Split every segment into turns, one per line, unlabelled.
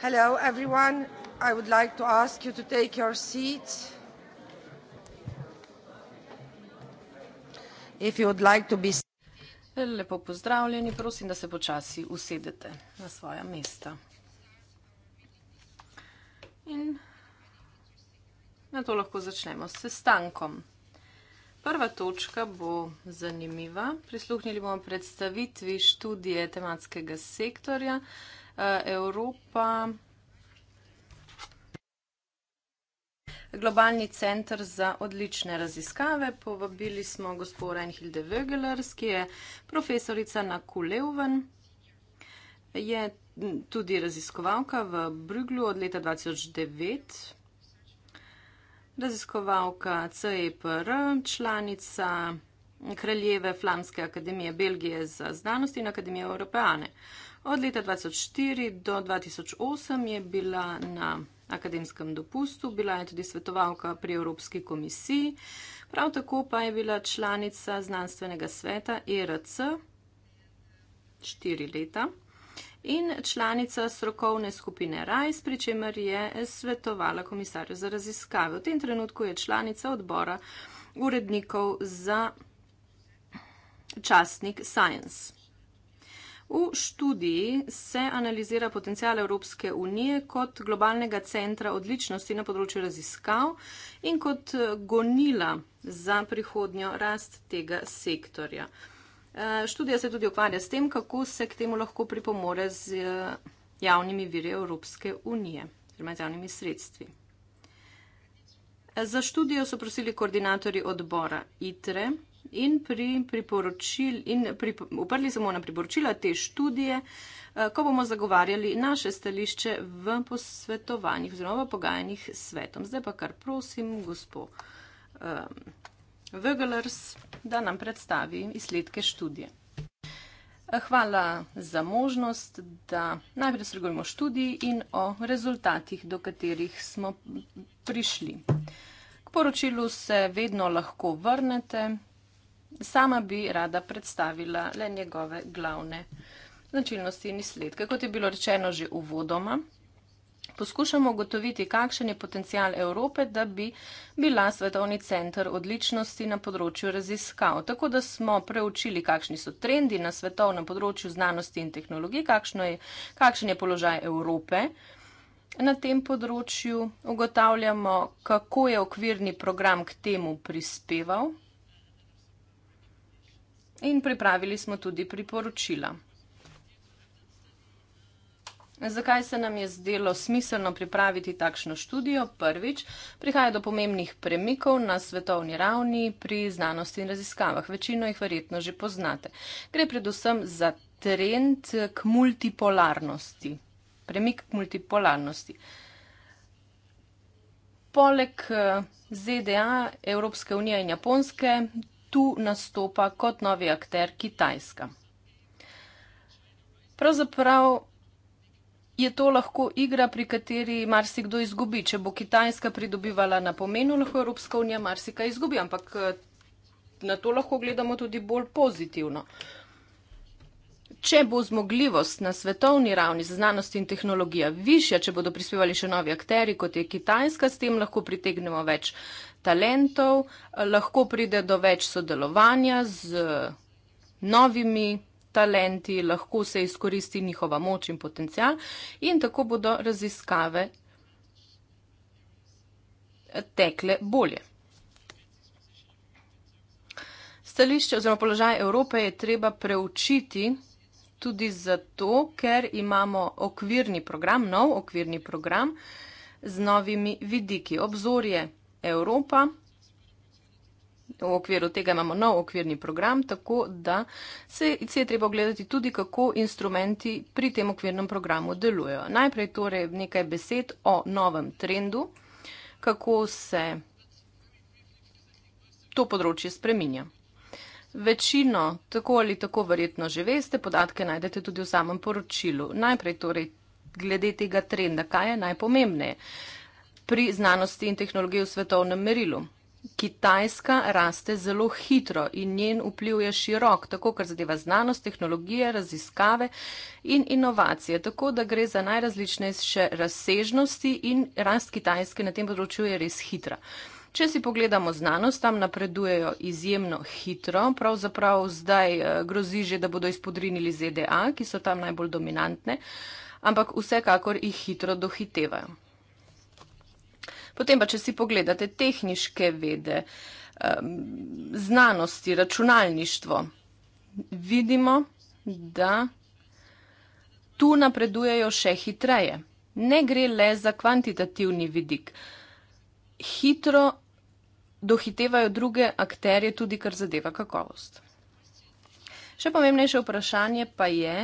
Hello, everyone. I would like to ask you to take your seats. If you would like to be... Lepo pozdravljeni, prosim, da se počasi usedete na svoja mesta. In na to lahko začnemo s sestankom. Prva točka bo zanimiva. Prisluhnili bomo predstavitvi študije tematskega sektorja, Eh, Evropa. Globalni centr za odlične raziskave. Povabili smo gospod Reinhilde Wögelers, ki je profesorica na Kuleuven. Je tudi raziskovalka v Bruglu od leta 2009. Raziskovalka CEPR, članica Kraljeve Flamske akademije Belgije za znanost in Akademije Evropejane. Od leta 2004 do 2008 je bila na akademskem dopustu, bila je tudi svetovalka pri Evropski komisiji, prav tako pa je bila članica znanstvenega sveta ERC 4 leta in članica strokovne skupine RAIS, pri čemer je svetovala komisarju za raziskave. V tem trenutku je članica odbora urednikov za časnik Science. V študiji se analizira potencijal Evropske unije kot globalnega centra odličnosti na področju raziskav in kot gonila za prihodnjo rast tega sektorja. Eh, študija se tudi ukvarja s tem, kako se k temu lahko pripomore z eh, javnimi viri Evropske unije, oziroma z javnimi sredstvi. Eh, za študijo so prosili koordinatorji odbora ITRE in pri priporočil in pri, uprli se bomo na priporočila te študije, eh, ko bomo zagovarjali naše stališče v posvetovanjih oziroma v pogajanjih s svetom. Zdaj pa kar prosim, gospod um, eh, Vögelers, da nam predstavi izsledke študije. Eh, hvala za možnost, da najprej spregovorimo o študiji in o rezultatih, do katerih smo prišli. K poročilu se vedno lahko vrnete, Sama bi rada predstavila le njegove glavne značilnosti in izsledke. Kot je bilo rečeno že uvodoma, poskušamo ugotoviti, kakšen je potencial Evrope, da bi bila svetovni center odličnosti na področju raziskav. Tako da smo preučili, kakšni so trendi na svetovnem področju znanosti in tehnologij, je, kakšen je položaj Evrope. Na tem področju ugotavljamo, kako je okvirni program k temu prispeval, In pripravili smo tudi priporočila. Zakaj se nam je zdelo smiselno pripraviti takšno študijo? Prvič, prihaja do pomembnih premikov na svetovni ravni pri znanosti in raziskavah. Večino jih verjetno že poznate. Gre predvsem za trend k multipolarnosti. Premik k multipolarnosti. Poleg eh, ZDA, Evropske unije in Japonske, tu nastopa kot novi akter Kitajska. Pravzaprav je to lahko igra, pri kateri marsikdo izgubi. Če bo Kitajska pridobivala na pomenu, lahko Evropska unija marsikaj izgubi, ampak eh, na to lahko gledamo tudi bolj pozitivno. Uh, če bo zmogljivost na svetovni ravni za znanost in tehnologija višja, če bodo prispevali še novi akteri, kot je Kitajska, s tem lahko pritegnemo več talentov, lahko pride do več sodelovanja z novimi talenti, lahko se izkoristi njihova moč in potencial in tako bodo raziskave tekle bolje. Stališče oziroma položaj Evrope je treba preučiti tudi zato, ker imamo okvirni program, nov okvirni program z novimi vidiki. Obzorje Evropa. V okviru tega imamo nov okvirni program, tako da se, se je treba gledati tudi, kako instrumenti pri tem okvirnem programu delujejo. Najprej torej nekaj besed o novem trendu, kako se to področje spreminja. Večino, tako ali tako verjetno že veste, podatke najdete tudi v samem poročilu. Najprej torej glede tega trenda, kaj je najpomembneje pri znanosti in tehnologiji v svetovnem merilu. Kitajska raste zelo hitro in njen vpliv je širok, tako kar zadeva znanost, tehnologije, raziskave in inovacije, tako da gre za najrazličnejše razsežnosti in rast Kitajske na tem področju je res hitra. Če si pogledamo znanost, tam napredujejo izjemno hitro, pravzaprav zdaj eh, grozi že, da bodo izpodrinili ZDA, ki so tam najbolj dominantne, ampak vsekakor jih hitro dohitevajo. Potem pa, če si pogledate tehniške vede, ehm, znanosti, računalništvo, vidimo, da tu napredujejo še hitreje. Ne gre le za kvantitativni vidik. Hitro dohitevajo druge akterje, tudi kar zadeva kakovost. Še pomembnejše vprašanje pa je,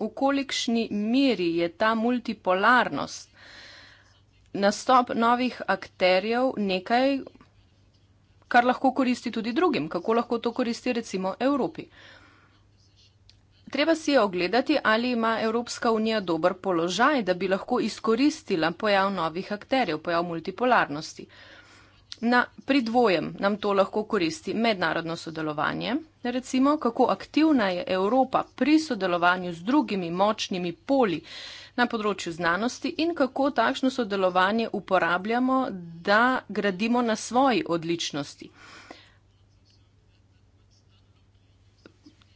v kolikšni meri je ta multipolarnost, nastop novih akterjev nekaj, kar lahko koristi tudi drugim, kako lahko to koristi recimo Evropi. Treba si je ogledati, ali ima Evropska unija dober položaj, da bi lahko izkoristila pojav novih akterjev, pojav multipolarnosti. Uh, Na, pri dvojem nam to lahko koristi mednarodno sodelovanje, recimo, kako aktivna je Evropa pri sodelovanju z drugimi močnimi poli na področju znanosti in kako takšno sodelovanje uporabljamo, da gradimo na svoji odličnosti.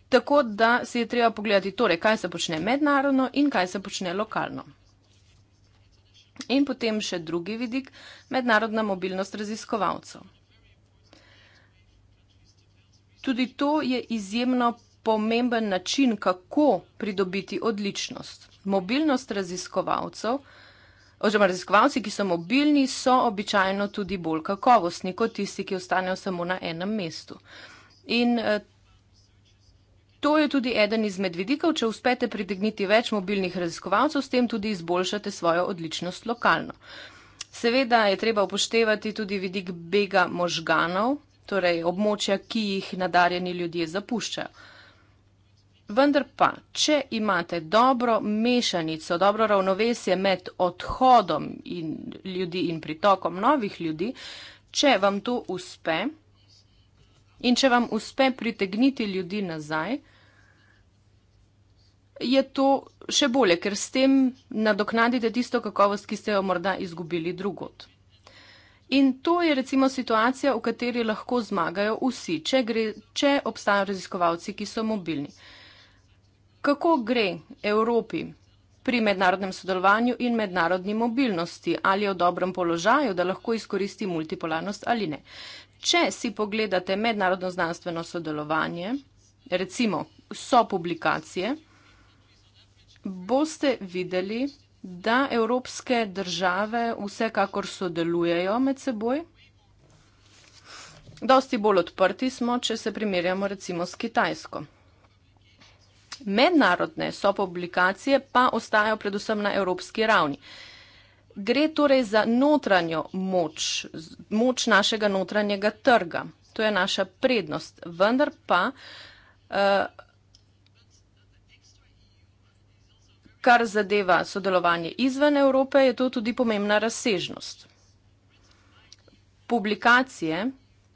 Tako da si je treba pogledati torej, kaj se počne mednarodno in kaj se počne lokalno. In potem še drugi vidik, mednarodna mobilnost raziskovalcev. Tudi to je izjemno pomemben način, kako pridobiti odličnost. Mobilnost raziskovalcev, oziroma raziskovalci, ki so mobilni, so običajno tudi bolj kakovostni kot tisti, ki ostanejo samo na enem mestu. In eh, To je tudi eden izmed vidikov, če uspete pritegniti več mobilnih raziskovalcev, s tem tudi izboljšate svojo odličnost lokalno. Seveda je treba upoštevati tudi vidik bega možganov, torej območja, ki jih nadarjeni ljudje zapuščajo. Vendar pa, če imate dobro mešanico, dobro ravnovesje med odhodom in ljudi in pritokom novih ljudi, če vam to uspe, In če vam uspe pritegniti ljudi nazaj, je to še bolje, ker s tem nadoknadite tisto kakovost, ki ste jo morda izgubili drugot. In to je recimo situacija, v kateri lahko zmagajo vsi, če, gre, če obstajajo raziskovalci, ki so mobilni. Kako gre Evropi pri mednarodnem sodelovanju in mednarodni mobilnosti? Ali je v dobrem položaju, da lahko izkoristi multipolarnost ali ne? Če si pogledate mednarodno znanstveno sodelovanje, recimo so publikacije, boste videli, da evropske države vsekakor sodelujejo med seboj. Dosti bolj odprti smo, če se primerjamo recimo s Kitajsko. Mednarodne so publikacije pa ostajajo predvsem na evropski ravni gre torej za notranjo moč, moč našega notranjega trga. To je naša prednost. Vendar pa, eh, kar zadeva sodelovanje izven Evrope, je to tudi pomembna razsežnost. Publikacije,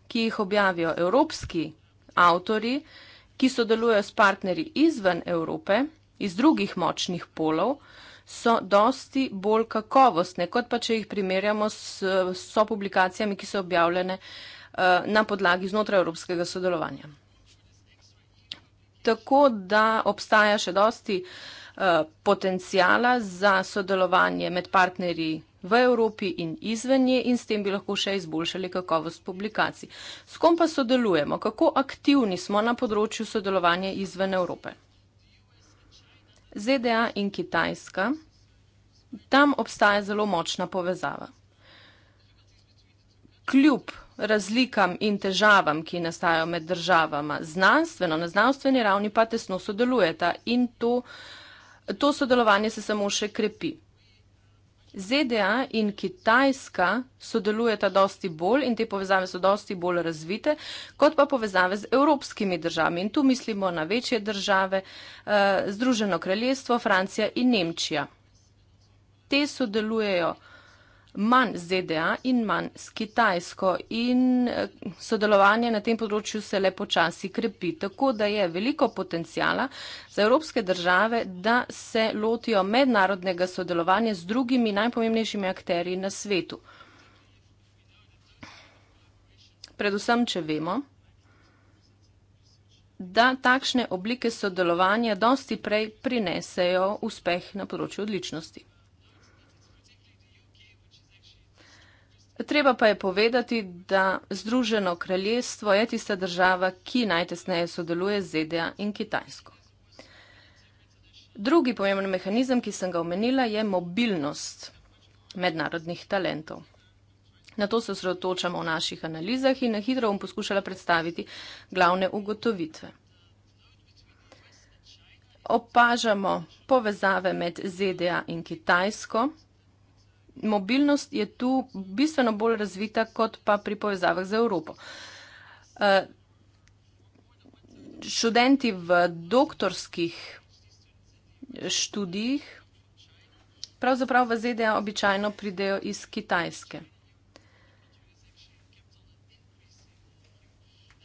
ki jih objavijo evropski avtori, ki sodelujejo s partnerji izven Evrope, iz drugih močnih polov, so dosti bolj kakovostne, kot pa če jih primerjamo s, s publikacijami, ki so objavljene eh, na podlagi znotraj evropskega sodelovanja. Tako da obstaja še dosti eh, potencijala za sodelovanje med partnerji v Evropi in izven nje in s tem bi lahko še izboljšali kakovost publikacij. S kom pa sodelujemo? Kako aktivni smo na področju sodelovanja izven Evrope? ZDA in Kitajska, tam obstaja zelo močna povezava. Kljub razlikam in težavam, ki nastajajo med državama, znanstveno, na znanstveni ravni pa tesno sodelujeta in to, to sodelovanje se samo še krepi. ZDA in Kitajska sodelujeta dosti bolj in te povezave so dosti bolj razvite, kot pa povezave z evropskimi državami. In tu mislimo na večje države, eh, Združeno kraljestvo, Francija in Nemčija. Te sodelujejo manj z ZDA in manj s Kitajsko in eh, sodelovanje na tem področju se le počasi krepi. Tako da je veliko potencijala za evropske države, da se lotijo mednarodnega sodelovanja z drugimi najpomembnejšimi akteri na svetu. Predvsem, če vemo, da takšne oblike sodelovanja dosti prej prinesejo uspeh na področju odličnosti. Treba pa je povedati, da Združeno kraljestvo je tista država, ki najtesneje sodeluje z ZDA in Kitajsko. Drugi pomemben mehanizem, ki sem ga omenila, je mobilnost mednarodnih talentov. Na to se osredotočamo v naših analizah in na hitro bom poskušala predstaviti glavne ugotovitve. Opažamo povezave med ZDA in Kitajsko, mobilnost je tu bistveno bolj razvita kot pa pri povezavah z Evropo. Eh, študenti v doktorskih študijih, pravzaprav v ZDA, običajno pridejo iz Kitajske.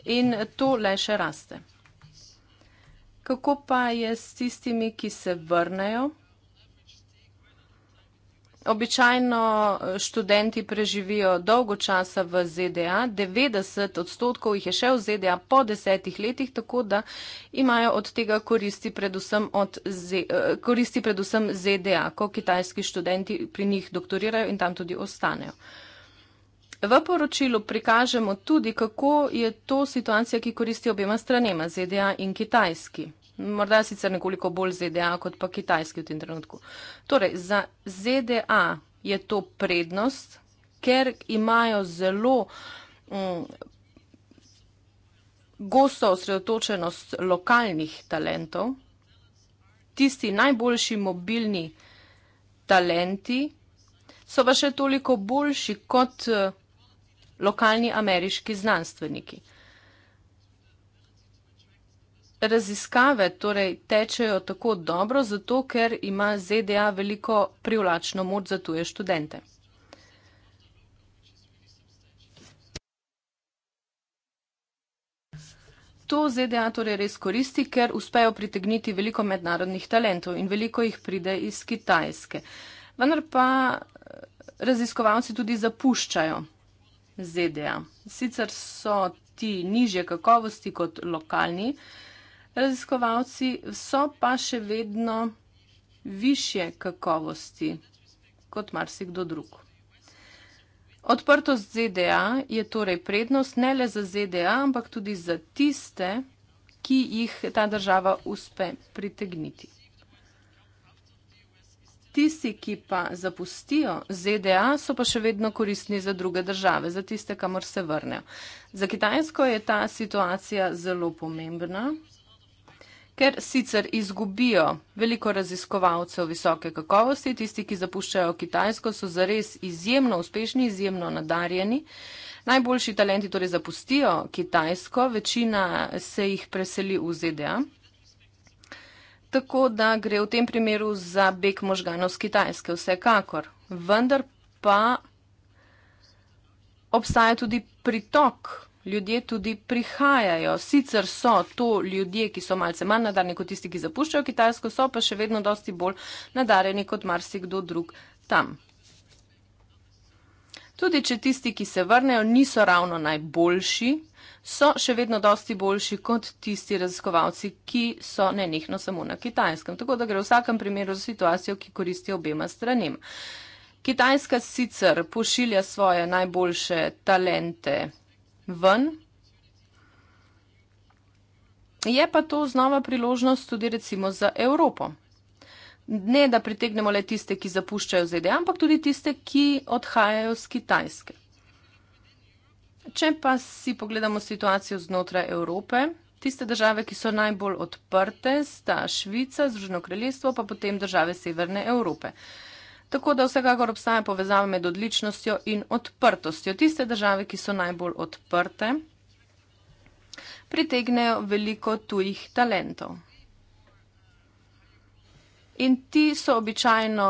In to le še raste. Kako pa je s tistimi, ki se vrnejo? Običajno eh, študenti preživijo dolgo časa v ZDA, 90 odstotkov jih je še v ZDA po desetih letih, tako da imajo od tega koristi predvsem, od Z, eh, koristi predvsem ZDA, ko kitajski študenti pri njih doktorirajo in tam tudi ostanejo. V poročilu prikažemo tudi, kako je to situacija, ki koristi obema stranema, ZDA in kitajski morda sicer nekoliko bolj ZDA kot pa Kitajski v tem trenutku. Torej, za ZDA je to prednost, ker imajo zelo um, gosto osredotočenost lokalnih talentov, tisti najboljši mobilni talenti so pa še toliko boljši kot eh, lokalni ameriški znanstveniki raziskave torej tečejo tako dobro, zato ker ima ZDA veliko privlačno moč za tuje študente? To ZDA torej res koristi, ker uspejo pritegniti veliko mednarodnih talentov in veliko jih pride iz Kitajske. Vendar pa eh, raziskovalci tudi zapuščajo ZDA. Sicer so ti nižje kakovosti kot lokalni, uh, raziskovalci so pa še vedno više kakovosti kot marsikdo drug. Odprtost ZDA je torej prednost ne le za ZDA, ampak tudi za tiste, ki jih ta država uspe pritegniti. Tisti, ki pa zapustijo ZDA, so pa še vedno koristni za druge države, za tiste, kamor se vrnejo. Za Kitajsko je ta situacija zelo pomembna ker sicer izgubijo veliko raziskovalcev visoke kakovosti, tisti, ki zapuščajo Kitajsko, so zares izjemno uspešni, izjemno nadarjeni. Najboljši talenti torej zapustijo Kitajsko, večina se jih preseli v ZDA. Tako da gre v tem primeru za beg možganov z Kitajske, vsekakor. Vendar pa obstaja tudi pritok ljudje tudi prihajajo. Sicer so to ljudje, ki so malce manj nadarni kot tisti, ki zapuščajo Kitajsko, so pa še vedno dosti bolj nadarjeni kot marsikdo drug tam. Tudi če tisti, ki se vrnejo, niso ravno najboljši, so še vedno dosti boljši kot tisti raziskovalci, ki so nenehno samo na kitajskem. Tako da gre v vsakem primeru za situacijo, ki koristi obema stranem. Kitajska sicer pošilja svoje najboljše talente ven. Je pa to znova priložnost tudi recimo za Evropo. Ne, da pritegnemo le tiste, ki zapuščajo ZDA, ampak tudi tiste, ki odhajajo z Kitajske. Če pa si pogledamo situacijo znotraj Evrope, tiste države, ki so najbolj odprte, sta Švica, Združeno kraljestvo, pa potem države Severne Evrope. Uh, tako da vsekakor obstaja povezava med odličnostjo in odprtostjo. Tiste države, ki so najbolj odprte, pritegnejo veliko tujih talentov. In ti so običajno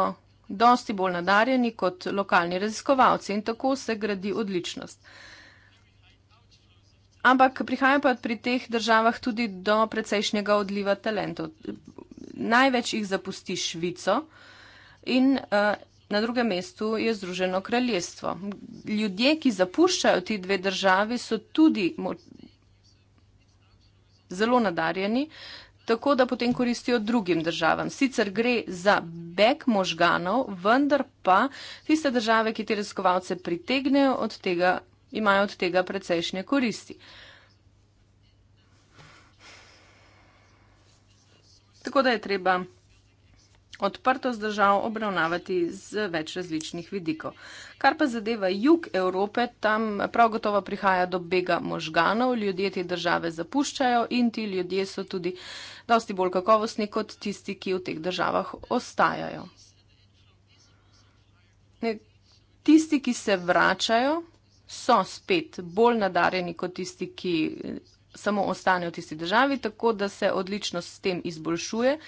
dosti bolj nadarjeni kot lokalni raziskovalci in tako se gradi odličnost. Ampak prihaja pa pri teh državah tudi do precejšnjega odliva talentov. Največ jih zapusti Švico, uh, in uh, na drugem mestu je Združeno kraljestvo. Ljudje, ki zapuščajo ti dve državi, so tudi zelo nadarjeni, tako da potem koristijo drugim državam. Sicer gre za beg možganov, vendar pa tiste države, ki te raziskovalce pritegnejo, od tega, imajo od tega precejšnje koristi. Tako da je treba odprtost držav obravnavati z več različnih vidikov. Kar pa zadeva jug Evrope, tam prav gotovo prihaja do bega možganov, ljudje te države zapuščajo in ti ljudje so tudi dosti bolj kakovostni kot tisti, ki v teh državah ostajajo. Ne, tisti, ki se vračajo, so spet bolj nadarjeni kot tisti, ki samo ostanejo v tisti državi, tako da se odličnost s tem izboljšuje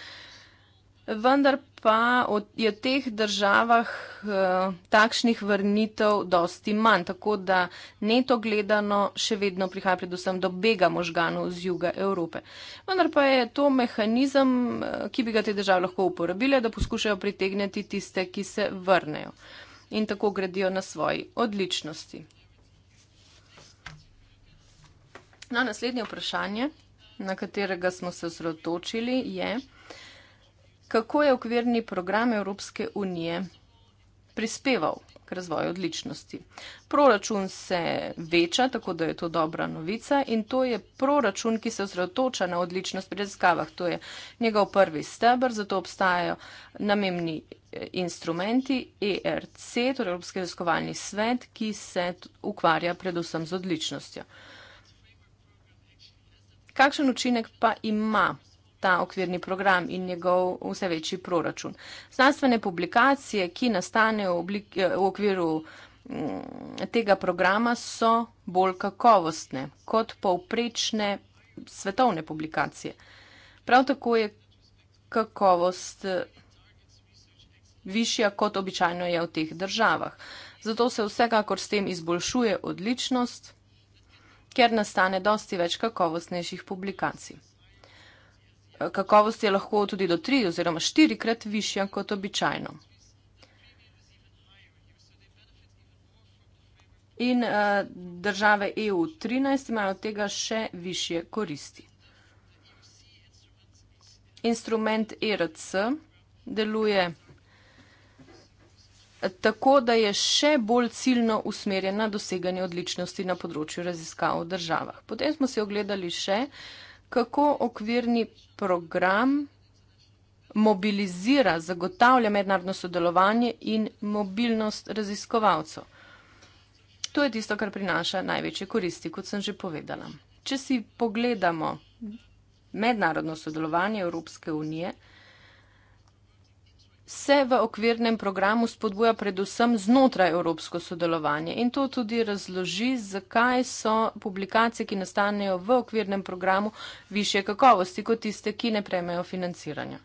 vendar pa je v teh državah eh, takšnih vrnitev dosti manj, tako da neto gledano še vedno prihaja predvsem do bega možganov z juga Evrope. Vendar pa je to mehanizem, eh, ki bi ga te države lahko uporabile, da poskušajo pritegniti tiste, ki se vrnejo in tako gradijo na svoji odličnosti. No, naslednje vprašanje, na katerega smo se osredotočili, je kako je okvirni program Evropske unije prispeval k razvoju odličnosti. Proračun se veča, tako da je to dobra novica in to je proračun, ki se osredotoča na odličnost pri raziskavah. To je njegov prvi stebr, zato obstajajo namemni eh, instrumenti ERC, torej Evropski raziskovalni svet, ki se ukvarja predvsem z odličnostjo. Kakšen učinek pa ima ta okvirni program in njegov vse večji proračun. Znanstvene publikacije, ki nastanejo v, oblik, eh, v okviru mm, tega programa, so bolj kakovostne kot povprečne svetovne publikacije. Prav tako je kakovost eh, višja kot običajno je v teh državah. Zato se vsekakor s tem izboljšuje odličnost, ker nastane dosti več kakovostnejših publikacij kakovost je lahko tudi do tri oziroma štirikrat višja kot običajno. In eh, države EU 13 imajo od tega še višje koristi. Instrument ERC deluje eh, tako, da je še bolj ciljno usmerjen na doseganje odličnosti na področju raziskav v državah. Potem smo si ogledali še uh, kako okvirni program mobilizira, zagotavlja mednarodno sodelovanje in mobilnost raziskovalcev. To je tisto, kar prinaša največje koristi, kot sem že povedala. Če si pogledamo mednarodno sodelovanje Evropske unije, se v okvirnem programu spodbuja predvsem znotraj evropsko sodelovanje in to tudi razloži, zakaj so publikacije, ki nastanejo v okvirnem programu, više kakovosti kot tiste, ki ne prejmejo financiranja.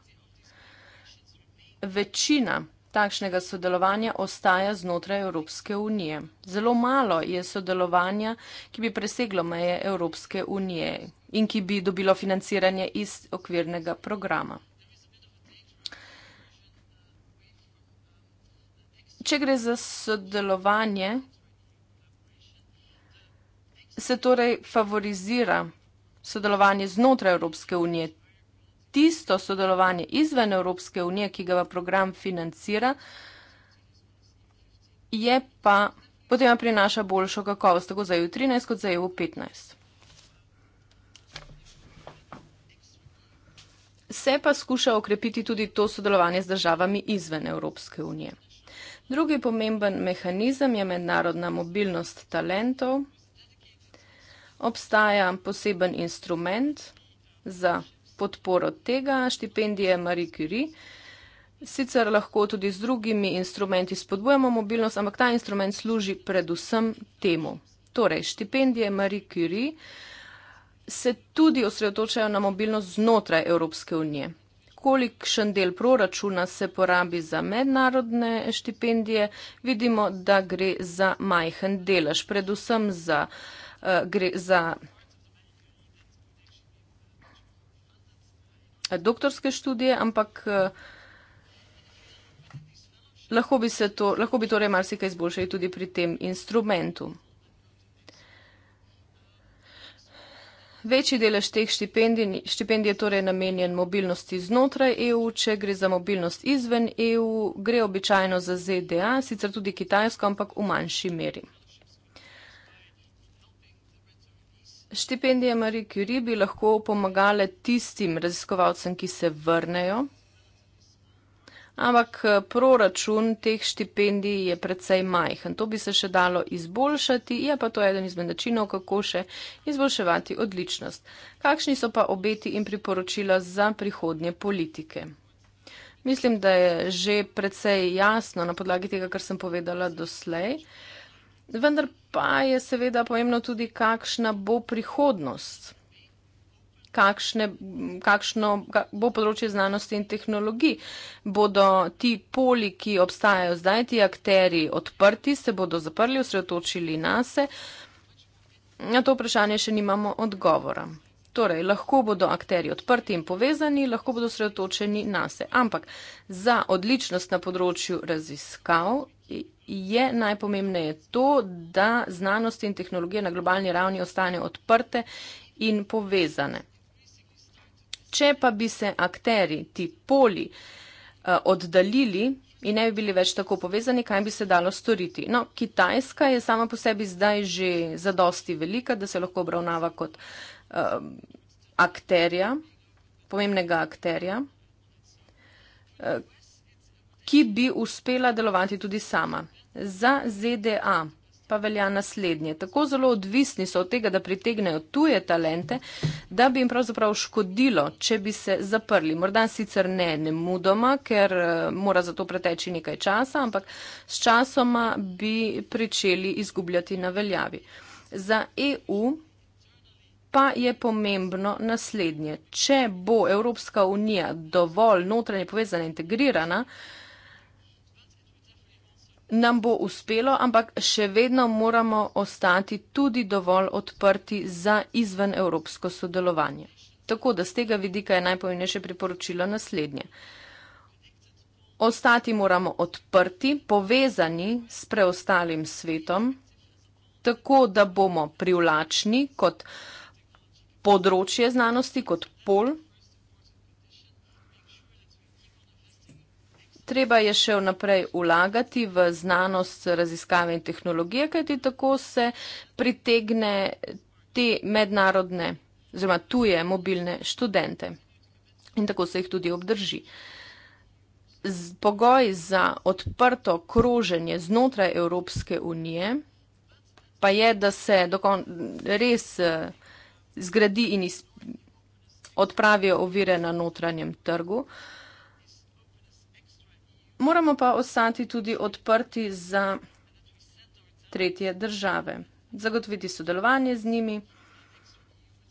Večina takšnega sodelovanja ostaja znotraj Evropske unije. Zelo malo je sodelovanja, ki bi preseglo meje Evropske unije in ki bi dobilo financiranje iz okvirnega programa. če gre za sodelovanje, se torej favorizira sodelovanje znotraj Evropske unije. Tisto sodelovanje izven Evropske unije, ki ga program financira, je pa potem prinaša boljšo kakovost, tako za EU13 kot za EU15. Se pa skuša okrepiti tudi to sodelovanje z državami izven Evropske unije. Drugi pomemben mehanizem je mednarodna mobilnost talentov. Obstaja poseben instrument za podporo tega, štipendije Marie Curie. Sicer lahko tudi z drugimi instrumenti spodbujamo mobilnost, ampak ta instrument služi predvsem temu. Torej, štipendije Marie Curie se tudi osredotočajo na mobilnost znotraj Evropske unije kolikšen del proračuna se porabi za mednarodne štipendije, vidimo, da gre za majhen delež, predvsem za, eh, gre za eh, doktorske študije, ampak eh, lahko bi se to, lahko bi torej marsikaj izboljšali tudi pri tem instrumentu. Večji delež teh štipendij, štipendij je torej namenjen mobilnosti znotraj EU, če gre za mobilnost izven EU, gre običajno za ZDA, sicer tudi Kitajsko, ampak v manjši meri. Štipendije Marie Curie bi lahko pomagale tistim raziskovalcem, ki se vrnejo, ampak eh, proračun teh štipendij je predvsej majhen. To bi se še dalo izboljšati, je pa to eden izmed načinov, kako še izboljševati odličnost. Kakšni so pa obeti in priporočila za prihodnje politike? Mislim, da je že predvsej jasno na podlagi tega, kar sem povedala doslej. Vendar pa je seveda pomembno tudi, kakšna bo prihodnost kakšne, kakšno bo področje znanosti in tehnologij. Bodo ti poli, ki obstajajo zdaj, ti akteri odprti, se bodo zaprli, osredotočili na se. Na to vprašanje še nimamo odgovora. Torej, lahko bodo akteri odprti in povezani, lahko bodo osredotočeni na se. Ampak za odličnost na področju raziskav je najpomembneje to, da znanost in tehnologije na globalni ravni ostane odprte in povezane. Če pa bi se akteri, ti poli, eh, oddaljili in ne bi bili več tako povezani, kaj bi se dalo storiti? No, Kitajska je sama po sebi zdaj že zadosti velika, da se lahko obravnava kot um, akterja, pomembnega akterja, eh, ki bi uspela delovati tudi sama. Za ZDA pa velja naslednje. Tako zelo odvisni so od tega, da pritegnejo tuje talente, da bi jim pravzaprav škodilo, če bi se zaprli. Morda sicer ne, ne mudoma, ker eh, mora za to preteči nekaj časa, ampak s časoma bi pričeli izgubljati na veljavi. Za EU pa je pomembno naslednje. Če bo Evropska unija dovolj notranje povezana in integrirana, nam bo uspelo, ampak še vedno moramo ostati tudi dovolj odprti za izvenevropsko sodelovanje. Tako da z tega vidika je najpomembnejše priporočilo naslednje. Ostati moramo odprti, povezani s preostalim svetom, tako da bomo privlačni kot področje znanosti, kot pol, Treba je še naprej vlagati v znanost, raziskave in tehnologije, kajti tako se pritegne te mednarodne, oziroma tuje mobilne študente. In tako se jih tudi obdrži. Z pogoj za odprto kroženje znotraj Evropske unije pa je, da se dokon, res eh, zgradi in iz, odpravijo ovire na notranjem trgu. Uh, Moramo pa ostati tudi odprti za tretje države, zagotoviti sodelovanje z njimi,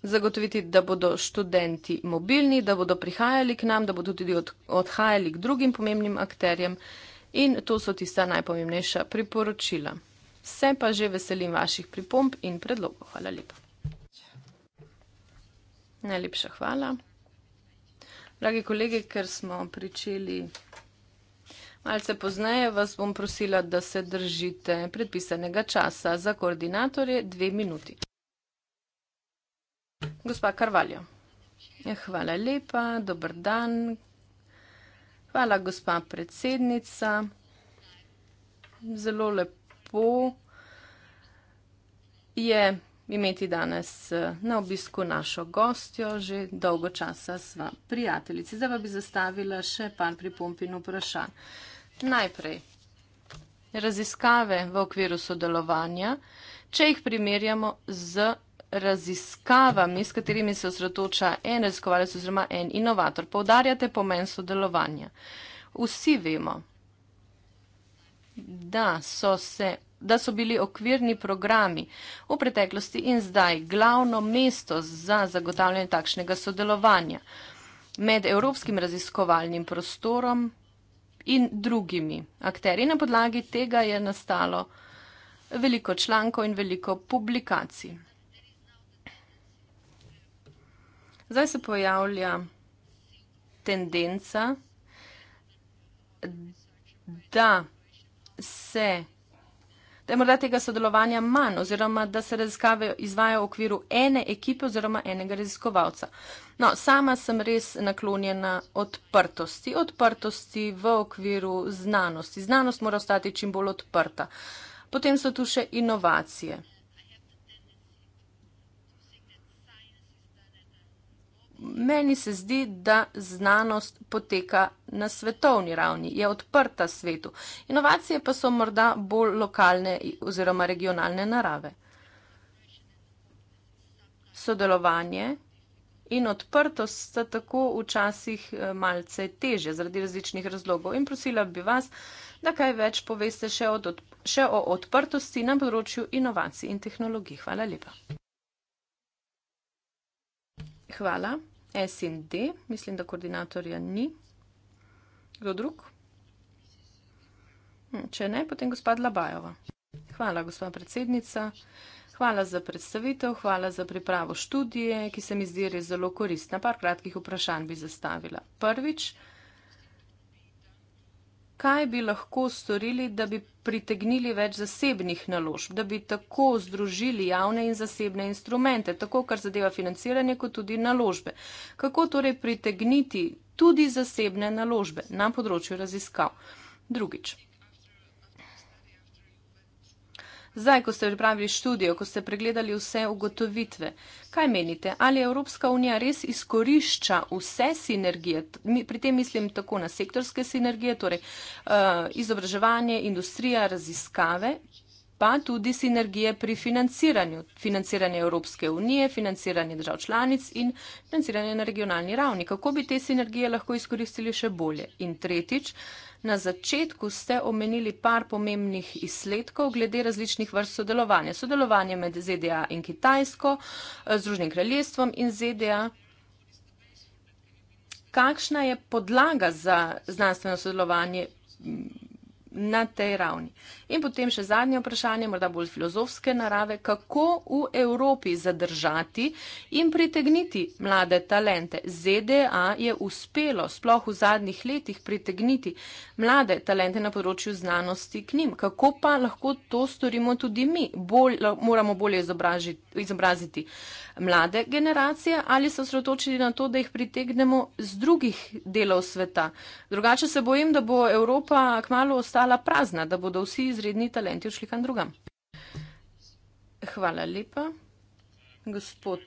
zagotoviti, da bodo študenti mobilni, da bodo prihajali k nam, da bodo tudi odhajali k drugim pomembnim akterjem. In to so tista najpomembnejša priporočila. Se pa že veselim vaših pripomb in predlogov. Hvala lepa. Najlepša hvala. Dragi kolegi, ker smo pričeli Malce pozneje vas bom prosila, da se držite predpisanega časa za koordinatorje dve minuti. Gospa Karvaljo. Ja, hvala lepa, dober dan. Hvala, gospa predsednica. Zelo lepo je imeti danes eh, na obisku našo gostjo, že dolgo časa sva prijateljici. Zdaj pa bi zastavila še par pripomp in vprašanj. Najprej. Raziskave v okviru sodelovanja, če jih primerjamo z raziskavami, s katerimi se osredotoča en raziskovalec oziroma en inovator. Povdarjate pomen sodelovanja. Vsi vemo, da so, se, da so bili okvirni programi v preteklosti in zdaj glavno mesto za zagotavljanje takšnega sodelovanja med evropskim raziskovalnim prostorom in drugimi akteri. Na podlagi tega je nastalo veliko člankov in veliko publikacij. Zdaj se pojavlja tendenca, da se da je morda tega sodelovanja manj oziroma da se raziskave izvajo v okviru ene ekipe oziroma enega raziskovalca. No, sama sem res naklonjena odprtosti, odprtosti v okviru znanosti. Znanost mora ostati čim bolj odprta. Potem so tu še inovacije. meni se zdi, da znanost poteka na svetovni ravni, je odprta svetu. Inovacije pa so morda bolj lokalne oziroma regionalne narave. Sodelovanje in odprtost sta tako včasih eh, malce teže zaradi različnih razlogov in prosila bi vas, da kaj več poveste še, od, še o odprtosti na področju inovacij in tehnologij. Hvala lepa. Hvala. S in D, mislim, da koordinatorja ni. Kdo drug? Hm, če ne, potem gospod Labajova. Hvala, gospod predsednica. Hvala za predstavitev, hvala za pripravo študije, ki se mi zdi res zelo koristna. Par kratkih vprašanj bi zastavila. Prvič, kaj bi lahko storili, da bi pritegnili več zasebnih naložb, da bi tako združili javne in zasebne instrumente, tako kar zadeva financiranje, kot tudi naložbe. Kako torej pritegniti tudi zasebne naložbe na področju raziskav? Drugič, Zdaj, ko ste pripravili študijo, ko ste pregledali vse ugotovitve, kaj menite, ali Evropska unija res izkorišča vse sinergije, pri tem mislim tako na sektorske sinergije, torej uh, izobraževanje, industrija, raziskave, pa tudi sinergije pri financiranju. Financiranje Evropske unije, financiranje držav članic in financiranje na regionalni ravni. Kako bi te sinergije lahko izkoristili še bolje? In tretjič, na začetku ste omenili par pomembnih izsledkov glede različnih vrst sodelovanja. Sodelovanje med ZDA in Kitajsko, eh, Združenim kraljestvom in ZDA. Kakšna je podlaga za znanstveno sodelovanje? na tej ravni. In potem še zadnje vprašanje, morda bolj filozofske narave, kako v Evropi zadržati in pritegniti mlade talente. ZDA je uspelo sploh v zadnjih letih pritegniti mlade talente na področju znanosti k njim. Kako pa lahko to storimo tudi mi? Bolj, moramo bolje izobražiti, izobraziti mlade generacije ali se osredotočili na to, da jih pritegnemo z drugih delov sveta. Drugače se bojim, da bo Evropa kmalo ostala prazna, da bodo vsi izredni talenti odšli kam drugam. Hvala lepa, gospod.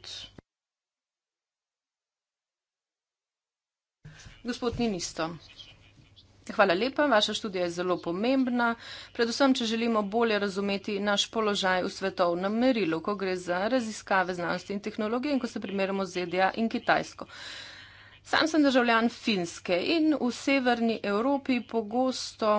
Gospod ministr. Hvala lepa, vaša študija je zelo pomembna, predvsem, če želimo bolje razumeti naš položaj v svetovnem merilu, ko gre za raziskave znanosti in tehnologije in ko se primerjamo z ZDA in Kitajsko. Sam sem državljan Finske in v severni Evropi pogosto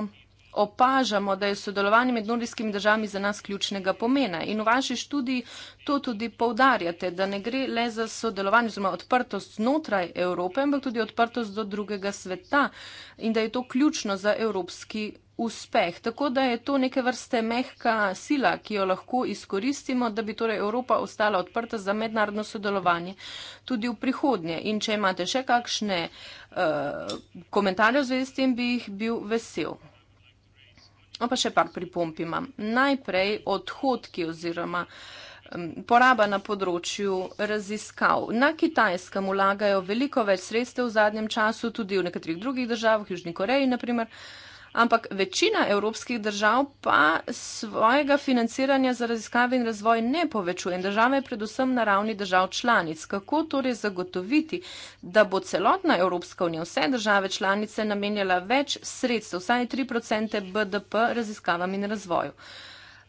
opažamo, da je sodelovanje med nordijskimi državami za nas ključnega pomena. In v vaši študiji to tudi povdarjate, da ne gre le za sodelovanje oziroma odprtost znotraj Evrope, ampak tudi odprtost do drugega sveta in da je to ključno za evropski uspeh. Tako da je to neke vrste mehka sila, ki jo lahko izkoristimo, da bi torej Evropa ostala odprta za mednarodno sodelovanje tudi v prihodnje. In če imate še kakšne uh, komentarje v zvezi s tem, bi jih bil vesel. No, pa še par pripomp imam. Najprej odhodki oziroma poraba na področju raziskav. Na kitajskem vlagajo veliko več sredstev v zadnjem času, tudi v nekaterih drugih državah, v Južni Koreji naprimer ampak večina evropskih držav pa svojega financiranja za raziskave in razvoj ne povečuje in države predvsem na ravni držav članic. Kako torej zagotoviti, da bo celotna Evropska unija vse države članice namenjala več sredstev, vsaj 3% BDP raziskavam in razvoju?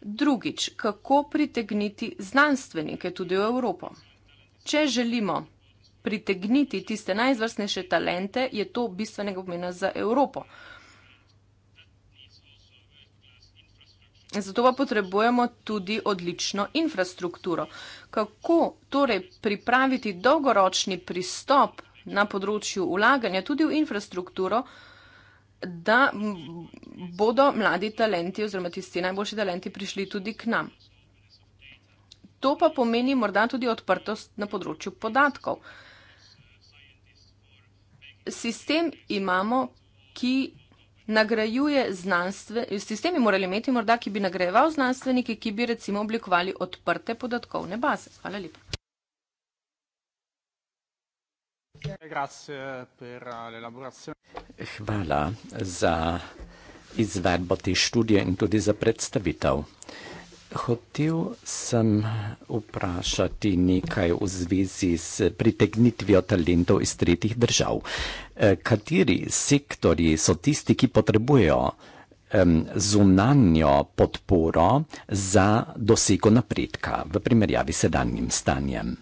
Drugič, kako pritegniti znanstvenike tudi v Evropo? Če želimo pritegniti tiste najzvrstnejše talente, je to bistvenega pomena za Evropo. Zato pa potrebujemo tudi odlično infrastrukturo. Kako torej pripraviti dolgoročni pristop na področju ulaganja tudi v infrastrukturo, da bodo mladi talenti oziroma tisti najboljši talenti prišli tudi k nam. To pa pomeni morda tudi odprtost na področju podatkov. Sistem imamo, ki nagrajuje znanstvenike, sistemi morali imeti morda, ki bi nagrajeval znanstvenike, ki bi recimo oblikovali odprte podatkovne baze. Hvala lepa.
Hvala za izvedbo te študije in tudi za predstavitev. Hotel sem vprašati nekaj v zvezi s pritegnitvijo talentov iz tretjih držav. Eh, kateri sektori so tisti, ki potrebujejo zunanjo podporo za dosego napredka v primerjavi s sedanjim stanjem?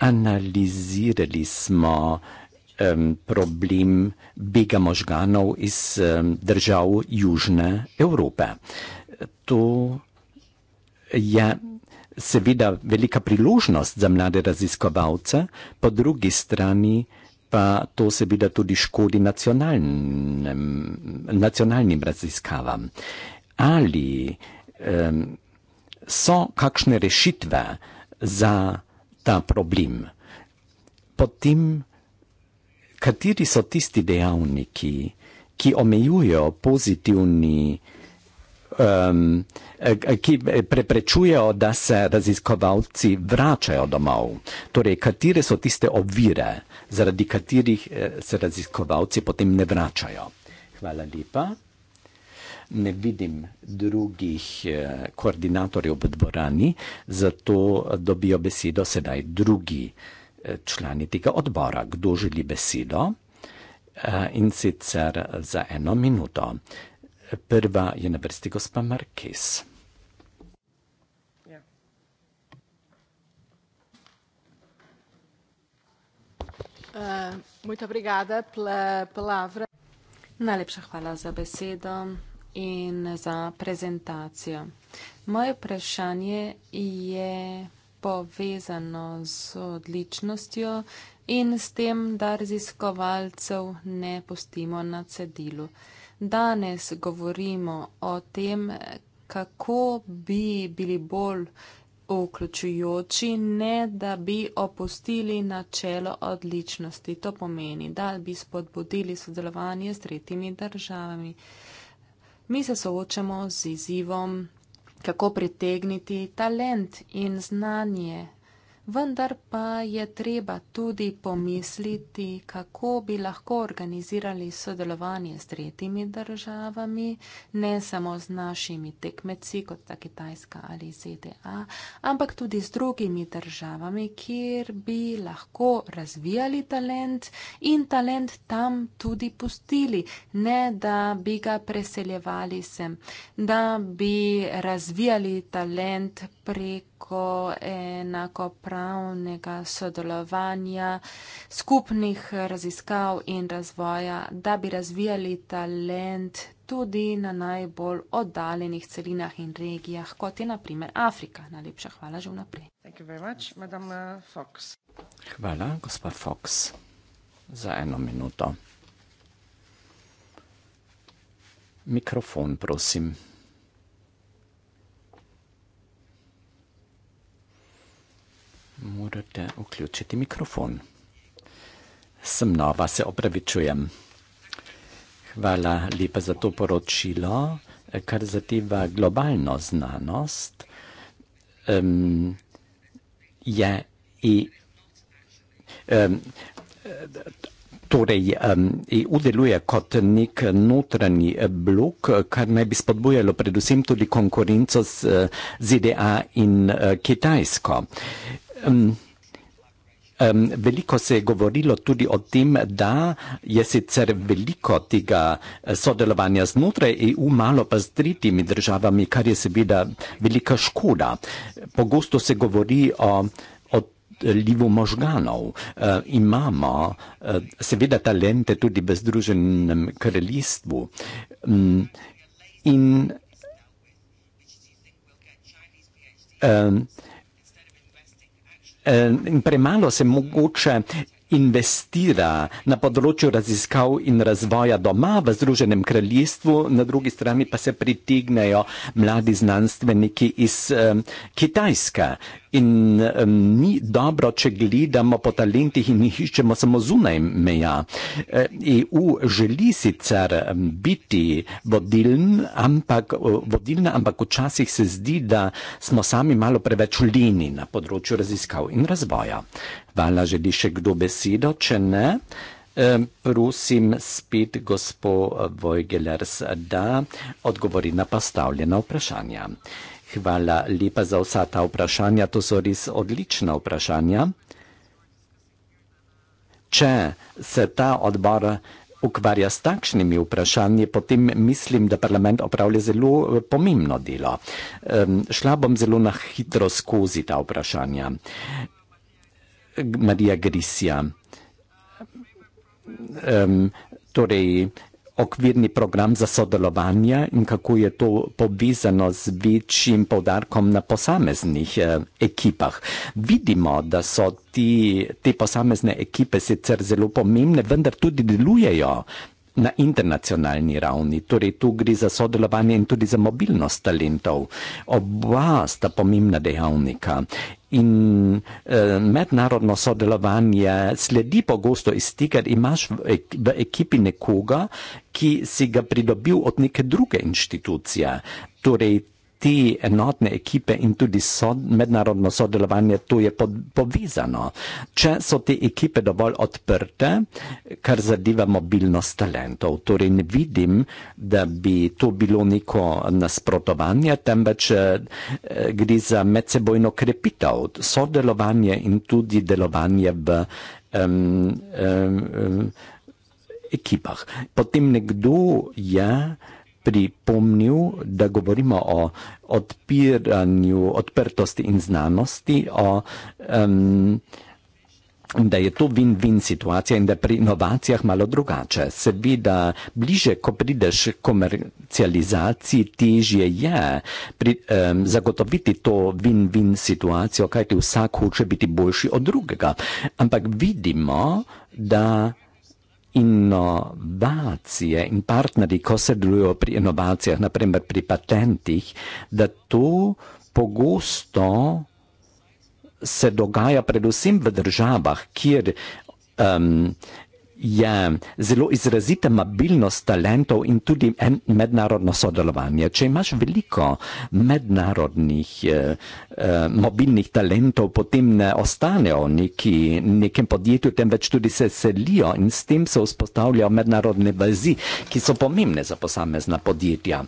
Analizirali smo problem bega možganov iz držav Južne Evrope. To je seveda velika priložnost za mlade raziskovalce, po drugi strani pa to seveda tudi škodi nacionalnim, nacionalnim raziskavam. Ali um, so kakšne rešitve za ta problem? Potem, kateri so tisti dejavniki, ki omejujo pozitivni um, e, e, ki e, preprečujejo, da se raziskovalci vračajo domov. Torej, katere so tiste ovire, zaradi katerih se raziskovalci potem ne vračajo? Hvala lepa. Ne vidim drugih koordinatorjev v dvorani, zato dobijo besedo sedaj drugi člani tega odbora. Kdo želi besedo? In sicer za eno minuto. Prva je na vrsti gospa Marques. Ja.
Eh,
Najlepša hvala za besedo in za prezentacijo. Moje vprašanje je povezano z odličnostjo in s tem, da raziskovalcev ne pustimo na cedilu. Danes govorimo o tem, kako bi bili bolj vključujoči, ne da bi opustili načelo odličnosti. To pomeni, da bi spodbudili sodelovanje s tretjimi državami. Mi se soočamo z izzivom, kako pritegniti talent in znanje vendar pa je treba tudi pomisliti, kako bi lahko organizirali sodelovanje s tretjimi državami, ne samo z našimi tekmeci, kot sta Kitajska ali ZDA, ampak tudi z drugimi državami, kjer bi lahko razvijali talent in talent tam tudi pustili, ne da bi ga preseljevali sem, da bi razvijali talent preko enakopravnega sodelovanja, skupnih raziskav in razvoja, da bi razvijali talent tudi na najbolj oddaljenih celinah in regijah, kot je naprimer Afrika. Najlepša hvala že vnaprej.
Uh,
hvala, gospod Fox, za eno minuto. Mikrofon, prosim. Morate vključiti mikrofon. Sem nova, se opravičujem. Hvala lepa za to poročilo, kar zadeva globalno znanost. Um, je i, e, um, torej, um, EU deluje kot nek notranji blok, kar naj bi spodbujalo predvsem tudi konkurenco z ZDA in eh, Kitajsko. Um, um, veliko se je govorilo tudi o tem, da je sicer veliko tega eh, sodelovanja znotraj EU malo pa z tretjimi državami, kar je seveda velika škoda. Pogosto se govori o livu možganov. Uh, imamo uh, seveda talente tudi v Združenem kraljestvu. Um, in uh, Eh, in premalo se mogoče investira na področju raziskav in razvoja doma v Združenem kraljestvu, na drugi strani pa se pritignejo mladi znanstveniki iz eh, Kitajske, In um, ni dobro, če gledamo po talentih in jih iščemo samo zunaj meja. EU e želi sicer biti vodiln, ampak, vodilna, ampak včasih se zdi, da smo sami malo preveč leni na področju raziskav in razvoja. Hvala, želi še kdo besedo, če ne? Prosim spet gospod Vojgelers, da odgovori na postavljena vprašanja. Hvala lepa za vsa ta vprašanja, to so res odlična vprašanja. Če se ta odbor ukvarja s takšnimi vprašanji, potem mislim, da parlament opravlja zelo eh, pomembno delo. Šla bom zelo na hitro skozi ta vprašanja. Marija Grisija. Torej, okvirni program za sodelovanje in kako je to povezano z večjim povdarkom na posameznih eh, ekipah. Vidimo, da so ti, te posamezne ekipe sicer zelo pomembne, vendar tudi delujejo na internacionalni ravni. Torej, tu gre za sodelovanje in tudi za mobilnost talentov. Oba sta pomembna dejavnika in eh, mednarodno sodelovanje sledi pogosto iz tega, da imaš v, ek, v ekipi nekoga, ki si ga pridobil od neke druge inštitucije. Torej, te enotne ekipe in tudi so, mednarodno sodelovanje tu je pod, povezano. Če so te ekipe dovolj odprte, kar zadeva mobilnost talentov, torej ne vidim, da bi to bilo neko nasprotovanje, temveč eh, gre za medsebojno krepitev sodelovanje in tudi delovanje v. Um, um, um, ekipah. Potem nekdo je. Ja, pripomnil, da govorimo o odpiranju, odprtosti in znanosti, o, um, da je to win-win situacija in da pri inovacijah malo drugače. Seveda, bliže, ko prideš k komercializaciji, težje je pri, um, zagotoviti to win-win situacijo, kajti vsak hoče biti boljši od drugega. Ampak vidimo, da inovacije in partnerji, ko se delujejo pri inovacijah, naprimer pri patentih, da to pogosto se dogaja predvsem v državah, kjer um, je zelo izrazita mobilnost talentov in tudi mednarodno sodelovanje. Če imaš veliko mednarodnih eh, eh mobilnih talentov, potem ne ostanejo neki nekem podjetju, temveč tudi se selijo in s tem se vzpostavljajo mednarodne vezi, ki so pomembne za posamezna podjetja.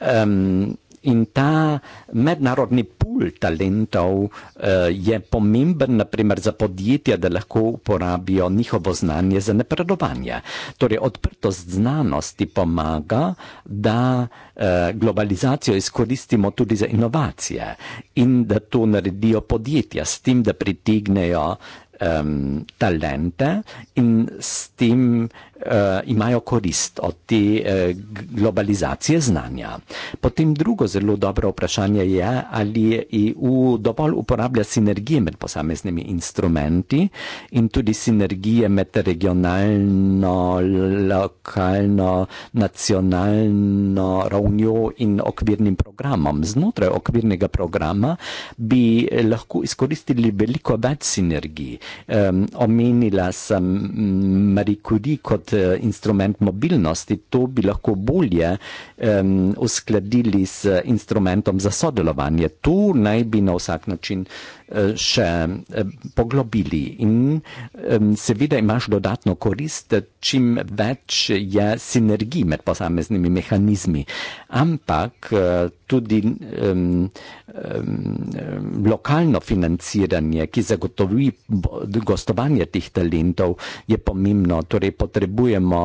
Um, in ta mednarodni pool talentov uh, je pomemben, naprimer za podjetja, da lahko uporabijo njihovo znanje za napredovanje. Torej, odprtost znanosti pomaga, da uh, globalizacijo izkoristimo tudi za inovacije in da to naredijo podjetja s tem, da pritegnejo um, talente in s tem, uh, imajo korist od te uh, globalizacije znanja. Potem drugo zelo dobro vprašanje je, ali EU e dovolj uporablja sinergije med posameznimi instrumenti in tudi sinergije med regionalno, lokalno, nacionalno ravnjo in okvirnim programom. Znotraj okvirnega programa bi eh, lahko izkoristili veliko več sinergij. Um, omenila sem mm, Marie Curie kot Eh, instrument mobilnosti, to bi lahko bolje um, uskladili z instrumentom za sodelovanje. Tu naj bi na vsak način e, še e, poglobili in um, seveda imaš dodatno korist, čim več je sinergij med posameznimi mehanizmi. Ampak e, tudi um, um, lokalno financiranje, ki zagotovi gostovanje teh talentov, je pomembno. Torej potrebujemo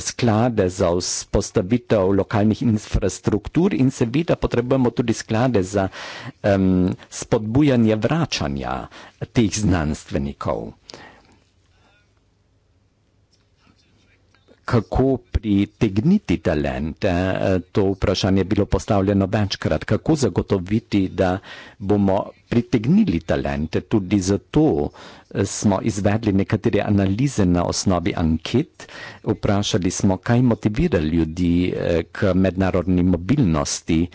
sklade za vzpostavitev lokalnega lokalnih infrastruktur in seveda potrebujemo tudi sklade za um, spodbujanje vračanja teh znanstvenikov. kako pritegniti talente. E, to vprašanje je bilo postavljeno večkrat, kako zagotoviti, da bomo pritegnili talente. Tudi zato e, smo izvedli nekatere analize na osnovi anket, vprašali smo, kaj motivira ljudi e, k mednarodni mobilnosti.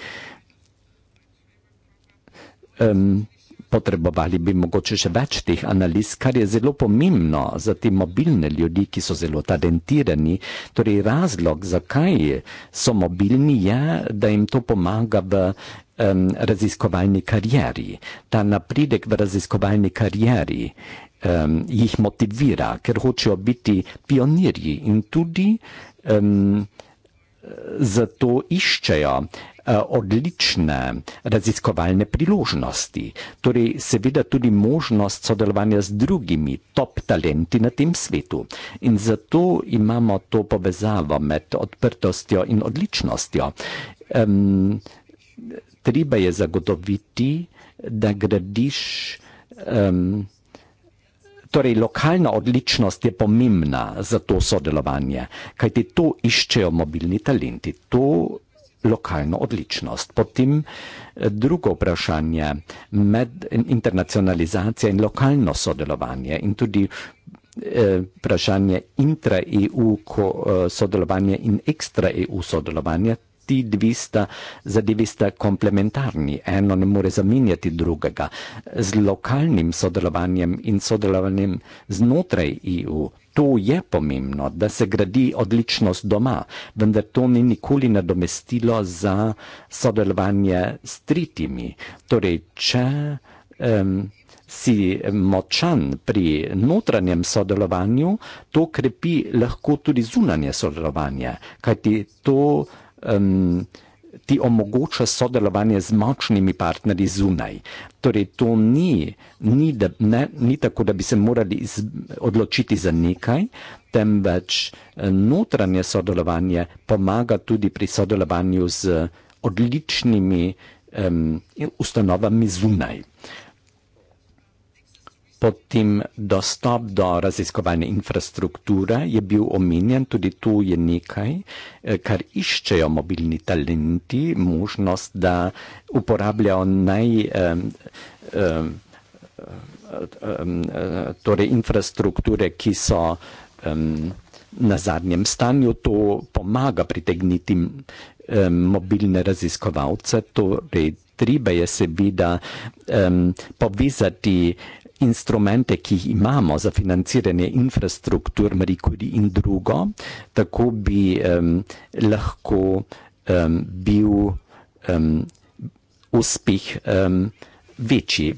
Um, potrebovali bi mogoče še več teh analiz, kar je zelo pomembno za te mobilne ljudi, ki so zelo talentirani. Torej, razlog, zakaj so mobilni, je, da jim to pomaga v um, raziskovalni karieri. Ta napredek v raziskovalni karieri um, jih motivira, ker hočejo biti pionirji in tudi um, zato iščejo. Eh, odlične raziskovalne priložnosti, torej seveda tudi možnost sodelovanja z drugimi top talenti na tem svetu. In zato imamo to povezavo med odprtostjo in odličnostjo. Um, treba je zagotoviti, da gradiš. Um, Torej, lokalna odličnost je pomembna za to sodelovanje, kajti to iščejo mobilni talenti. To lokalno odličnost. Potem eh, drugo vprašanje med internacionalizacijo in lokalno sodelovanje in tudi eh, vprašanje intra-EU eh, sodelovanje in ekstra-EU sodelovanje, ti dve sta zadevi sta komplementarni, eno ne more zamenjati drugega. Z lokalnim sodelovanjem in sodelovanjem znotraj EU. To je pomembno, da se gradi odličnost doma, vendar to ni nikoli nadomestilo za sodelovanje s tretjimi. Torej, če um, si močan pri notranjem sodelovanju, to krepi lahko tudi zunanje sodelovanje, kajti to um, ti omogoča sodelovanje z močnimi partnerji zunaj. Torej, to ni, ni, da, ne, ni tako, da bi se morali iz, odločiti za nekaj, temveč eh, notranje sodelovanje pomaga tudi pri sodelovanju z odličnimi um, ustanovami zunaj. Uh, Potem dostop do raziskovalne infrastrukture je bil omenjen, tudi tu je nekaj, eh, kar iščejo mobilni talenti, možnost, da uporabljajo naj, um, um, um, torej infrastrukture, ki so um, na zadnjem stanju, to pomaga pritegniti um, mobilne raziskovalce, torej treba je seveda um, povezati instrumente, ki jih imamo za financiranje infrastruktur Marie Curie in drugo, tako bi um, lahko um, bil um, uspeh um, večji.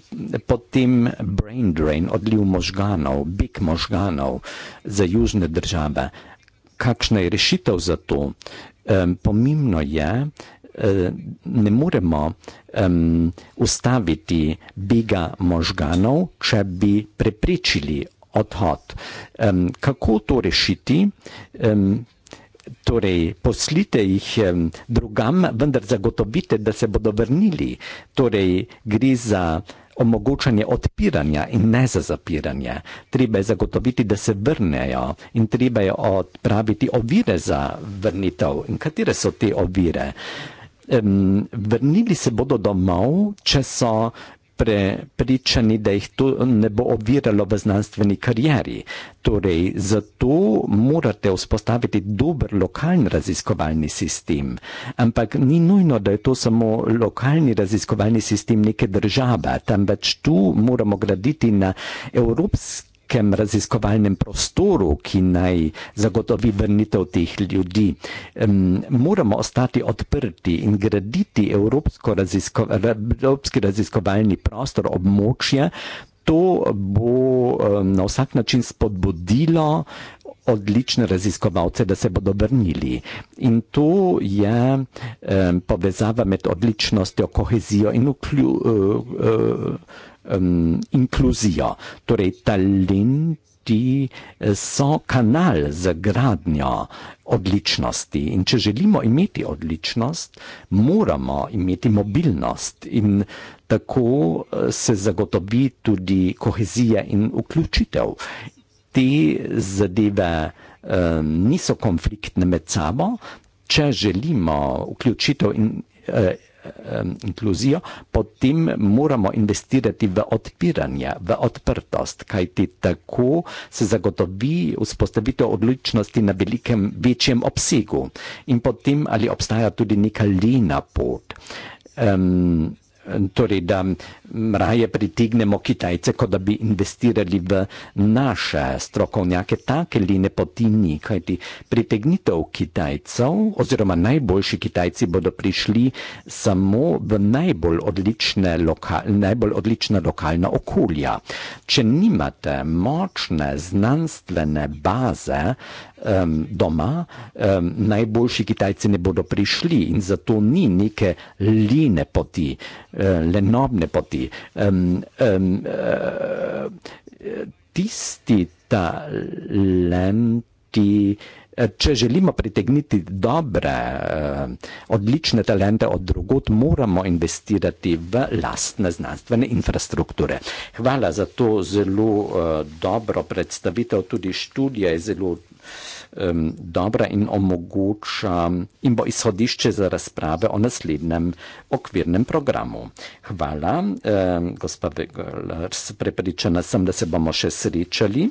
Potem brain drain, odliv možganov, beg možganov za južne države. Kakšna je rešitev za to? Um, pomembno je, Eh, ne moremo um, ustaviti bega možganov, če bi preprečili odhod. Um, kako to rešiti? Um, torej, poslite jih drugam, vendar zagotovite, da se bodo vrnili. Torej, gre za omogočanje odpiranja in ne za zapiranje. Treba je zagotoviti, da se vrnejo in treba je odpraviti ovire za vrnitev. In katere so te ovire? um, vrnili se bodo domov, če so prepričani, da jih to ne bo oviralo v znanstveni karieri. Torej, zato morate vzpostaviti dober lokalni raziskovalni sistem. Ampak ni nujno, da je to samo lokalni raziskovalni sistem neke države, temveč tu moramo graditi na evropski velikem raziskovalnem prostoru, ki naj zagotovi vrnitev teh ljudi. Um, moramo ostati odprti in graditi evropsko razisko, evropski raziskovalni prostor območja. To bo um, na vsak način spodbudilo odlične raziskovalce, da se bodo vrnili. In to je um, povezava med odličnostjo, kohezijo in vključitvijo. Uh, e, uh, e, um, inkluzijo, torej talenti eh, so kanal za gradnjo odličnosti in če želimo imeti odličnost, moramo imeti mobilnost in tako eh, se zagotovi tudi kohezija in vključitev. Te zadeve um, niso konfliktne med sabo, če želimo vključitev in uh, inkluzijo, potem moramo investirati v odpiranje, v odprtost, kajti tako se zagotovi vzpostavitev odličnosti na velikem, večjem obsegu. In potem ali obstaja tudi neka lena pot. Um, Ehm, torej da raje pritignemo Kitajce, kot da bi investirali v naše strokovnjake, take li ne poti ni, kajti pritegnitev Kitajcev oziroma najboljši Kitajci bodo prišli samo v najbolj odlične, loka, najbolj odlične lokalne okolja. Če nimate močne znanstvene baze, um, doma, um, najboljši Kitajci ne bodo prišli in zato ni neke line poti, uh, lenobne poti. Um, um, uh, tisti talenti, eh, če želimo pritegniti dobre, uh, odlične talente od drugot, moramo investirati v lastne znanstvene infrastrukture. Hvala za to zelo uh, dobro predstavitev, tudi študija je zelo um, dobra in omogoča in bo izhodišče za razprave o naslednjem okvirnem programu. Hvala, um, gospa Begolars, prepričana sem, da se bomo še srečali.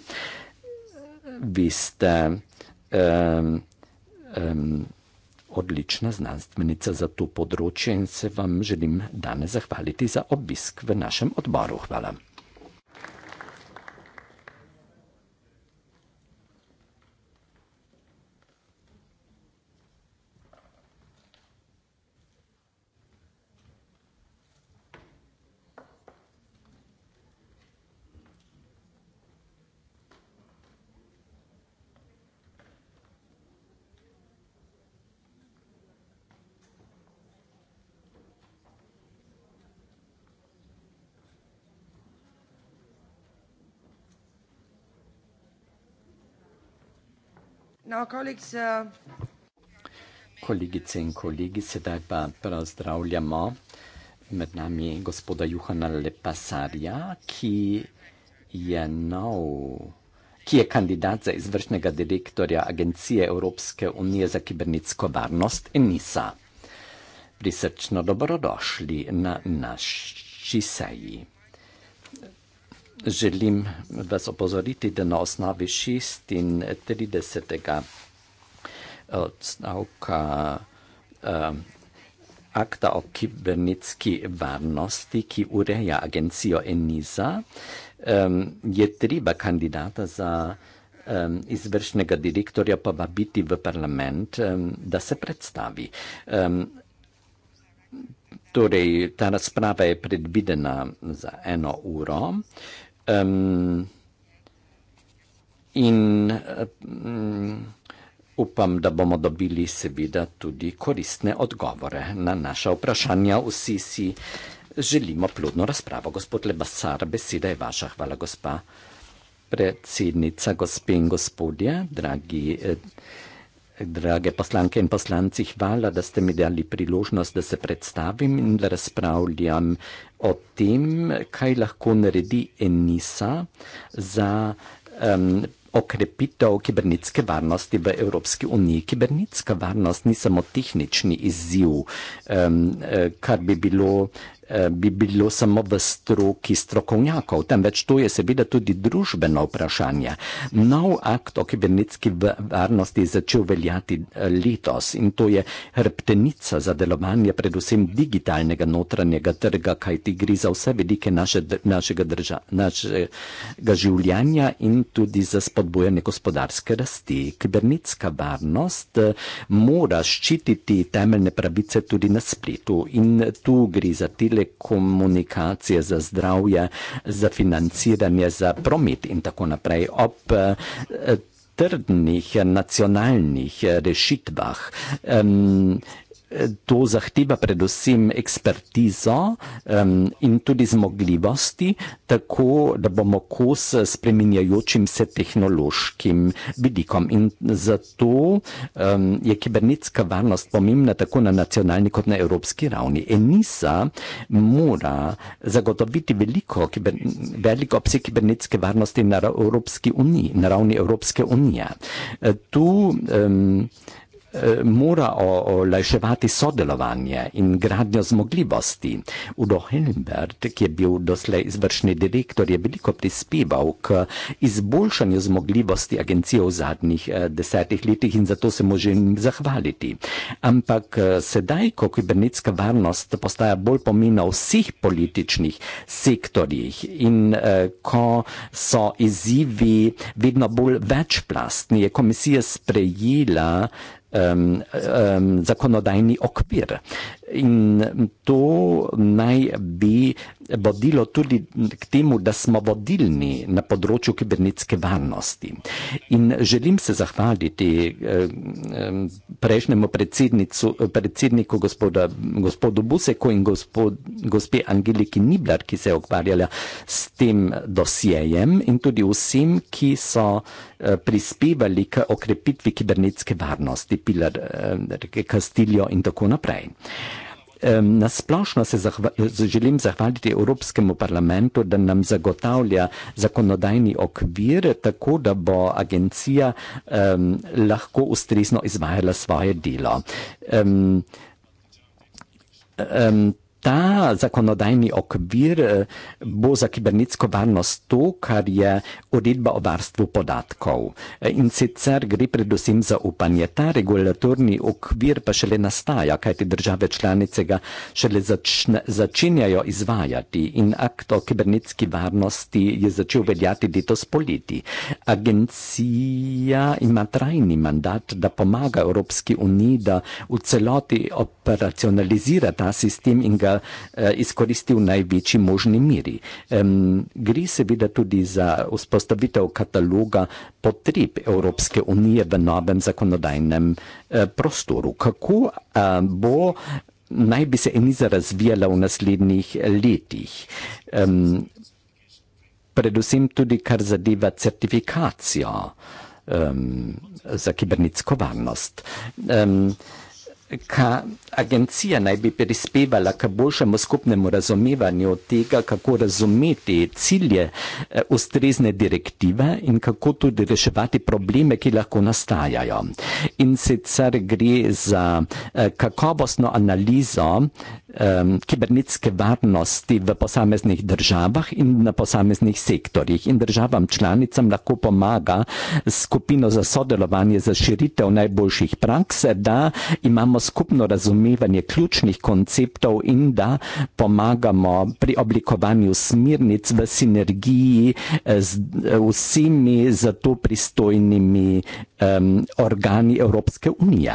Vi ste um, um, odlična znanstvenica za to področje in se vam želim danes zahvaliti za obisk v našem odboru. Hvala. Uh, Kolegice in kolegi, sedaj pa pozdravljamo med nami gospoda Juhana Lepasarja, ki je nov ki je kandidat za izvršnega direktorja Agencije Evropske unije za kibernetsko varnost ENISA. Prisrčno dobrodošli na naši seji želim vas opozoriti, da na osnovi 36. Eh, odstavka eh, akta o kibernetski varnosti, ki ureja agencijo ENISA, je treba kandidata za izvršnega direktorja povabiti v parlament, da se predstavi. Torej, ta razprava je predvidena za eno uro. Torej, um, in um, upam, da bomo dobili seveda tudi koristne odgovore na naša vprašanja. Vsi si želimo plodno razpravo. Gospod Lebasar, beseda je vaša. Hvala, gospa predsednica, gospe in gospodje, dragi. Eh, Drage poslanke in poslanci, hvala, da ste mi dali priložnost, da se predstavim in da razpravljam o tem, kaj lahko naredi Enisa za um, okrepitev kibernetske varnosti v Evropski uniji. Kibernetska varnost ni samo tehnični izziv, um, kar bi bilo uh, Eh, bi bilo samo v stroki strokovnjakov, temveč to je seveda tudi družbeno vprašanje. Nov akt o kibernetski varnosti je začel veljati eh, letos in to je hrbtenica za delovanje predvsem digitalnega notranjega trga, kaj ti gre za vse velike naše, našega, drža, našega življanja in tudi za spodbojanje gospodarske rasti. Kibernetska varnost eh, mora ščititi temeljne pravice tudi na spletu in tu gre za tele telekomunikacije, za zdravje, za financiranje, za promet in tako naprej. Ob, eh, trdnih nacionalnih eh, rešitvah, To zahteva predvsem ekspertizo um, in tudi zmogljivosti, tako da bomo kos spreminjajočim se tehnološkim vidikom. In zato um, je kibernetska varnost pomembna tako na nacionalni kot na evropski ravni. Enisa mora zagotoviti veliko, kiber, veliko obseg kibernetske varnosti na, uniji, na ravni Evropske unije. Uh, tu, um, Eh, mora olajševati sodelovanje in gradnjo zmogljivosti. Udo Helmbert, ki je bil doslej izvršni direktor, je veliko prispeval k izboljšanju zmogljivosti agencije v zadnjih eh, desetih letih in zato se možem zahvaliti. Ampak eh, sedaj, ko kibernetska varnost postaja bolj pomena v vseh političnih sektorjih in ko so izzivi vedno bolj večplastni, je komisija sprejela um, um, zakonodajni okvir. In to naj bi vodilo tudi k temu, da smo vodilni na področju kibernetske varnosti. In želim se zahvaliti eh, eh, prejšnjemu predsedniku gospoda, gospodu Buseku in gospod, gospe Angeliki Niblar, ki se je ukvarjala s tem dosjejem in tudi vsem, ki so eh, prispevali k okrepitvi kibernetske varnosti, Pilar, Kastiljo in tako naprej. Na splošno se želim zahvaliti Evropskemu parlamentu, da nam zagotavlja zakonodajni okvir, tako da bo agencija um, lahko ustrezno izvajala svoje delo. Um, um, ta zakonodajni okvir eh, bo za kibernetsko varnost to, kar je uredba o varstvu podatkov. Eh, in sicer gre predvsem za upanje. Ta regulatorni okvir pa šele nastaja, kaj te države članice ga šele začne, začenjajo izvajati. In akt o kibernetski varnosti je začel veljati letos poleti. Agencija ima trajni mandat, da pomaga Evropski uniji, da v celoti operacionalizira ta sistem in ga Eh, izkoristi v največji možni miri. Gre seveda tudi za vzpostavitev kataloga potreb Evropske unije v novem zakonodajnem eh, prostoru. Kako eh, bo naj bi se Eniza razvijala v naslednjih letih? Predvsem tudi, kar zadeva certifikacijo um, za kibernetsko varnost. Um, Ka agencija naj bi prispevala k boljšemu skupnemu razumevanju tega, kako razumeti cilje eh, ustrezne direktive in kako tudi reševati probleme, ki lahko nastajajo. In sicer gre za eh, kakovostno analizo um, kibernetske varnosti v posameznih državah in na posameznih sektorjih. In državam članicam lahko pomaga skupino za sodelovanje, za širitev najboljših praks, da imamo skupno razumevanje ključnih konceptov in da pomagamo pri oblikovanju smernic v sinergiji eh, z eh, vsemi za to pristojnimi um, organi Evropske unije.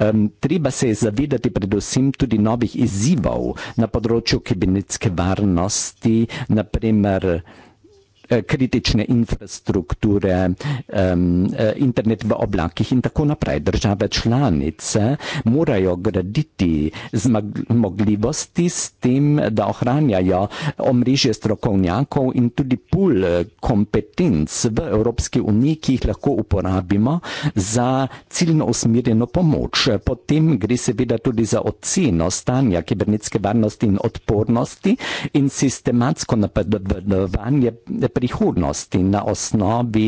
Um, treba se je zavedati predvsem tudi novih izzivov, izzivov na področju kibernetske varnosti, naprimer Eh, kritične infrastrukture, um, internet v oblakih in tako naprej. Države članice morajo graditi zmogljivosti s tem, da ohranjajo omrežje strokovnjakov in tudi pul eh, kompetenc v Evropski uniji, ki jih lahko uporabimo za ciljno usmirjeno pomoč. Potem gre seveda tudi za oceno stanja kibernetske varnosti in odpornosti in sistematsko napredovanje prihodnost in na osnovi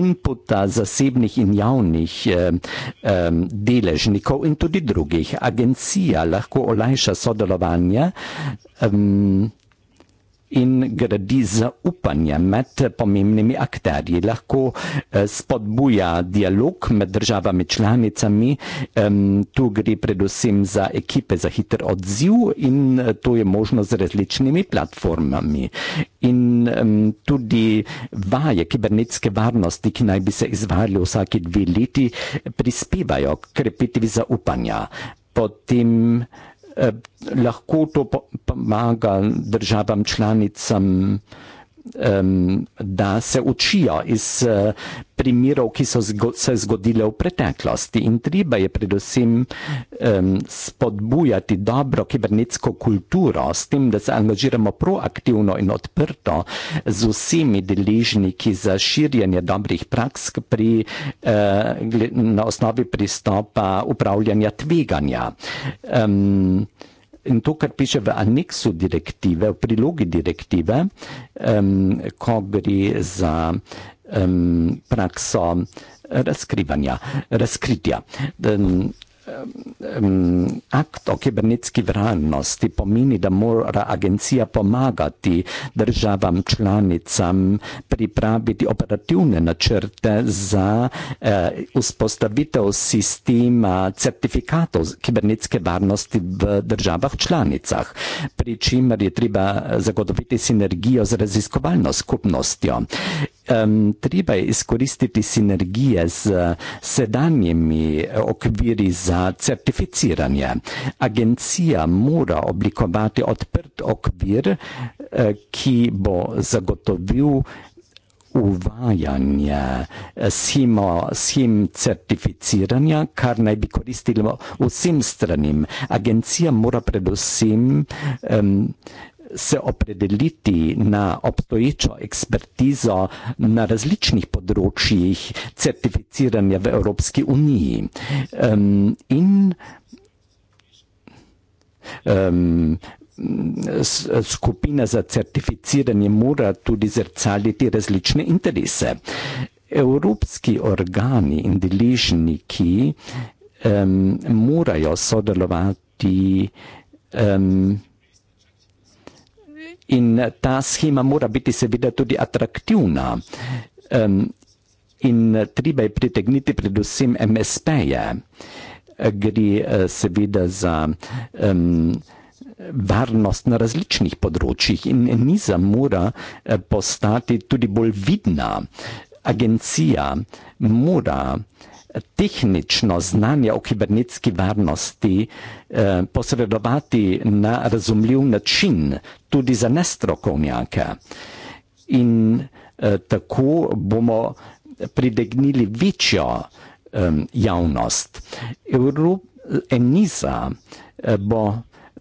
inputa zasebnih in javnih eh, eh, deležnikov in tudi drugih. Agencija lahko olajša sodelovanje. Ehm, in gradi zaupanje med pomembnimi akterji, lahko eh, spodbuja dialog med državami članicami. Tu gre predvsem za ekipe za hiter odziv in eh, to je možno z različnimi platformami. In tudi vaje kibernetske varnosti, ki naj bi se izvajali vsake dve leti, prispevajo k krepitvi zaupanja. Potem eh, lahko to pomaga državam članicam um, da se učijo iz uh, primerov, ki so zgo se zgodile v preteklosti. In treba je predvsem um, spodbujati dobro kibernetsko kulturo s tem, da se angažiramo proaktivno in odprto z vsemi deležniki za širjanje dobrih praks pri, uh, na osnovi pristopa upravljanja tveganja. Um, In to, kar piše v aneksu direktive, v prilogi direktive, um, ko gre za um, prakso razkrivanja, razkritja. Um, um, akt o kibernetski varnosti pomeni, da mora agencija pomagati državam članicam pripraviti operativne načrte za uh, vzpostavitev sistema certifikatov kibernetske varnosti v državah članicah, pri čemer je treba zagotoviti sinergijo z raziskovalno skupnostjo. Um, treba je izkoristiti sinergije z sedanjimi okviri za na certificiranje. Agencija mora oblikovati odprt okvir, eh, ki bo zagotovil uvajanje eh, simo, sim certificiranja, kar naj bi koristilo vsem stranim. Agencija mora predvsem um, se opredeliti na obstoječo ekspertizo na različnih področjih certificiranja v Evropski uniji. Um, in um, skupina za certificiranje mora tudi zrcaliti različne interese. Evropski organi in deležniki um, morajo sodelovati um, In ta schema mora biti seveda tudi atraktivna. Um, in treba je pritegniti predvsem MSP-je. Gre eh, seveda za um, varnost na različnih področjih in niza mora eh, postati tudi bolj vidna. Agencija mora tehnično znanje o kibernetski varnosti eh, posredovati na razumljiv način tudi za nestrokovnjake. In eh, tako bomo pridegnili večjo eh, javnost. Evropa Enisa eh, bo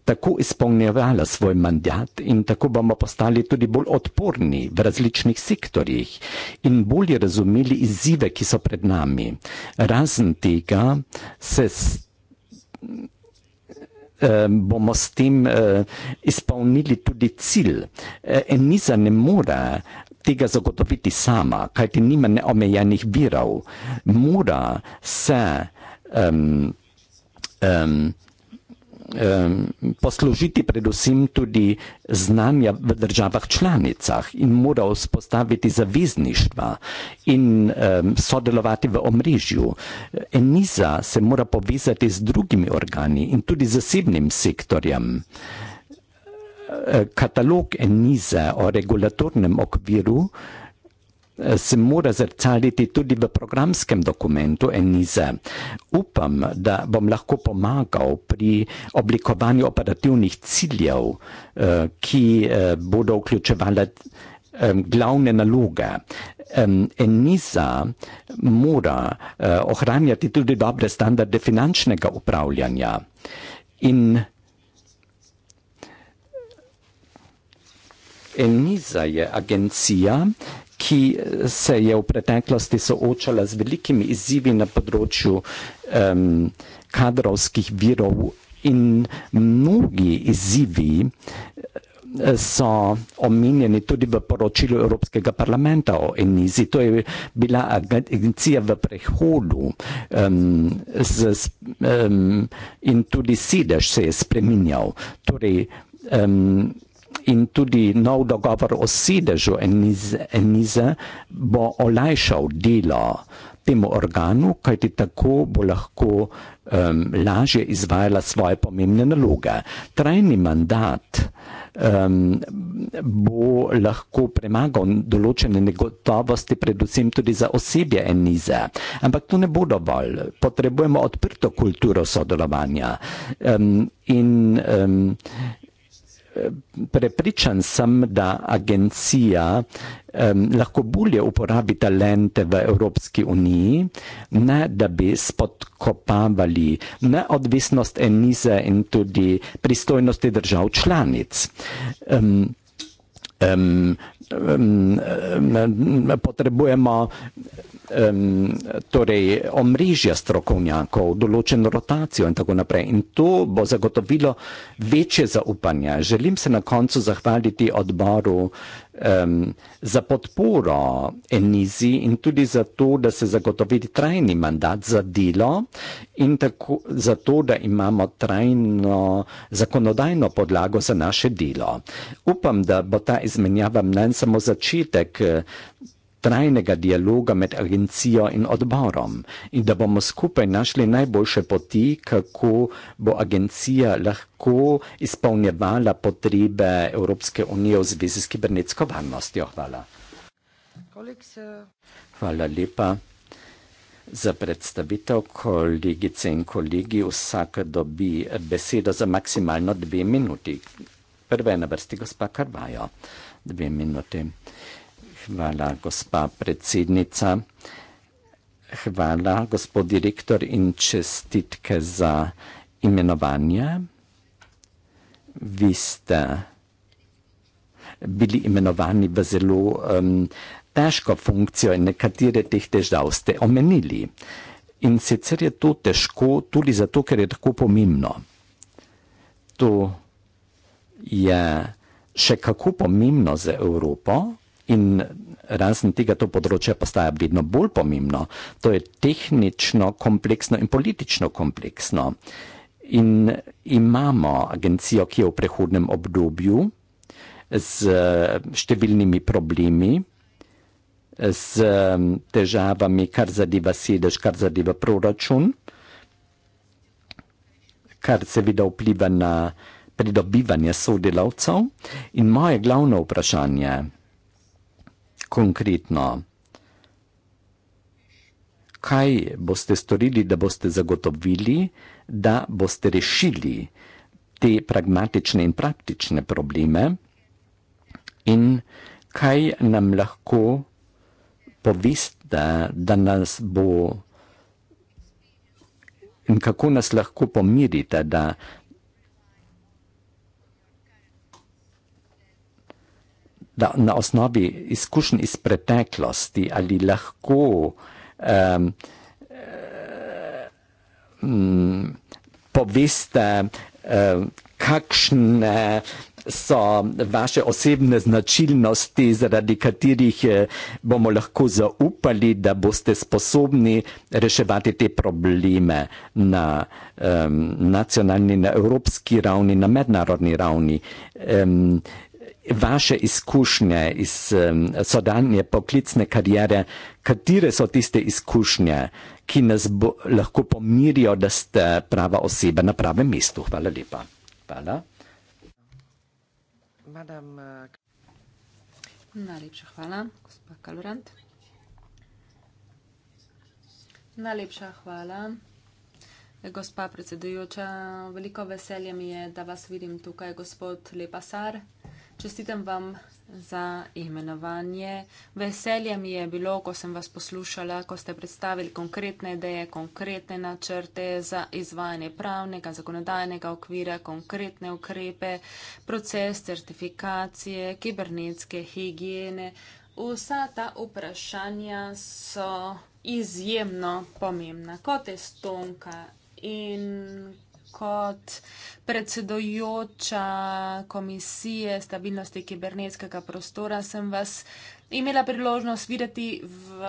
tako izpolnjevala svoj mandat in tako bomo postali tudi bolj odporni v različnih sektorjih in bolje razumeli izzive, ki so pred nami. Razen tega se s, eh, bomo s tem eh, izpolnili tudi cilj. Eh, Eniza ne more tega zagotoviti sama, kajti nima neomejenih virov. Mora se um, um, um, poslužiti predvsem tudi znanja v državah članicah in mora vzpostaviti zavezništva in um, sodelovati v omrežju. Eniza se mora povezati z drugimi organi in tudi zasebnim sektorjem. Katalog Enize o regulatornem okviru Eh, se mora zrcaliti tudi v programskem dokumentu Enize. Upam, da bom lahko pomagal pri oblikovanju operativnih ciljev, eh, ki eh, bodo vključevali glavne naloge. Enisa mora ohranjati tudi dobre standarde finančnega upravljanja. In Enisa je agencija, ki se je v preteklosti soočala z velikimi izzivi na področju um, kadrovskih virov in mnogi izzivi eh, so omenjeni tudi v poročilu Evropskega parlamenta o Enizi. To je bila agencija v prehodu um, z, um, in tudi sedež se je spreminjal. Torej, um, in tudi nov dogovor o sedežu Enize bo olajšal delo temu organu, kajti tako bo lahko um, lažje izvajala svoje pomembne naloge. Trajni mandat um, bo lahko premagal določene negotovosti, predvsem tudi za osebje Enize. Ampak to ne bo dovolj. Potrebujemo odprto kulturo sodelovanja. Um, in um, prepričan sem, da agencija um, lahko bolje uporabi talente v Evropski uniji, ne da bi spodkopavali neodvisnost enize in tudi pristojnosti držav članic. Um, um, um, um, potrebujemo. Um, um, torej omrežja strokovnjakov, določeno rotacijo in tako naprej. In to bo zagotovilo večje zaupanje. Želim se na koncu zahvaliti odboru um, za podporo Enizi in tudi za to, da se zagotovi trajni mandat za delo in tako, za to, da imamo trajno zakonodajno podlago za naše delo. Upam, da bo ta izmenjava mnen samo začetek trajnega dialoga med agencijo in odborom in da bomo skupaj našli najboljše poti, kako bo agencija lahko izpolnjevala potrebe Evropske unije v zvezi s kibernetsko varnostjo. Hvala. Hvala lepa za predstavitev, kolegice in kolegi. Vsak dobi besedo za maksimalno dve minuti. Prva je na vrsti gospa Karvajo. Dve minuti. Hvala, gospa predsednica. Hvala, gospod direktor, in čestitke za imenovanje. Vi ste bili imenovani v zelo um, težko funkcijo in nekatere teh težav ste omenili. In sicer je to težko tudi zato, ker je tako pomembno. To je še kako pomembno za Evropo in razen tega to področje postaja vedno bolj pomembno. To je tehnično kompleksno in politično kompleksno. In imamo agencijo, ki je v prehodnem obdobju z eh, številnimi problemi, z eh, težavami, kar zadeva sedež, kar zadeva proračun, kar seveda vpliva na pridobivanje sodelavcev. In moje glavno vprašanje konkretno. Kaj boste storili, da boste zagotovili, da boste rešili te pragmatične in praktične probleme, in kaj nam lahko poveste, da nas bo, in kako nas lahko pomirite, da da na osnovi izkušenj iz preteklosti ali lahko um, um, poveste, um, kakšne so vaše osebne značilnosti, zaradi katerih eh, bomo lahko zaupali, da boste sposobni reševati te probleme na um, nacionalni, na evropski ravni, na mednarodni ravni. Um, vaše izkušnje iz um, sodanje poklicne karijere, katere so tiste izkušnje, ki nas bo, lahko pomirijo, da ste prava oseba na pravem mestu? Hvala lepa. Hvala.
Madam, uh... Najlepša hvala, gospa Kalurant. Najlepša hvala, gospa predsedujoča. Veliko veselje mi je, da vas vidim tukaj, gospod Lepasar. Čestitam vam za imenovanje. Veselje mi je bilo, ko sem vas poslušala, ko ste predstavili konkretne ideje, konkretne načrte za izvajanje pravnega, zakonodajnega okvira, konkretne ukrepe, proces certifikacije, kibernetske higijene. Vsa ta vprašanja so izjemno pomembna, kot je stonka in kot predsedojoča komisije stabilnosti kibernetskega prostora sem vas imela priložnost videti v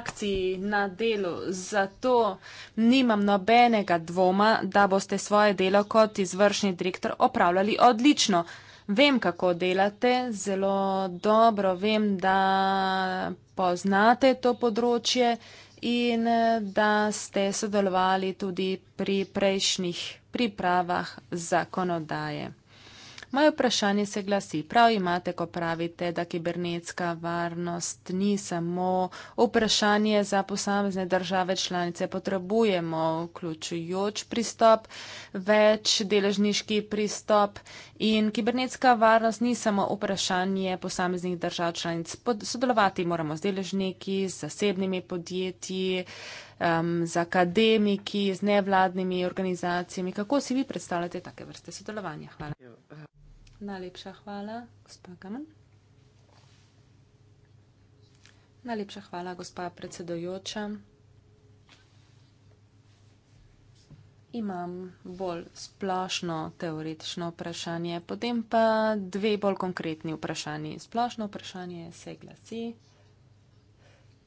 akciji na delu. Zato nimam nobenega dvoma, da boste svoje delo kot izvršni direktor opravljali odlično. Vem, kako delate, zelo dobro vem, da poznate to področje in eh, da ste sodelovali tudi pri prejšnjih pripravah zakonodaje. Moje vprašanje se glasi, prav imate, ko pravite, da kibernetska varnost ni samo vprašanje za posamezne države članice. Potrebujemo vključujoč pristop, več deležniški pristop in kibernetska varnost ni samo vprašanje posameznih držav članic. Pod sodelovati moramo z deležniki, z zasebnimi podjetji. Uh, um, z akademiki, z nevladnimi organizacijami. Kako si vi predstavljate take vrste sodelovanja? Hvala. Najlepša hvala, gospa Kamen. Najlepša hvala, gospa predsedojoča. Imam bolj splošno teoretično vprašanje, potem pa dve bolj konkretni vprašanji. Splošno vprašanje se glasi,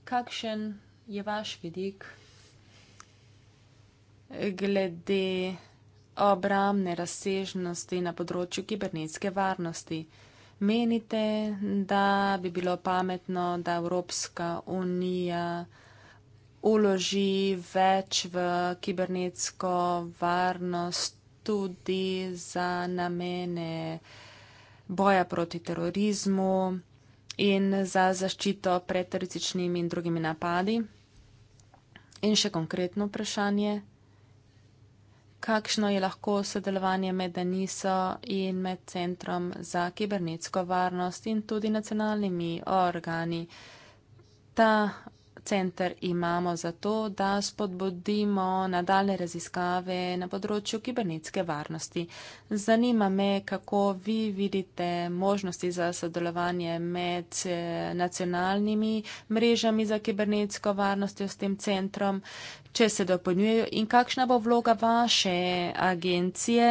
kakšen je vaš vidik glede obramne razsežnosti na področju kibernetske varnosti? Menite, da bi bilo pametno, da Evropska unija uloži več v kibernetsko varnost tudi za namene boja proti terorizmu in za zaščito pred terorističnimi in drugimi napadi? In še konkretno vprašanje, kakšno je lahko sodelovanje med Deniso in med Centrom za kibernetsko varnost in tudi nacionalnimi organi? Ta center imamo zato, da spodbudimo nadaljne raziskave na področju kibernetske varnosti. Zanima me, kako vi vidite možnosti za sodelovanje med eh, nacionalnimi mrežami za kibernetsko varnostjo s tem centrom, če se dopolnjujejo in kakšna bo vloga vaše agencije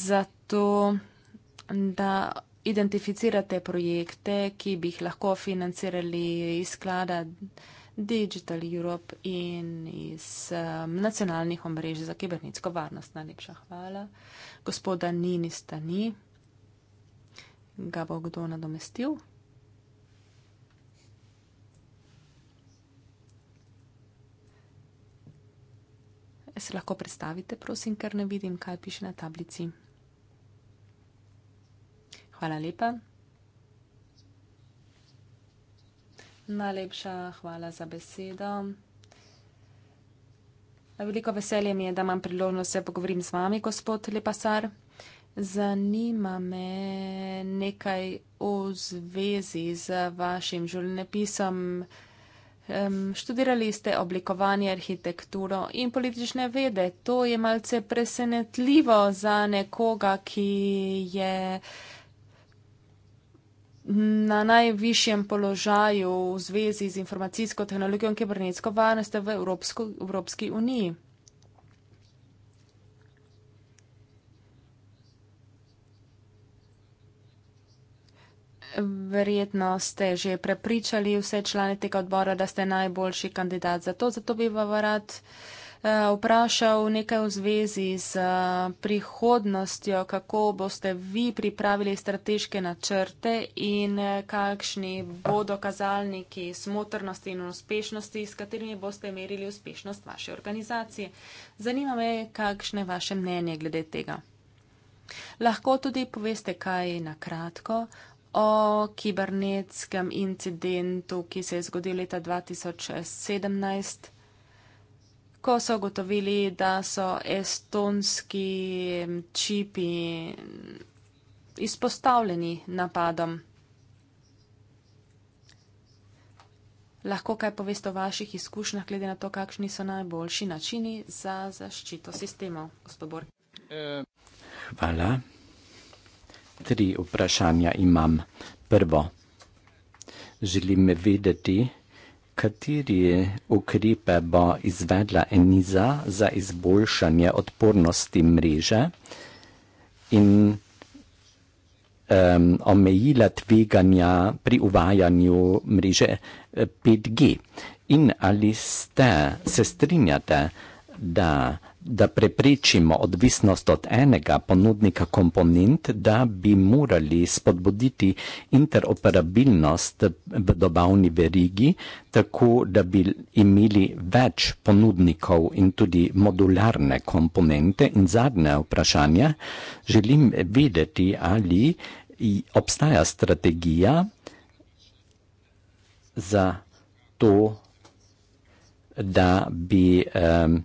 za to, da identificirate projekte, ki bi jih lahko financirali iz sklada Digital Europe in iz um, nacionalnih omrež za kibernetsko varnost. Najlepša hvala. Gospoda Nini Stani, ga bo kdo nadomestil? Se lahko predstavite, prosim, ker ne vidim, kaj piše na tablici. Hvala lepa. Najlepša hvala za besedo. Veliko veselje mi je, da imam priložnost se pogovorim z vami, gospod Lepasar. Zanima me nekaj v zvezi z vašim življenjepisom. Študirali ste oblikovanje, arhitekturo in politične vede. To je malce presenetljivo za nekoga, ki je na najvišjem položaju v zvezi z informacijsko tehnologijo in kibernetsko varnost v Evropsko, Evropski uniji. Verjetno ste že prepričali vse člane tega odbora, da ste najboljši kandidat za to, zato bi vam rad. Eh, vprašal nekaj v zvezi z eh, prihodnostjo, kako boste vi pripravili strateške načrte in eh, kakšni bodo kazalniki smotrnosti in uspešnosti, s katerimi boste merili uspešnost vaše organizacije. Zanima me, kakšne vaše mnenje glede tega. Lahko tudi poveste kaj na kratko o kibernetskem incidentu, ki se je zgodil leta 2017 ko so ugotovili, da so estonski čipi izpostavljeni napadom. Lahko kaj poveste o vaših izkušnjah, glede na to, kakšni so najboljši načini za zaščito sistemov, gospod Bork?
Hvala. Tri vprašanja imam. Prvo, želim vedeti, Kateri ukrepe bo izvedla Eniza za izboljšanje odpornosti mreže in um, omejila tveganja pri uvajanju mreže 5G? Eh, in ali ste se strinjate, da da preprečimo odvisnost od enega ponudnika komponent, da bi morali spodbuditi interoperabilnost v dobavni verigi, tako da bi imeli več ponudnikov in tudi modularne komponente. In zadnje vprašanje, želim vedeti, ali obstaja strategija za to, da bi um,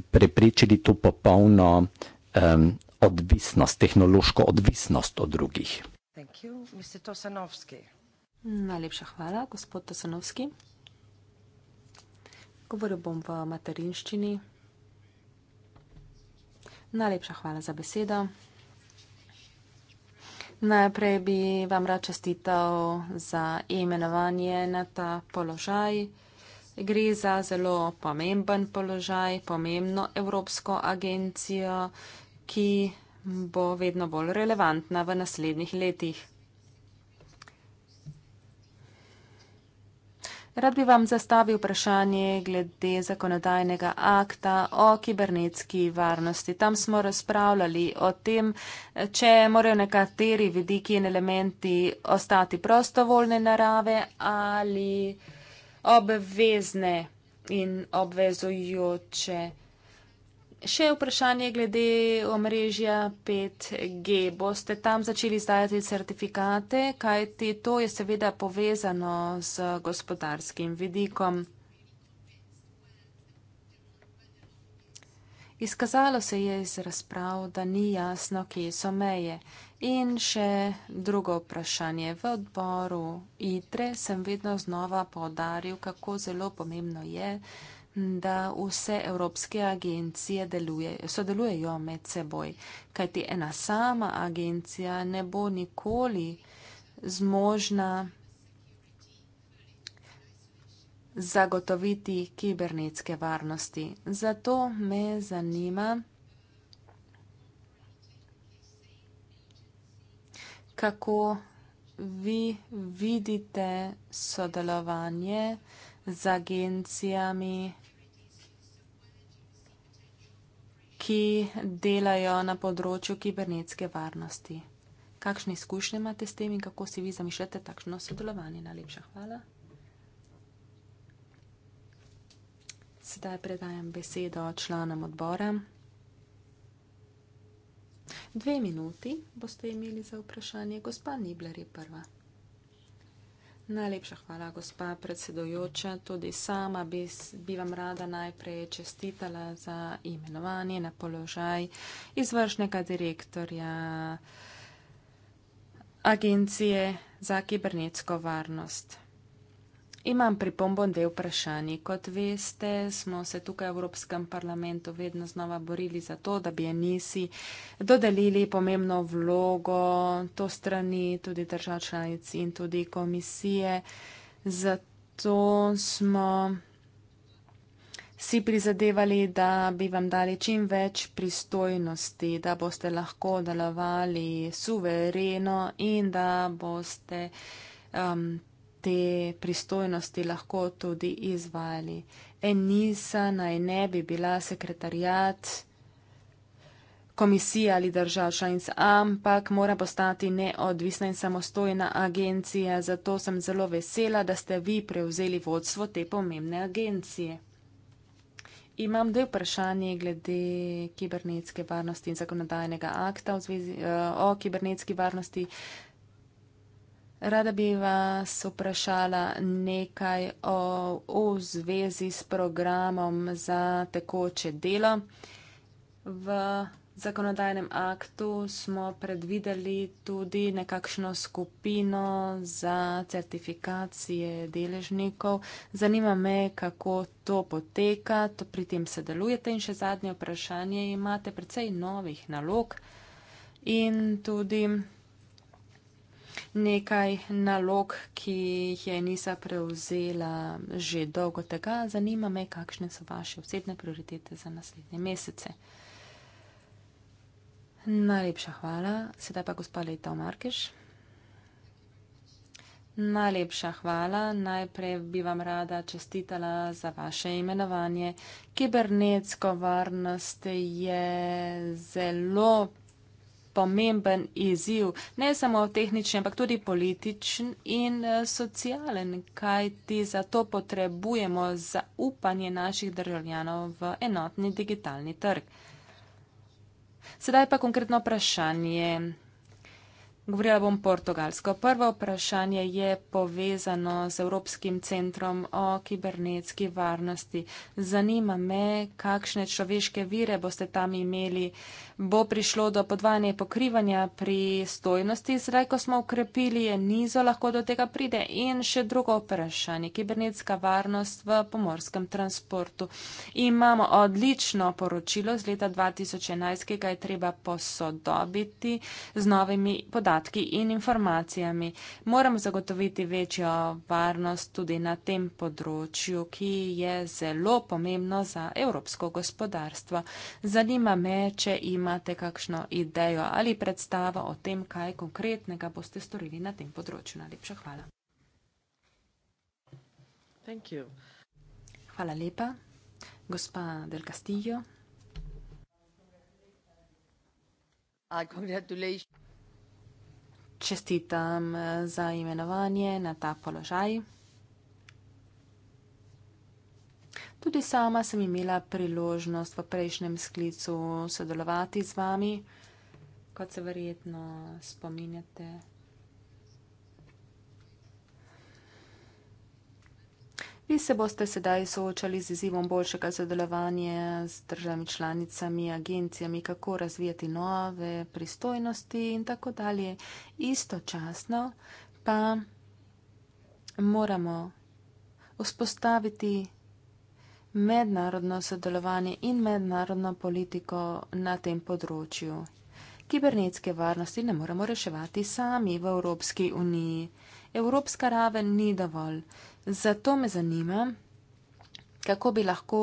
preprečili to popolno um, odvisnost, tehnološko odvisnost od drugih.
Najlepša hvala,
gospod Tosanovski. Govoril bom v materinščini. Najlepša hvala za besedo. Najprej bi vam rad čestital za imenovanje na ta položaj gre za zelo pomemben položaj, pomembno Evropsko agencijo, ki bo vedno bolj relevantna v naslednjih letih. Rad bi vam zastavil vprašanje glede zakonodajnega akta o kibernetski varnosti. Tam smo razpravljali o tem, če morajo nekateri vidiki in elementi ostati prostovoljne narave ali obvezne in obvezujoče. Še vprašanje glede omrežja 5G. Boste tam začeli izdajati certifikate, kajti to je seveda povezano z gospodarskim vidikom. Izkazalo se je iz razprav, da ni jasno, kje so meje. In še drugo vprašanje. V odboru ITRE sem vedno znova povdaril, kako zelo pomembno je, da vse evropske agencije deluje, sodelujejo med seboj, kajti ena sama agencija ne bo nikoli zmožna zagotoviti kibernetske varnosti. Zato me zanima, kako vi vidite sodelovanje z agencijami, ki delajo na področju kibernetske varnosti. Kakšne izkušnje imate s tem in kako si vi zamišljate takšno sodelovanje? Najlepša hvala. Sedaj predajam besedo članom odbora. Dve minuti boste imeli za vprašanje. Gospa Nibler je prva. Najlepša hvala, gospa predsedojoča. Tudi sama bi, bi vam rada najprej čestitala za imenovanje na položaj izvršnega direktorja Agencije za kibernetsko varnost. Imam pripombo dve vprašanji. Kot veste, smo se tukaj v Evropskem parlamentu vedno znova borili za to, da bi emisi dodelili pomembno vlogo to strani tudi držav članic in tudi komisije. Zato smo si prizadevali, da bi vam dali čim več pristojnosti, da boste lahko delovali suvereno in da boste. Um, te pristojnosti lahko tudi izvajali. Enisa naj ne bi bila sekretarijat, komisija ali držav članic, ampak mora postati neodvisna in samostojna agencija. Zato sem zelo vesela, da ste vi prevzeli vodstvo te pomembne agencije. Imam dve vprašanje glede kibernetske varnosti in zakonodajnega akta v zvezi, uh, o kibernetski varnosti. Uh, Rada bi vas vprašala nekaj o, o zvezi s programom za tekoče delo. V zakonodajnem aktu smo predvideli tudi nekakšno skupino za certifikacije deležnikov. Zanima me, kako to poteka, to pri tem sodelujete in še zadnje vprašanje, imate precej novih nalog in tudi nekaj nalog, ki jih je Nisa prevzela že dolgo tega. Zanima me, kakšne so vaše osebne prioritete za naslednje mesece. Najlepša hvala. Sedaj pa gospa Leta Markeš. Najlepša hvala. Najprej bi vam rada čestitala za vaše imenovanje. Kibernetsko varnost je zelo pomemben izziv, ne samo tehnični, ampak tudi političen in eh, socialen, kaj ti za to potrebujemo zaupanje naših državljanov v enotni digitalni trg. Sedaj pa konkretno vprašanje. Govorila bom portugalsko. Prvo vprašanje je povezano z Evropskim centrom o kibernetski varnosti. Zanima me, kakšne človeške vire boste tam imeli, uh, bo prišlo do podvajanja pokrivanja pri stojnosti, zdaj ko smo ukrepili enizo, lahko do tega pride. In še drugo vprašanje, kibernetska varnost v pomorskem transportu. Imamo odlično poročilo z leta 2011, ki ga je treba posodobiti z novimi podatki in informacijami. Moram zagotoviti večjo varnost tudi na tem področju, ki je zelo pomembno za evropsko gospodarstvo. Zanima me, če ima imate kakšno idejo ali predstavo o tem, kaj konkretnega boste storili na tem področju. Najlepša hvala. Hvala lepa. Gospa Del Castillo. Ah, Čestitam eh, za imenovanje na ta položaj. Tudi sama sem imela priložnost v prejšnjem sklicu sodelovati z vami, kot se verjetno spominjate. Vi se boste sedaj soočali z izzivom boljšega sodelovanja z državami članicami, agencijami, kako razvijati nove pristojnosti in tako dalje. Istočasno pa moramo vzpostaviti mednarodno sodelovanje in mednarodno politiko na tem področju. Kibernetske varnosti ne moremo reševati sami v Evropski uniji. Evropska raven ni dovolj. Zato me zanima, kako bi lahko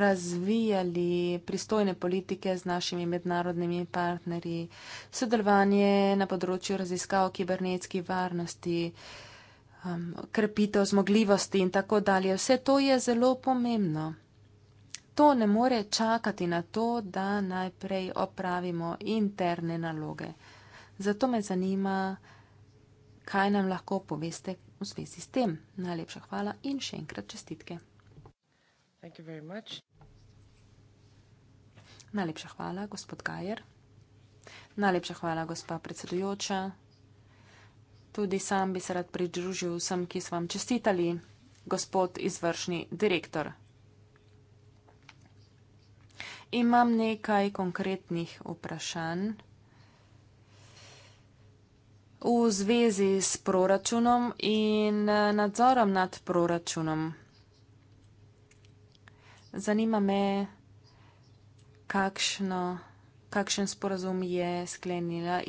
razvijali pristojne politike z našimi mednarodnimi partnerji, sodelovanje na področju raziskav kibernetskih varnosti, eh, um, krepitev zmogljivosti in tako dalje. Vse to je zelo pomembno. To ne more čakati na to, da najprej opravimo interne naloge. Zato me zanima, kaj nam lahko poveste v zvezi s tem. Najlepša hvala in še enkrat čestitke. Najlepša hvala, gospod Gajer. Najlepša hvala, gospa predsedujoča tudi sam bi se rad pridružil vsem, ki so vam čestitali, gospod izvršni direktor. Imam nekaj konkretnih vprašanj. V zvezi s proračunom in eh, nadzorom nad proračunom. Zanima me, kakšno kakšen sporazum je sklenila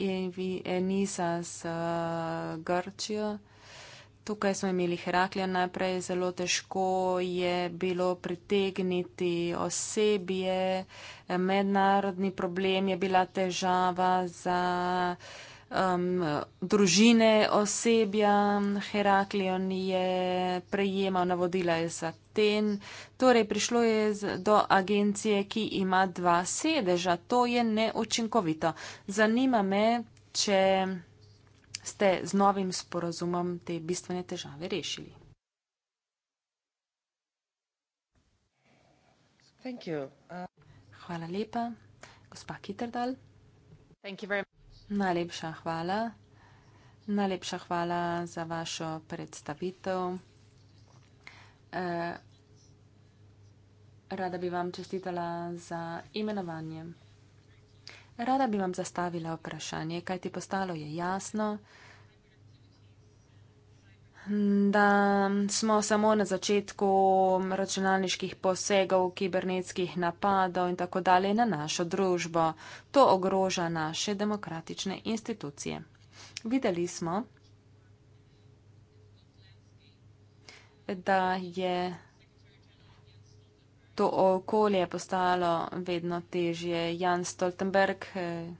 Enisa s uh, Grčijo. Tukaj smo imeli Heraklija najprej, zelo težko je bilo pritegniti osebje, mednarodni problem je bila težava za um, družine osebja. Heraklion je prejemal navodila iz Aten. Torej, prišlo je do agencije, ki ima dva sedeža. To je neočinkovito. Zanima me, če ste z novim sporazumom te bistvene težave rešili.
Uh,
hvala lepa, gospa Kitrdal. Najlepša hvala. Najlepša hvala za vašo predstavitev. Uh, rada bi vam čestitala za imenovanje. Rada bi vam zastavila vprašanje, kaj ti postalo je jasno, da smo samo na začetku računalniških posegov, kibernetskih napadov in tako dalje na našo družbo. To ogroža naše demokratične institucije. Videli smo, da je to okolje postalo vedno težje. Jan Stoltenberg, eh,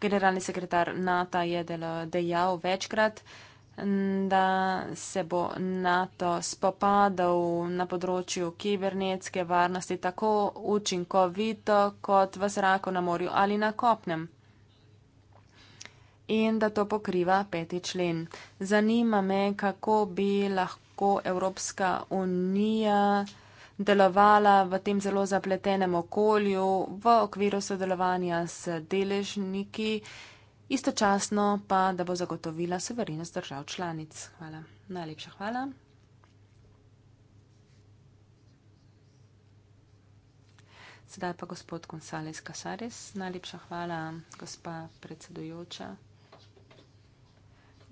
generalni sekretar NATO, je dejal večkrat, da se bo NATO spopadal na področju kibernetske varnosti tako učinkovito kot v zraku na morju ali na kopnem. In da to pokriva peti člen. Zanima me, kako bi lahko Evropska unija delovala v tem zelo zapletenem okolju, v okviru sodelovanja s deležniki, istočasno pa, da bo zagotovila severinost držav članic. Hvala. Najlepša hvala. Sedaj pa gospod Gonzales Casares. Najlepša hvala, gospa predsedujoča.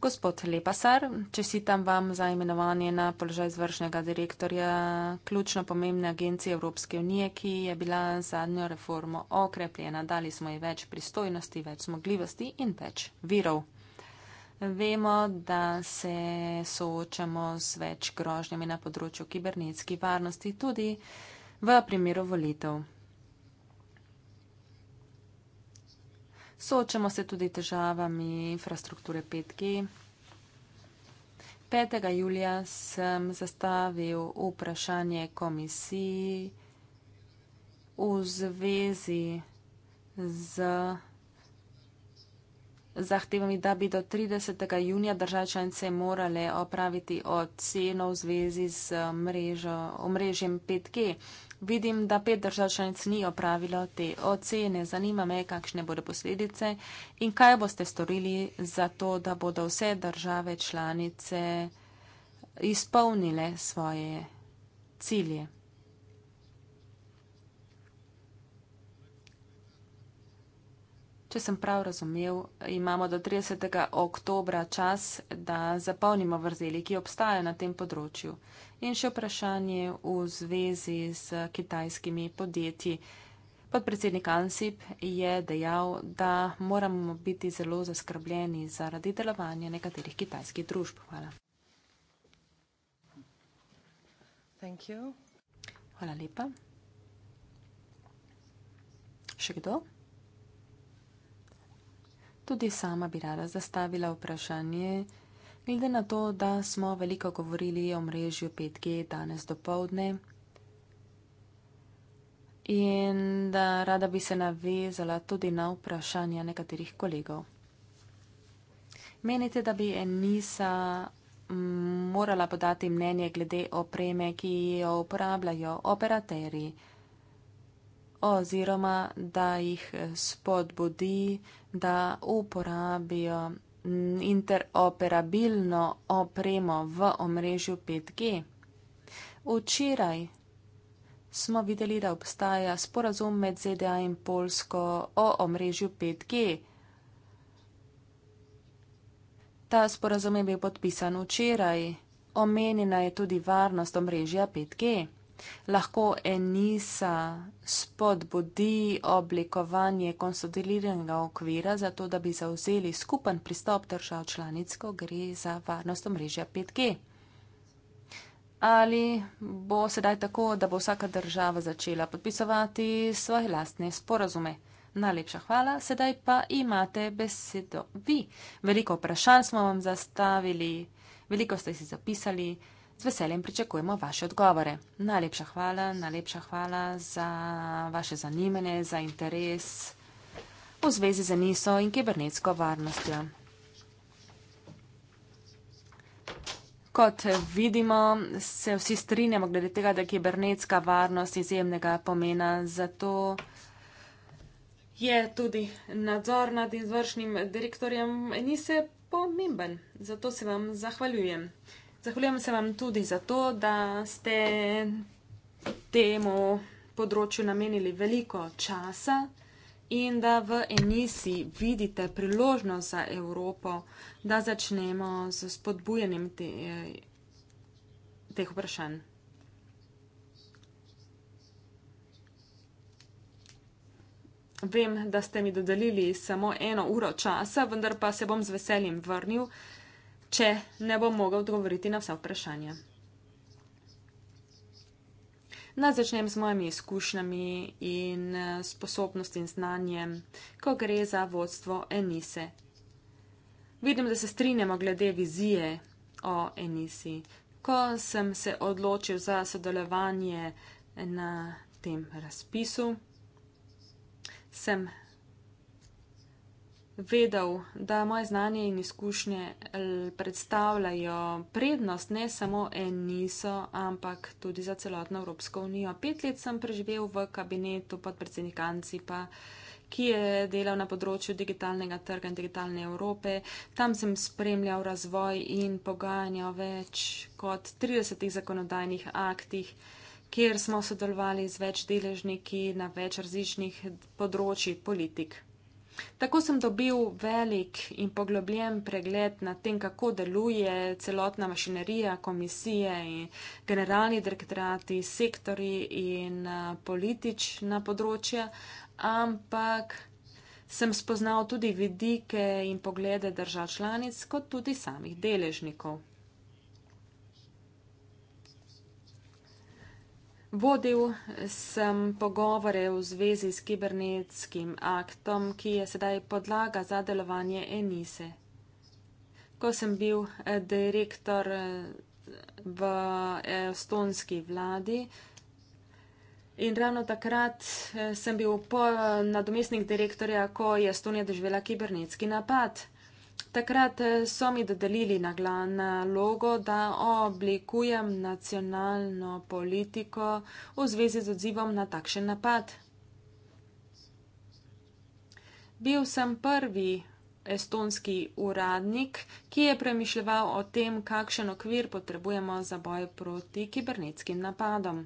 Gospod Lepasar, čestitam vam za imenovanje na položaj izvršnega direktorja ključno pomembne agencije Evropske unije, ki je bila zadnjo reformo okrepljena. Dali smo ji več pristojnosti, več zmogljivosti in več virov. Vemo, da se soočamo z več grožnjami na področju kibernetskih varnosti tudi v primeru volitev. Soočamo se tudi težavami infrastrukture 5G. 5. julija sem zastavil vprašanje komisiji v zvezi z zahtevami, da bi do 30. junija države članice morale opraviti oceno v zvezi z mrežo, omrežjem 5G. Vidim, da pet držav članic ni opravilo te ocene. Zanima me, kakšne bodo posledice in kaj boste storili za to, da bodo vse države članice izpolnile svoje cilje. Če sem prav razumel, imamo do 30. oktobra čas, da zapolnimo vrzeli, ki obstajajo na tem področju. In še vprašanje v zvezi z kitajskimi podjetji. Podpredsednik Ansip je dejal, da moramo biti zelo zaskrbljeni zaradi delovanja nekaterih kitajskih družb. Hvala. Hvala lepa. Še kdo? Tudi sama bi rada zastavila vprašanje. Glede na to, da smo veliko govorili o mrežju 5G danes do povdne in da rada bi se navezala tudi na vprašanja nekaterih kolegov. Menite, da bi Enisa morala podati mnenje glede opreme, ki jo uporabljajo operaterji oziroma da jih spodbudi, da uporabijo interoperabilno opremo v omrežju 5G. Včeraj smo videli, da obstaja sporazum med ZDA in Polsko o omrežju 5G. Ta sporazum je bil podpisan včeraj. Omenjena je tudi varnost omrežja 5G lahko Enisa spodbudi oblikovanje konsolidiranega okvira za to, da bi zauzeli skupen pristop držav članic, ko gre za varnost omrežja 5G. Ali bo sedaj tako, da bo vsaka država začela podpisovati svoje lastne sporazume? Najlepša hvala, sedaj pa imate besedo vi. Veliko vprašanj smo vam zastavili, veliko ste si zapisali. Z veseljem pričakujemo vaše odgovore. Najlepša hvala, najlepša hvala za vaše zanimanje, za interes v zvezi z NISO in kibernetsko varnostjo. Kot vidimo, se vsi strinjamo glede tega, da je kibernetska varnost izjemnega pomena, zato je tudi nadzor nad izvršnim direktorjem NISE pomemben. Zato se vam zahvaljujem. Zahvaljujem se vam tudi za to, da ste temu področju namenili veliko časa in da v emisiji vidite priložnost za Evropo, da začnemo z spodbujanjem te, teh vprašanj. Vem, da ste mi dodelili samo eno uro časa, vendar pa se bom z veseljem vrnil če ne bo mogel odgovoriti na vsa vprašanja. Naj začnem s mojimi izkušnjami in eh, sposobnostmi in znanjem, ko gre za vodstvo Enise. Vidim, da se strinjamo glede vizije o Enisi. Ko sem se odločil za sodelovanje na tem razpisu, sem vedel, da moje znanje in izkušnje eh, predstavljajo prednost ne samo eniso, ampak tudi za celotno Evropsko unijo. Pet let sem preživel v kabinetu podpredsednika Ancipa, ki je delal na področju digitalnega trga in digitalne Evrope. Tam sem spremljal razvoj in pogajanja več kot 30 zakonodajnih aktih kjer smo sodelovali z več deležniki na več različnih področji politik. Tako sem dobil velik in poglobljen pregled na tem, kako deluje celotna mašinerija, komisije in generalni direktorati, sektori in politična področja, ampak sem spoznal tudi vidike in poglede držav članic, kot tudi samih deležnikov. Vodil sem pogovore v zvezi s kibernetskim aktom, ki je sedaj podlaga za delovanje Enise. Ko sem bil eh, direktor eh, v eh, estonski vladi in ravno takrat sem bil nadomestnik direktorja, ko je Estonija doživela kibernetski napad. Takrat eh, so mi dodelili nalogo, eh, da oblikujem nacionalno politiko v zvezi z odzivom na takšen napad. Bil sem prvi estonski uradnik, ki je premišljal o tem, kakšen okvir potrebujemo za boj proti kibernetskim napadom.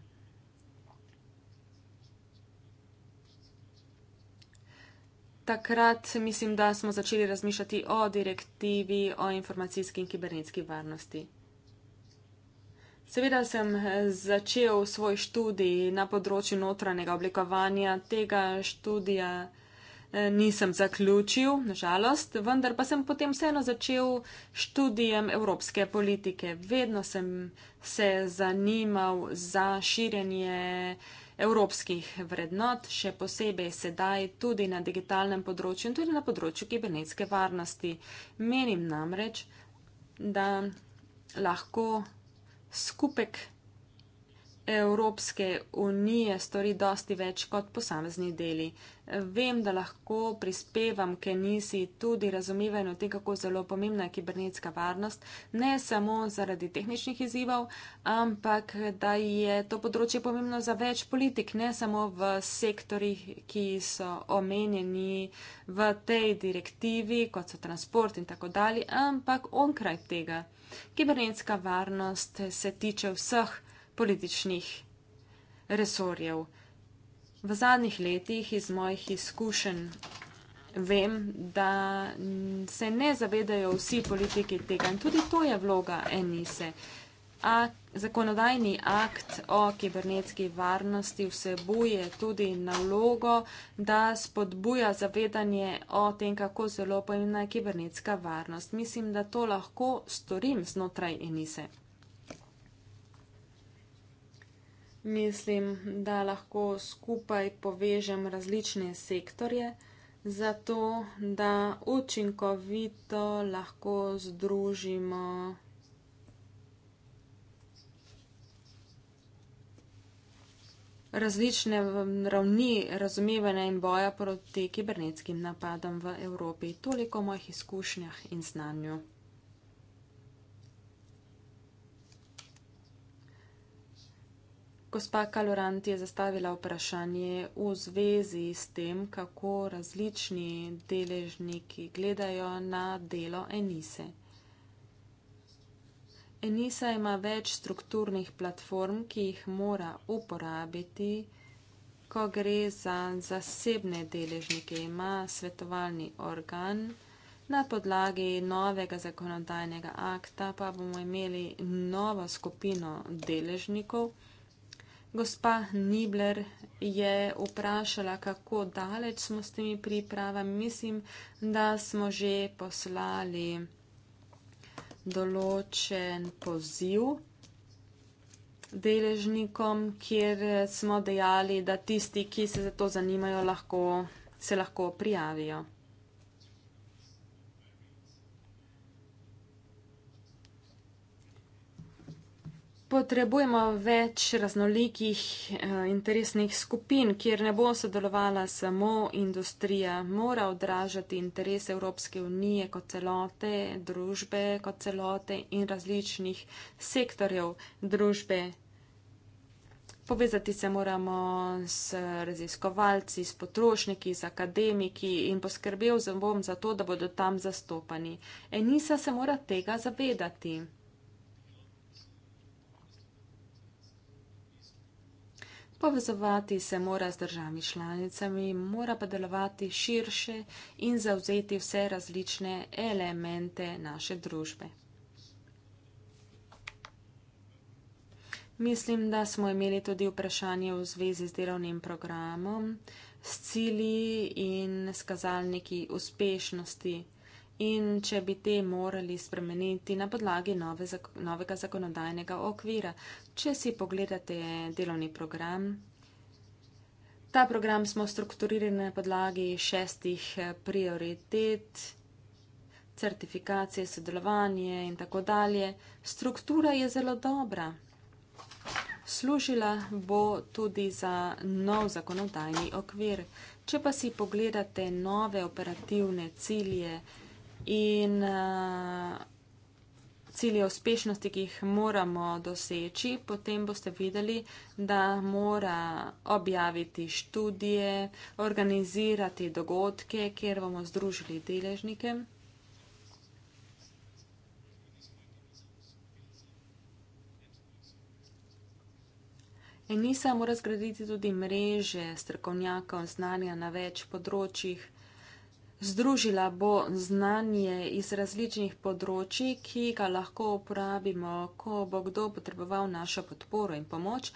takrat mislim, da smo začeli razmišljati o direktivi o informacijski in kibernetski varnosti. Seveda sem začel svoj študij na področju notranjega oblikovanja, tega študija eh, nisem zaključil, nažalost, vendar pa sem potem vseeno začel študijem evropske politike. Vedno sem se zanimal za širjenje eh, evropskih vrednot, še posebej sedaj tudi na digitalnem področju in tudi na področju kibernetske varnosti. Menim namreč, da lahko skupek Evropske unije stori dosti več kot posamezni deli. Vem, da lahko prispevam k nisi tudi razumevanju tega, kako zelo pomembna je kibernetska varnost, ne samo zaradi tehničnih izzivov, ampak da je to področje pomembno za več politik, ne samo v sektorjih, ki so omenjeni v tej direktivi, kot so transport in tako dalje, ampak onkraj tega. Kibernetska varnost se tiče vseh političnih resorjev. V zadnjih letih iz mojih izkušenj vem, da se ne zavedajo vsi politiki tega in tudi to je vloga enise. Ak, zakonodajni akt o kibernetski varnosti vseboje tudi nalogo, da spodbuja zavedanje o tem, kako zelo pomembna je kibernetska varnost. Mislim, da to lahko storim znotraj enise. Mislim, da lahko skupaj povežem različne sektorje, zato da učinkovito lahko združimo. Različne ravni razumevanja in boja proti kibernetskim napadom v Evropi, toliko mojih izkušnjah in znanju. Gospa Kaloranti je zastavila vprašanje v zvezi s tem, kako različni deležniki gledajo na delo Enise. Enisa ima več strukturnih platform, ki jih mora uporabiti, ko gre za zasebne deležnike. Ima svetovalni organ, na podlagi novega zakonodajnega akta pa bomo imeli novo skupino deležnikov. Gospa Nibler je vprašala, kako daleč smo s temi pripravami. Mislim, da smo že poslali določen poziv deležnikom, kjer smo dejali, da tisti, ki se za to zanimajo, lahko, se lahko prijavijo. potrebujemo več raznolikih eh, interesnih skupin, kjer ne bo sodelovala samo industrija, mora odražati interese Evropske unije kot celote, družbe kot celote in različnih sektorjev družbe. Povezati se moramo s raziskovalci, s potrošniki, z akademiki in poskrbel bom za to, da bodo tam zastopani. Enisa se mora tega zavedati. Povezovati se mora z državi članicami, mora pa delovati širše in zauzeti vse različne elemente naše družbe. Mislim, da smo imeli tudi vprašanje v zvezi z delovnim programom, s cili in s kazalniki uspešnosti in če bi te morali spremeniti na podlagi nove, novega zakonodajnega okvira če si pogledate delovni program. Ta program smo strukturirali na podlagi šestih prioritet, certifikacije, sodelovanje in tako dalje. Struktura je zelo dobra. Služila bo tudi za nov zakonodajni okvir. Če pa si pogledate nove operativne cilje in uh, cilje uspešnosti, ki jih moramo doseči, potem boste videli, da mora objaviti študije, organizirati dogodke, kjer bomo združili deležnike. Enisa mora zgraditi tudi mreže strokovnjakov znanja na več področjih. Združila bo znanje iz različnih področji, ki ga lahko uporabimo, ko bo kdo potreboval našo podporo in pomoč,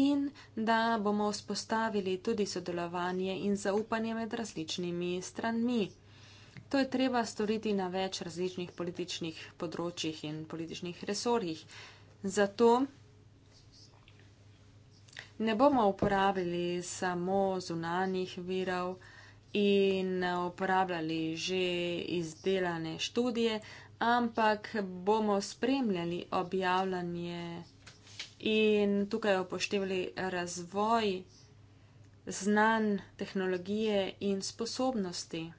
in da bomo vzpostavili tudi sodelovanje in zaupanje med različnimi stranmi. To je treba storiti na več različnih političnih področjih in političnih resorjih. Zato ne bomo uporabili samo zunanih virov, in uporabljali že izdelane študije, ampak bomo spremljali objavljanje in tukaj upoštevali razvoj znanj, tehnologije in sposobnosti.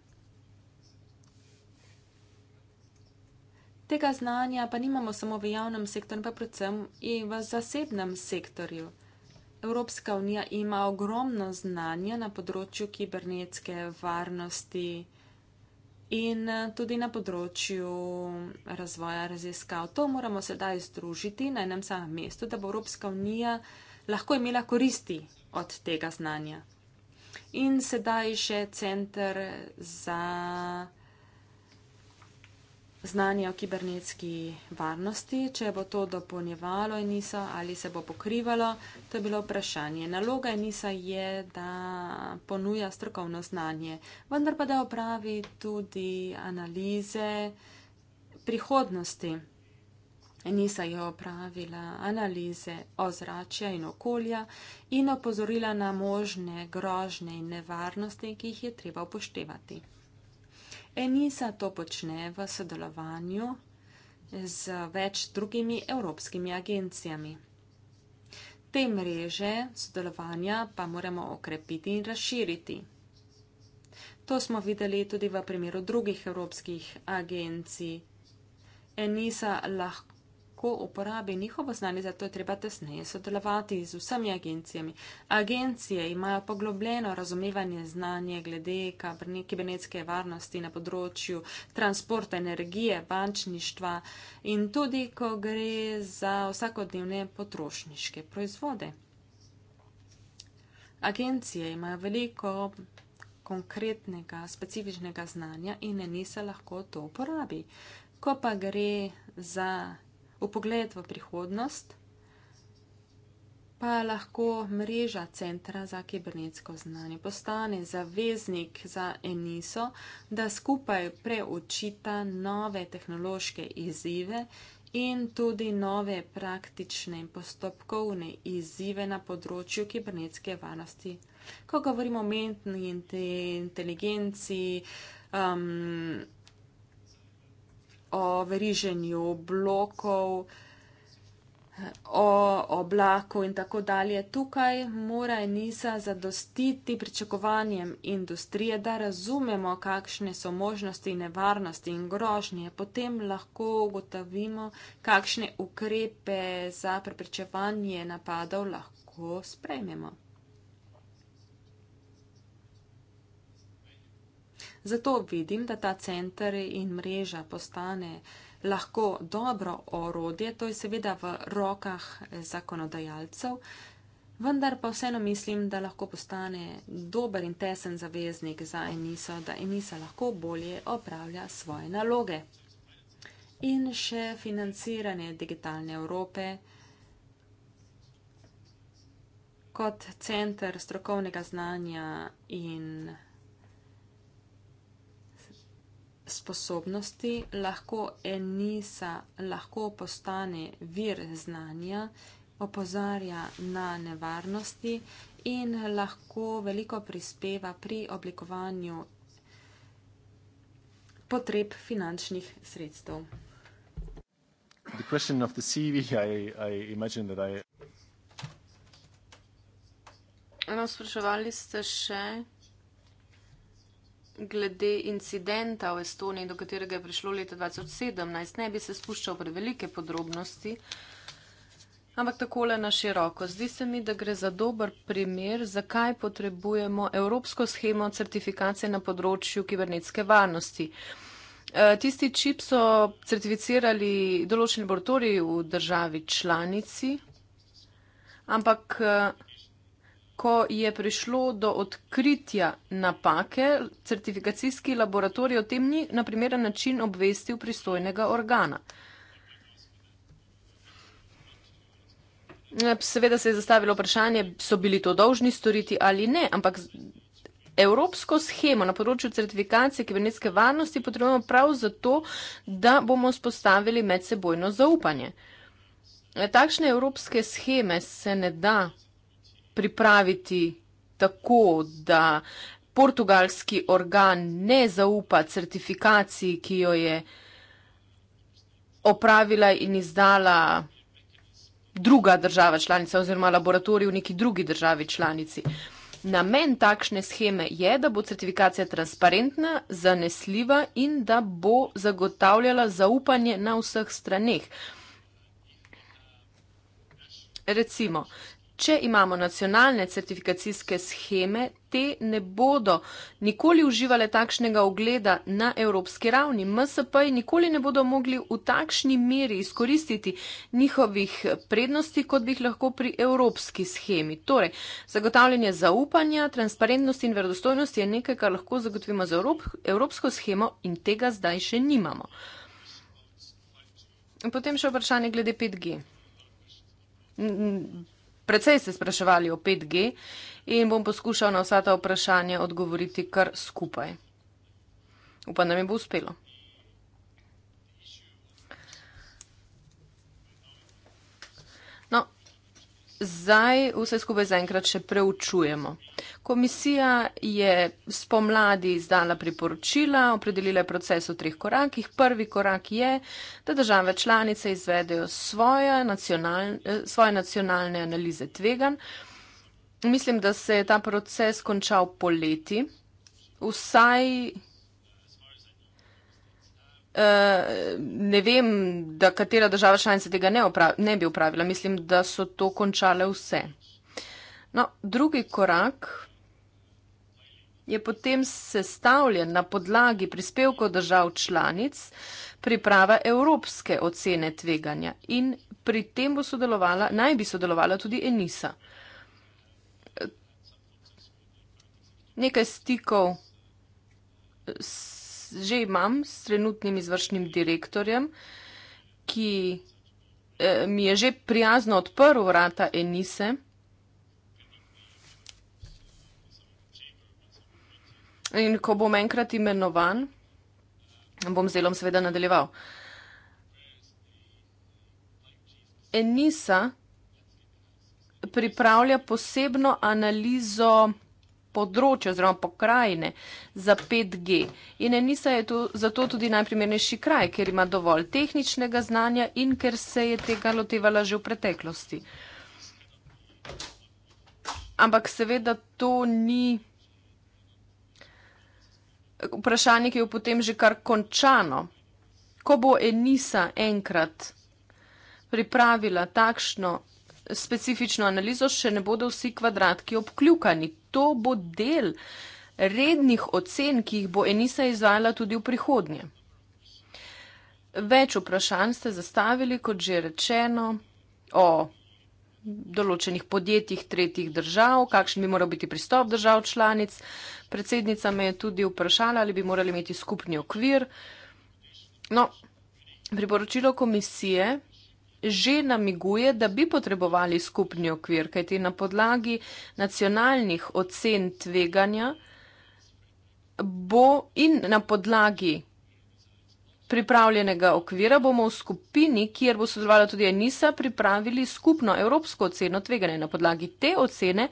Tega znanja pa nimamo samo v javnem sektorju, pa predvsem in v zasebnem sektorju. Evropska unija ima ogromno znanja na področju kibernetske varnosti in eh, tudi na področju eh, razvoja raziskav. To moramo sedaj združiti na enem samem mestu, da bo Evropska unija lahko imela koristi od tega znanja. In sedaj še center za znanje o kibernetski varnosti, če bo to dopolnjevalo Enisa ali se bo pokrivalo, to je bilo vprašanje. Naloga Enisa je, da ponuja strokovno znanje, vendar pa da opravi tudi analize prihodnosti. Enisa je opravila analize ozračja in okolja in opozorila na možne grožne in nevarnosti, ki jih je treba upoštevati. Enisa to počne v sodelovanju z več drugimi evropskimi agencijami. Te mreže sodelovanja pa moramo okrepiti in razširiti. To smo videli tudi v primeru drugih evropskih agencij. Enisa lahko lahko uporabi njihovo znanje, zato je treba tesneje sodelovati z vsemi agencijami. Agencije imajo poglobljeno razumevanje znanje glede kibernetske varnosti na področju transporta, energije, bančništva in tudi, ko gre za vsakodnevne potrošniške proizvode. Agencije imajo veliko konkretnega, specifičnega znanja in eni se lahko to uporabi. Ko pa gre za upogled v prihodnost, pa lahko mreža Centra za kibernetsko znanje postane zaveznik za Eniso, da skupaj preučita nove tehnološke izzive in tudi nove praktične in postopkovne izzive na področju kibernetske varnosti. Ko govorimo o mentni inteligenci, um, o veriženju blokov, o oblaku in tako dalje. Tukaj mora Enisa zadostiti pričakovanjem industrije, da razumemo, kakšne so možnosti, nevarnosti in grožnje. Potem lahko ugotovimo, kakšne ukrepe za preprečevanje napadov lahko sprejmemo. Zato vidim, da ta center in mreža postane lahko dobro orodje, to je seveda v rokah zakonodajalcev, vendar pa vseeno mislim, da lahko postane dober in tesen zaveznik za Eniso, da Enisa lahko bolje opravlja svoje naloge. In še financiranje digitalne Evrope kot center strokovnega znanja in sposobnosti lahko enisa, lahko postane vir znanja, opozarja na nevarnosti in lahko veliko prispeva pri oblikovanju potreb finančnih
sredstev.
The question of the CV, I, I imagine that I...
No, spraševali ste še glede incidenta v Estoniji, do katerega je prišlo leta 2017, ne bi se spuščal prevelike podrobnosti, ampak takole na široko. Zdi se mi, da gre za dober primer, zakaj potrebujemo evropsko schemo certifikacije na področju kibernetske varnosti. E, tisti čip so certificirali določeni laboratoriji v državi članici, ampak e, ko je prišlo do odkritja napake, certifikacijski laboratorij o tem ni na primeren način obvestil pristojnega organa. Eh, Seveda se je zastavilo vprašanje, so bili to dolžni storiti ali ne, ampak evropsko schemo na področju certifikacije kibernetske varnosti potrebujemo prav zato, da bomo spostavili medsebojno zaupanje. Eh, Takšne evropske scheme se ne da pripraviti tako, da portugalski organ ne zaupa certifikaciji, ki jo je opravila in izdala druga država članica oziroma laboratorij v neki drugi državi članici. Namen takšne scheme je, da bo certifikacija transparentna, zanesljiva in da bo zagotavljala zaupanje na vseh straneh. Recimo, če imamo nacionalne certifikacijske scheme, te ne bodo nikoli uživale takšnega ogleda na evropski ravni. MSP nikoli ne bodo mogli v takšni meri izkoristiti njihovih prednosti, kot bi jih lahko pri evropski schemi. Torej, zagotavljanje zaupanja, transparentnosti in verodostojnosti je nekaj, kar lahko zagotovimo z Evrop evropsko schemo in tega zdaj še nimamo. In potem še vprašanje glede 5G precej se spraševali o 5G in bom poskušal na vsa ta vprašanja odgovoriti kar skupaj. Upam, da mi bo uspelo. zdaj vse skupaj zaenkrat še preučujemo. Komisija je spomladi izdala priporočila, opredelila je proces v treh korakih. Prvi korak je, da države članice izvedejo svoje, nacional, eh, svoje nacionalne analize tvegan. Mislim, da se je ta proces končal poleti. Vsaj Eh, ne vem, da katera država članica tega ne, opravi, ne bi upravila. Mislim, da so to končale vse. No, drugi korak je potem sestavljen na podlagi prispevkov držav članic priprava evropske ocene tveganja in pri tem bo sodelovala, naj bi sodelovala tudi Enisa. Eh, nekaj stikov s že imam s trenutnim izvršnim direktorjem, ki eh, mi je že prijazno odprl vrata Enise. In ko bom enkrat imenovan, bom z delom seveda nadaljeval. Enisa pripravlja posebno analizo področje oziroma pokrajine za 5G. In Enisa je tu, zato tudi najprimernejši kraj, ker ima dovolj tehničnega znanja in ker se je tega lotevala že v preteklosti. Ampak seveda to ni. Vprašanje, ki je potem že kar končano. Ko bo Enisa enkrat pripravila takšno specifično analizo, še ne bodo vsi kvadratki obkljukani. To bo del rednih ocen, ki jih bo Enisa izvajala tudi v prihodnje. Več vprašanj ste zastavili, kot že rečeno, o določenih podjetjih tretjih držav, kakšen bi moral biti pristop držav članic. Predsednica me je tudi vprašala, ali bi morali imeti skupni okvir. No, priporočilo komisije že namiguje, da bi potrebovali skupni okvir, kajti na podlagi nacionalnih ocen tveganja bo in na podlagi pripravljenega okvira bomo v skupini, kjer bo sodelovala tudi Enisa, pripravili skupno evropsko oceno tveganja. Na podlagi te ocene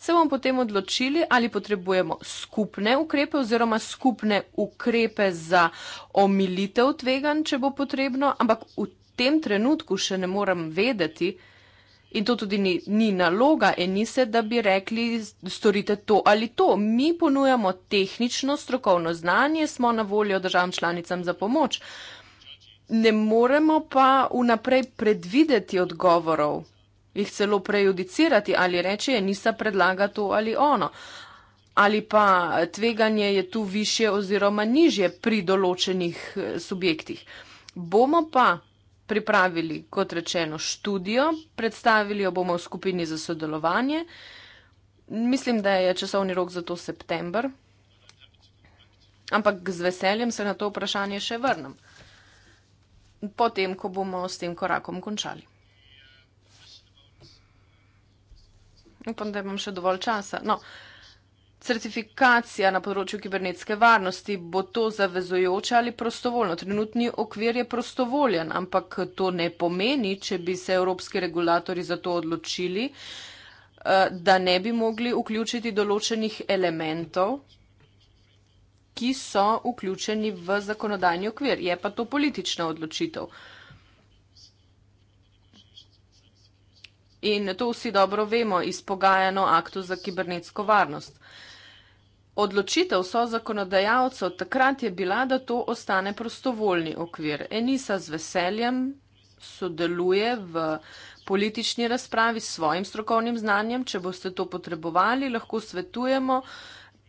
se bomo potem odločili, ali potrebujemo skupne ukrepe oziroma skupne ukrepe za omilitev tvegan, če bo potrebno, ampak v tem trenutku še ne morem vedeti, in to tudi ni, ni naloga enise, da bi rekli, storite to ali to. Mi ponujamo tehnično, strokovno znanje, smo na voljo državam članicam za pomoč. Ne moremo pa vnaprej predvideti odgovorov, jih celo prejudicirati ali reči, enisa predlaga to ali ono. Ali pa tveganje je tu više oziroma nižje pri določenih eh, subjektih. Bomo pa pripravili, kot rečeno, študijo, predstavili jo bomo v skupini za sodelovanje. Mislim, da je časovni rok za to september. Ampak z veseljem se na to vprašanje še vrnem, potem, ko bomo s tem korakom končali. Upam, da imam še dovolj časa. No. Uh, Certifikacija na področju kibernetske varnosti bo to zavezojoča ali prostovoljno. Trenutni okvir je prostovoljen, ampak to ne pomeni, če bi se evropski regulatori za to odločili, eh, da ne bi mogli vključiti določenih elementov, ki so vključeni v zakonodajni okvir. Je pa to politična odločitev. In to vsi dobro vemo iz pogajano aktu za kibernetsko varnost. Odločitev so zakonodajalcev takrat je bila, da to ostane prostovoljni okvir. Enisa z veseljem sodeluje v politični razpravi s svojim strokovnim znanjem. Če boste to potrebovali, lahko svetujemo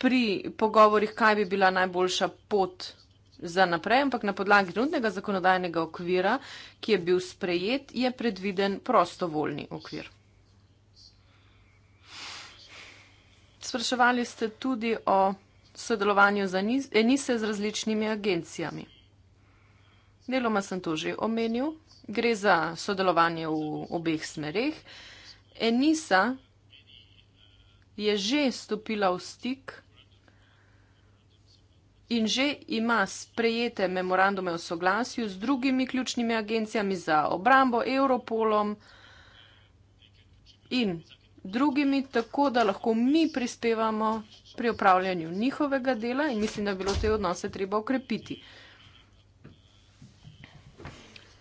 pri pogovorih, kaj bi bila najboljša pot za naprej, ampak na podlagi trenutnega zakonodajnega okvira, ki je bil sprejet, je predviden prostovoljni okvir. spraševali ste tudi o sodelovanju za enise eh, z različnimi agencijami. Deloma sem to že omenil. Gre za sodelovanje v obeh smereh. Enisa je že stopila v stik in že ima sprejete memorandume o soglasju z drugimi ključnimi agencijami za obrambo, Europolom in drugimi, tako da lahko mi prispevamo pri upravljanju njihovega dela in mislim, da bi bilo te odnose treba ukrepiti.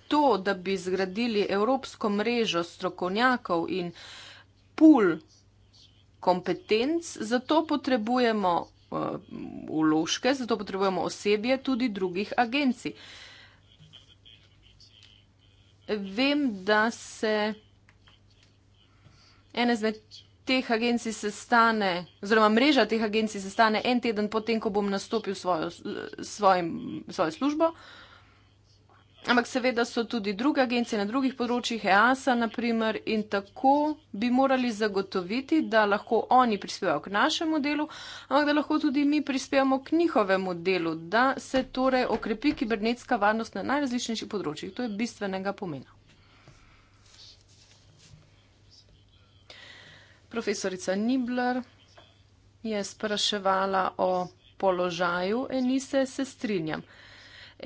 To, da bi zgradili evropsko mrežo strokovnjakov in pul kompetenc, zato potrebujemo uložke, eh, zato potrebujemo osebje tudi drugih agencij. Vem, da se ene izmed teh agencij se stane, oziroma mreža teh agencij se stane en teden potem, ko bom nastopil svojo, svojim, svojo službo. Ampak seveda so tudi druge agencije na drugih področjih, EASA naprimer, in tako bi morali zagotoviti, da lahko oni prispevajo k našemu delu, ampak da lahko tudi mi prispevamo k njihovemu delu, da se torej okrepi kibernetska varnost na najrazličnejših področjih. To je bistvenega pomena. Profesorica Nibler je spraševala o položaju Enise, se strinjam.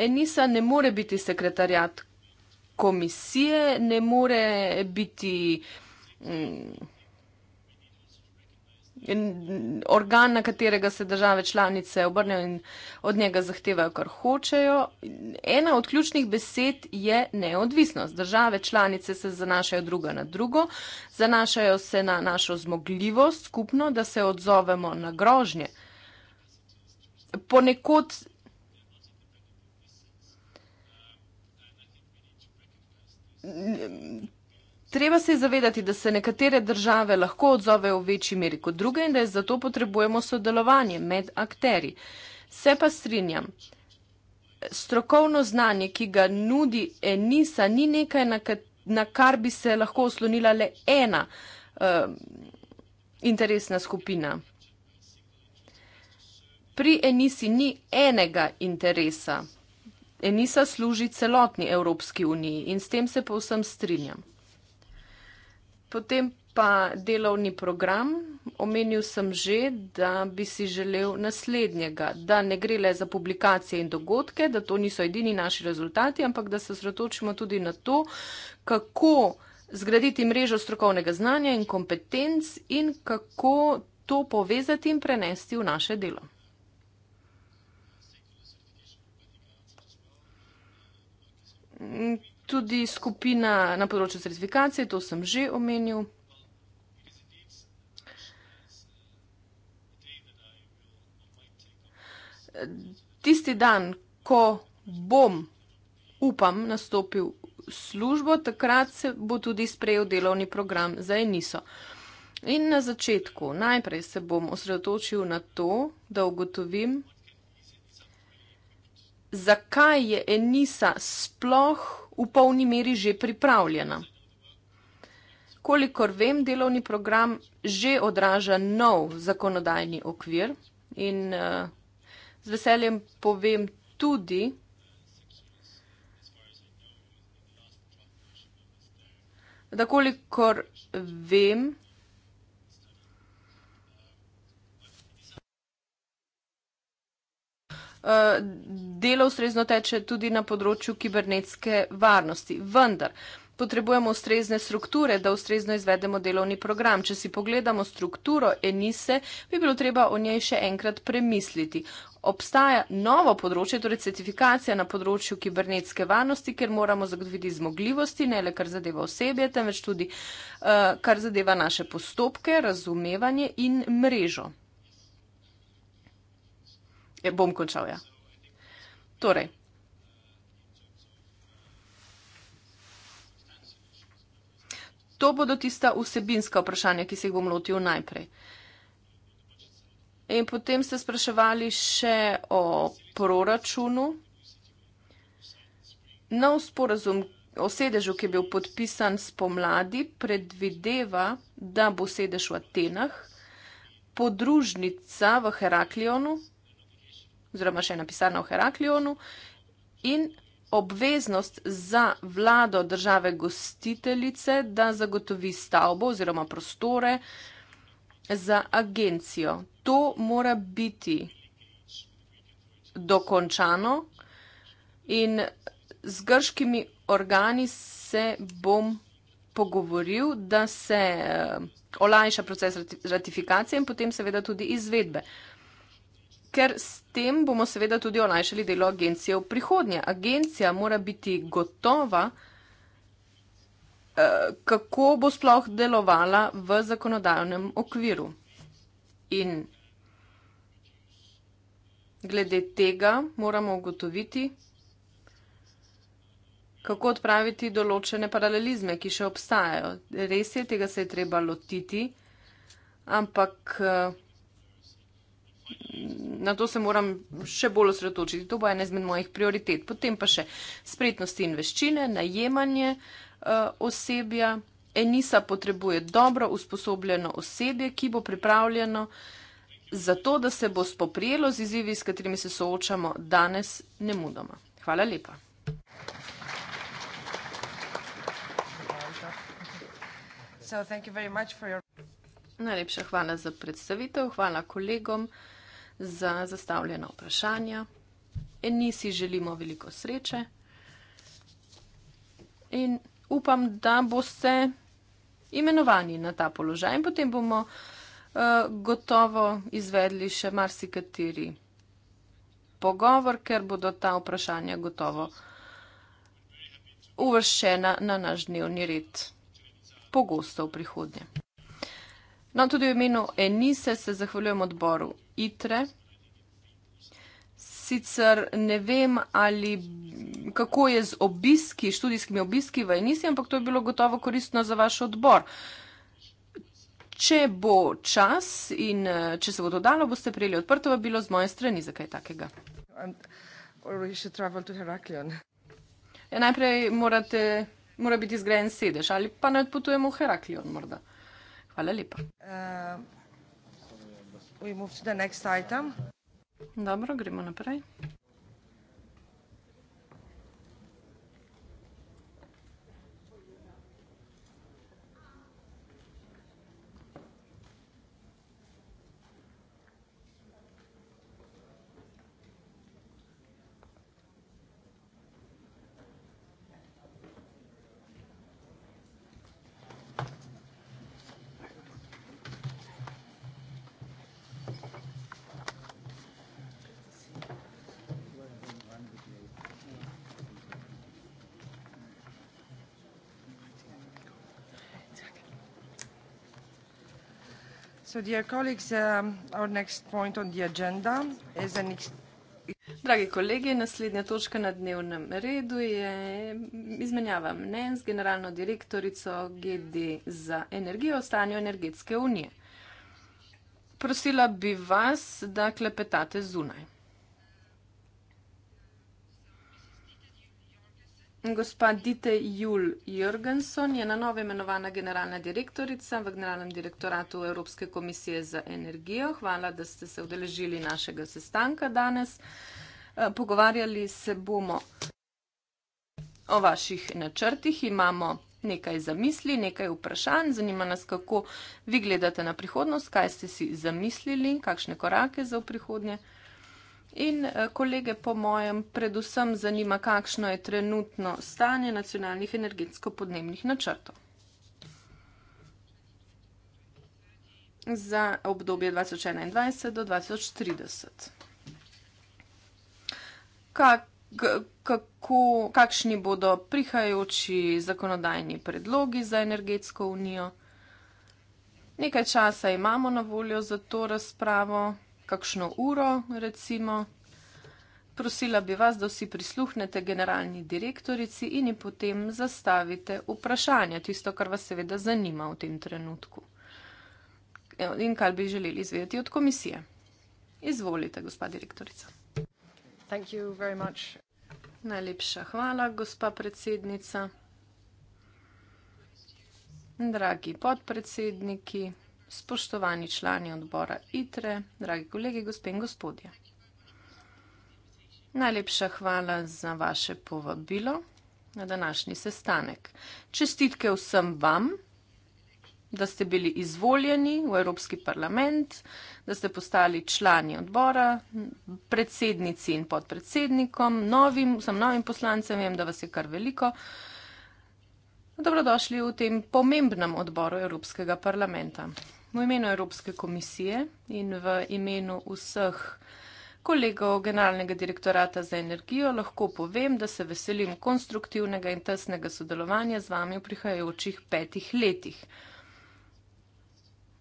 Enisa ne more biti sekretarjat komisije, ne more biti. Mm, in organ, na katerega se države članice obrnejo in od njega zahtevajo, kar hočejo. Ena od ključnih besed je neodvisnost. Države članice se zanašajo druga na drugo, zanašajo se na našo zmogljivost skupno, da se odzovemo na grožnje. Ponekod ponekod Treba se je zavedati, da se nekatere države lahko odzovejo v večji meri kot druge in da je zato potrebujemo sodelovanje med akteri. Se pa strinjam, strokovno znanje, ki ga nudi Enisa, ni nekaj, na, na kar bi se lahko oslonila le ena uh, interesna skupina. Pri Enisi ni enega interesa. Enisa služi celotni Evropski uniji in s tem se povsem strinjam. Potem pa delovni program. Omenil sem že, da bi si želel naslednjega, da ne gre le za publikacije in dogodke, da to niso edini naši rezultati, ampak da se zrotočimo tudi na to, kako zgraditi mrežo strokovnega znanja in kompetenc in kako to povezati in prenesti v naše delo. In tudi skupina na področju certifikacije, to sem že omenil. Tisti dan, ko bom, upam, nastopil službo, takrat se bo tudi sprejel delovni program za Eniso. In na začetku najprej se bom osredotočil na to, da ugotovim, zakaj je Enisa sploh v polni meri že pripravljena. Kolikor vem, delovni program že odraža nov zakonodajni okvir in uh, z veseljem povem tudi, da kolikor vem, Eh, delo ustrezno teče tudi na področju kibernetske varnosti. Vendar potrebujemo ustrezne strukture, da ustrezno izvedemo delovni program. Če si pogledamo strukturo Enise, bi bilo treba o njej še enkrat premisliti. Obstaja novo področje, torej certifikacija na področju kibernetske varnosti, ker moramo zagotoviti zmogljivosti, ne le kar zadeva osebje, temveč tudi uh, kar zadeva naše postopke, razumevanje in mrežo je, ja, bom končal. Ja. Torej. To bodo tista vsebinska vprašanja, ki se jih bom lotil najprej. In potem ste spraševali še o proračunu. Nov sporazum o sedežu, ki je bil podpisan spomladi, predvideva, da bo sedež v Atenah, podružnica v Heraklionu, oziroma še ena pisarna v Herakljonu, in obveznost za vlado države gostiteljice, da zagotovi stavbo oziroma prostore za agencijo. To mora biti dokončano in z grškimi organi se bom pogovoril, da se eh, olajša proces ratifikacije in potem seveda tudi izvedbe ker s tem bomo seveda tudi olajšali delo agencije v prihodnje. Agencija mora biti gotova, eh, kako bo sploh delovala v zakonodajnem okviru. In glede tega moramo ugotoviti, kako odpraviti določene paralelizme, ki še obstajajo. Res je, tega se je treba lotiti, ampak eh, na to se moram še bolj osredotočiti. To bo ena izmed mojih prioritet. Potem pa še spretnosti in veščine, najemanje uh, osebja. Enisa potrebuje dobro usposobljeno osebje, ki bo pripravljeno za to, da se bo spoprijelo z izzivi, s katerimi se soočamo danes nemudoma. Hvala lepa. So, Najlepša hvala za predstavitev, hvala kolegom za zastavljena vprašanja. Enisi želimo veliko sreče in upam, da boste imenovani na ta položaj in potem bomo uh, gotovo izvedli še marsikateri pogovor, ker bodo ta vprašanja gotovo uvrščena na naš dnevni red pogosto v prihodnje. No, tudi v imenu Enise se zahvaljujem odboru ITRE. Sicer ne vem, ali, kako je z obiski, študijskimi obiski v Enisi, ampak to je bilo gotovo koristno za vaš odbor. Če bo čas in eh, če se bo to dalo, boste prijeli odprto vabilo z moje strani za kaj takega. Ja, najprej morate, mora biti zgrajen sedež ali pa naj odpotujemo v Heraklion morda. Hvala lepa. Uh, Dobro, gremo naprej. Dear colleagues, um, our next point on the agenda is an ex Dragi kolegi, naslednja točka na dnevnem redu je izmenjava mnen z generalno direktorico GD za energijo o stanju energetske unije. Prosila bi vas, da klepetate zunaj. Gospa Dite Jul Jürgenson je na novo imenovana generalna direktorica v Generalnem direktoratu Evropske komisije za energijo. Hvala, da ste se udeležili našega sestanka danes. Eh, pogovarjali se bomo o vaših načrtih. Imamo nekaj zamisli, nekaj vprašanj. Zanima nas, kako vi gledate na prihodnost, kaj ste si zamislili, kakšne korake za v prihodnje. In eh, kolege, po mojem, predvsem zanima, kakšno je trenutno stanje nacionalnih energetsko-podnebnih načrtov za obdobje 2021 do 2030. Kak, kako, kakšni bodo prihajajoči zakonodajni predlogi za energetsko unijo? Nekaj časa imamo na voljo za to razpravo kakšno uro, recimo. Prosila bi vas, da vsi prisluhnete generalni direktorici in ji potem zastavite vprašanje, tisto, kar vas seveda zanima v tem trenutku in kar bi želeli izvedeti od komisije. Izvolite, gospa direktorica. Thank you very much. Najlepša hvala, gospa predsednica. Dragi podpredsedniki, spoštovani člani odbora ITRE, dragi kolegi, gospe in gospodje. Najlepša hvala za vaše povabilo na današnji sestanek. Čestitke vsem vam, da ste bili izvoljeni v Evropski parlament, da ste postali člani odbora, predsednici in podpredsednikom, novim, vsem novim poslancem, vem, da vas je kar veliko. Dobrodošli v tem pomembnem odboru Evropskega parlamenta v imenu Evropske komisije in v imenu vseh kolegov Generalnega direktorata za energijo lahko povem, da se veselim konstruktivnega in tesnega sodelovanja z vami v prihajajočih petih letih.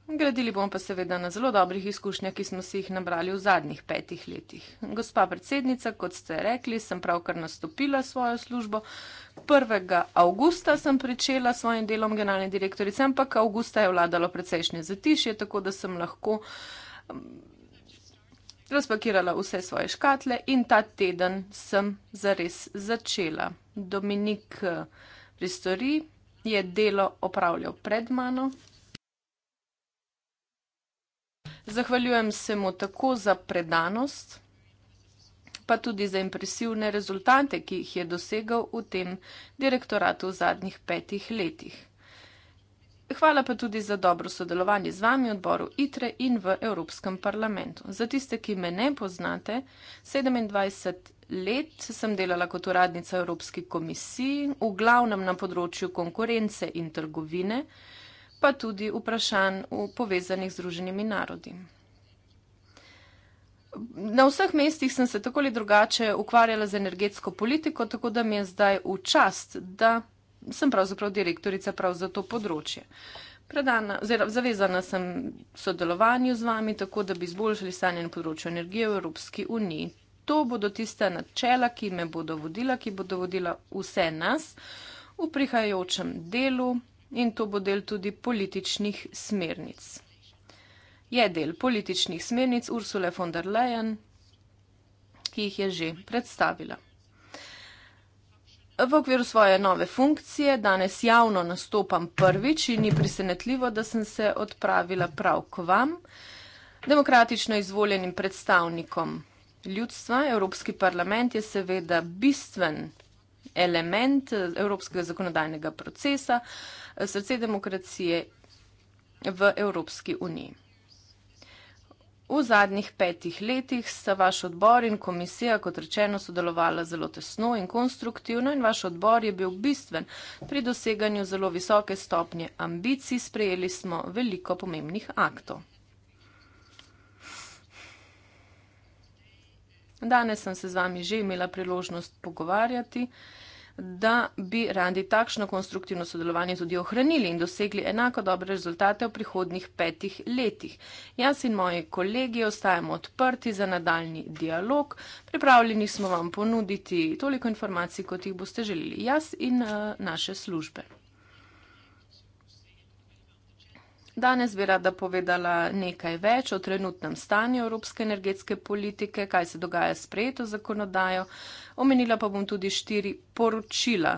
Gradili bomo pa seveda na zelo dobrih izkušnjah, ki smo si jih nabrali v zadnjih petih letih. Gospa predsednica, kot ste rekli, sem pravkar nastopila svojo službo, 1. avgusta sem začela s svojim delom generalne direktorice, ampak avgusta je vladalo precejšnje zatišje, tako da sem lahko um, razpakirala vse svoje škatle in ta teden sem zares začela. Dominik Pristori eh, je delo opravljal pred mano. Zahvaljujem se mu tako za predanost, pa tudi za impresivne rezultate, ki jih je dosegal v tem direktoratu v zadnjih petih letih. Hvala pa tudi za dobro sodelovanje z vami v odboru ITRE in v Evropskem parlamentu. Za tiste, ki me ne poznate, 27 let sem delala kot uradnica Evropski komisiji, v glavnem na področju konkurence in trgovine, pa tudi vprašanj povezanih z Združenimi narodi na vseh mestih sem se tako ali drugače ukvarjala z energetsko politiko, tako da mi je zdaj v čast, da sem pravzaprav direktorica prav za to področje. Predana, oziroma zavezana sem sodelovanju z vami, tako da bi izboljšali stanje na področju energije v Evropski uniji. To bodo tiste načela, ki me bodo vodila, ki bodo vodila vse nas v prihajajočem delu in to bo del tudi političnih smernic je del političnih smernic Ursule von der Leyen, ki jih je že predstavila. V okviru svoje nove funkcije danes javno nastopam prvič in ni presenetljivo, da sem se odpravila prav k vam, demokratično izvoljenim predstavnikom ljudstva. Evropski parlament je seveda bistven element evropskega zakonodajnega procesa, srce demokracije v Evropski uniji. V zadnjih petih letih sta vaš odbor in komisija, kot rečeno, sodelovala zelo tesno in konstruktivno in vaš odbor je bil bistven pri doseganju zelo visoke stopnje ambicij. Sprejeli smo veliko pomembnih aktov. Danes sem se z vami že imela priložnost pogovarjati da bi radi takšno konstruktivno sodelovanje tudi ohranili in dosegli enako dobre rezultate v prihodnih petih letih. Jaz in moji kolegi ostajamo odprti za nadaljni dialog. Pripravljeni smo vam ponuditi toliko informacij, kot jih boste želeli jaz in uh, naše službe. Danes bi rada povedala nekaj več o trenutnem stanju evropske energetske politike, kaj se dogaja s prejeto zakonodajo. Omenila pa bom tudi štiri poročila,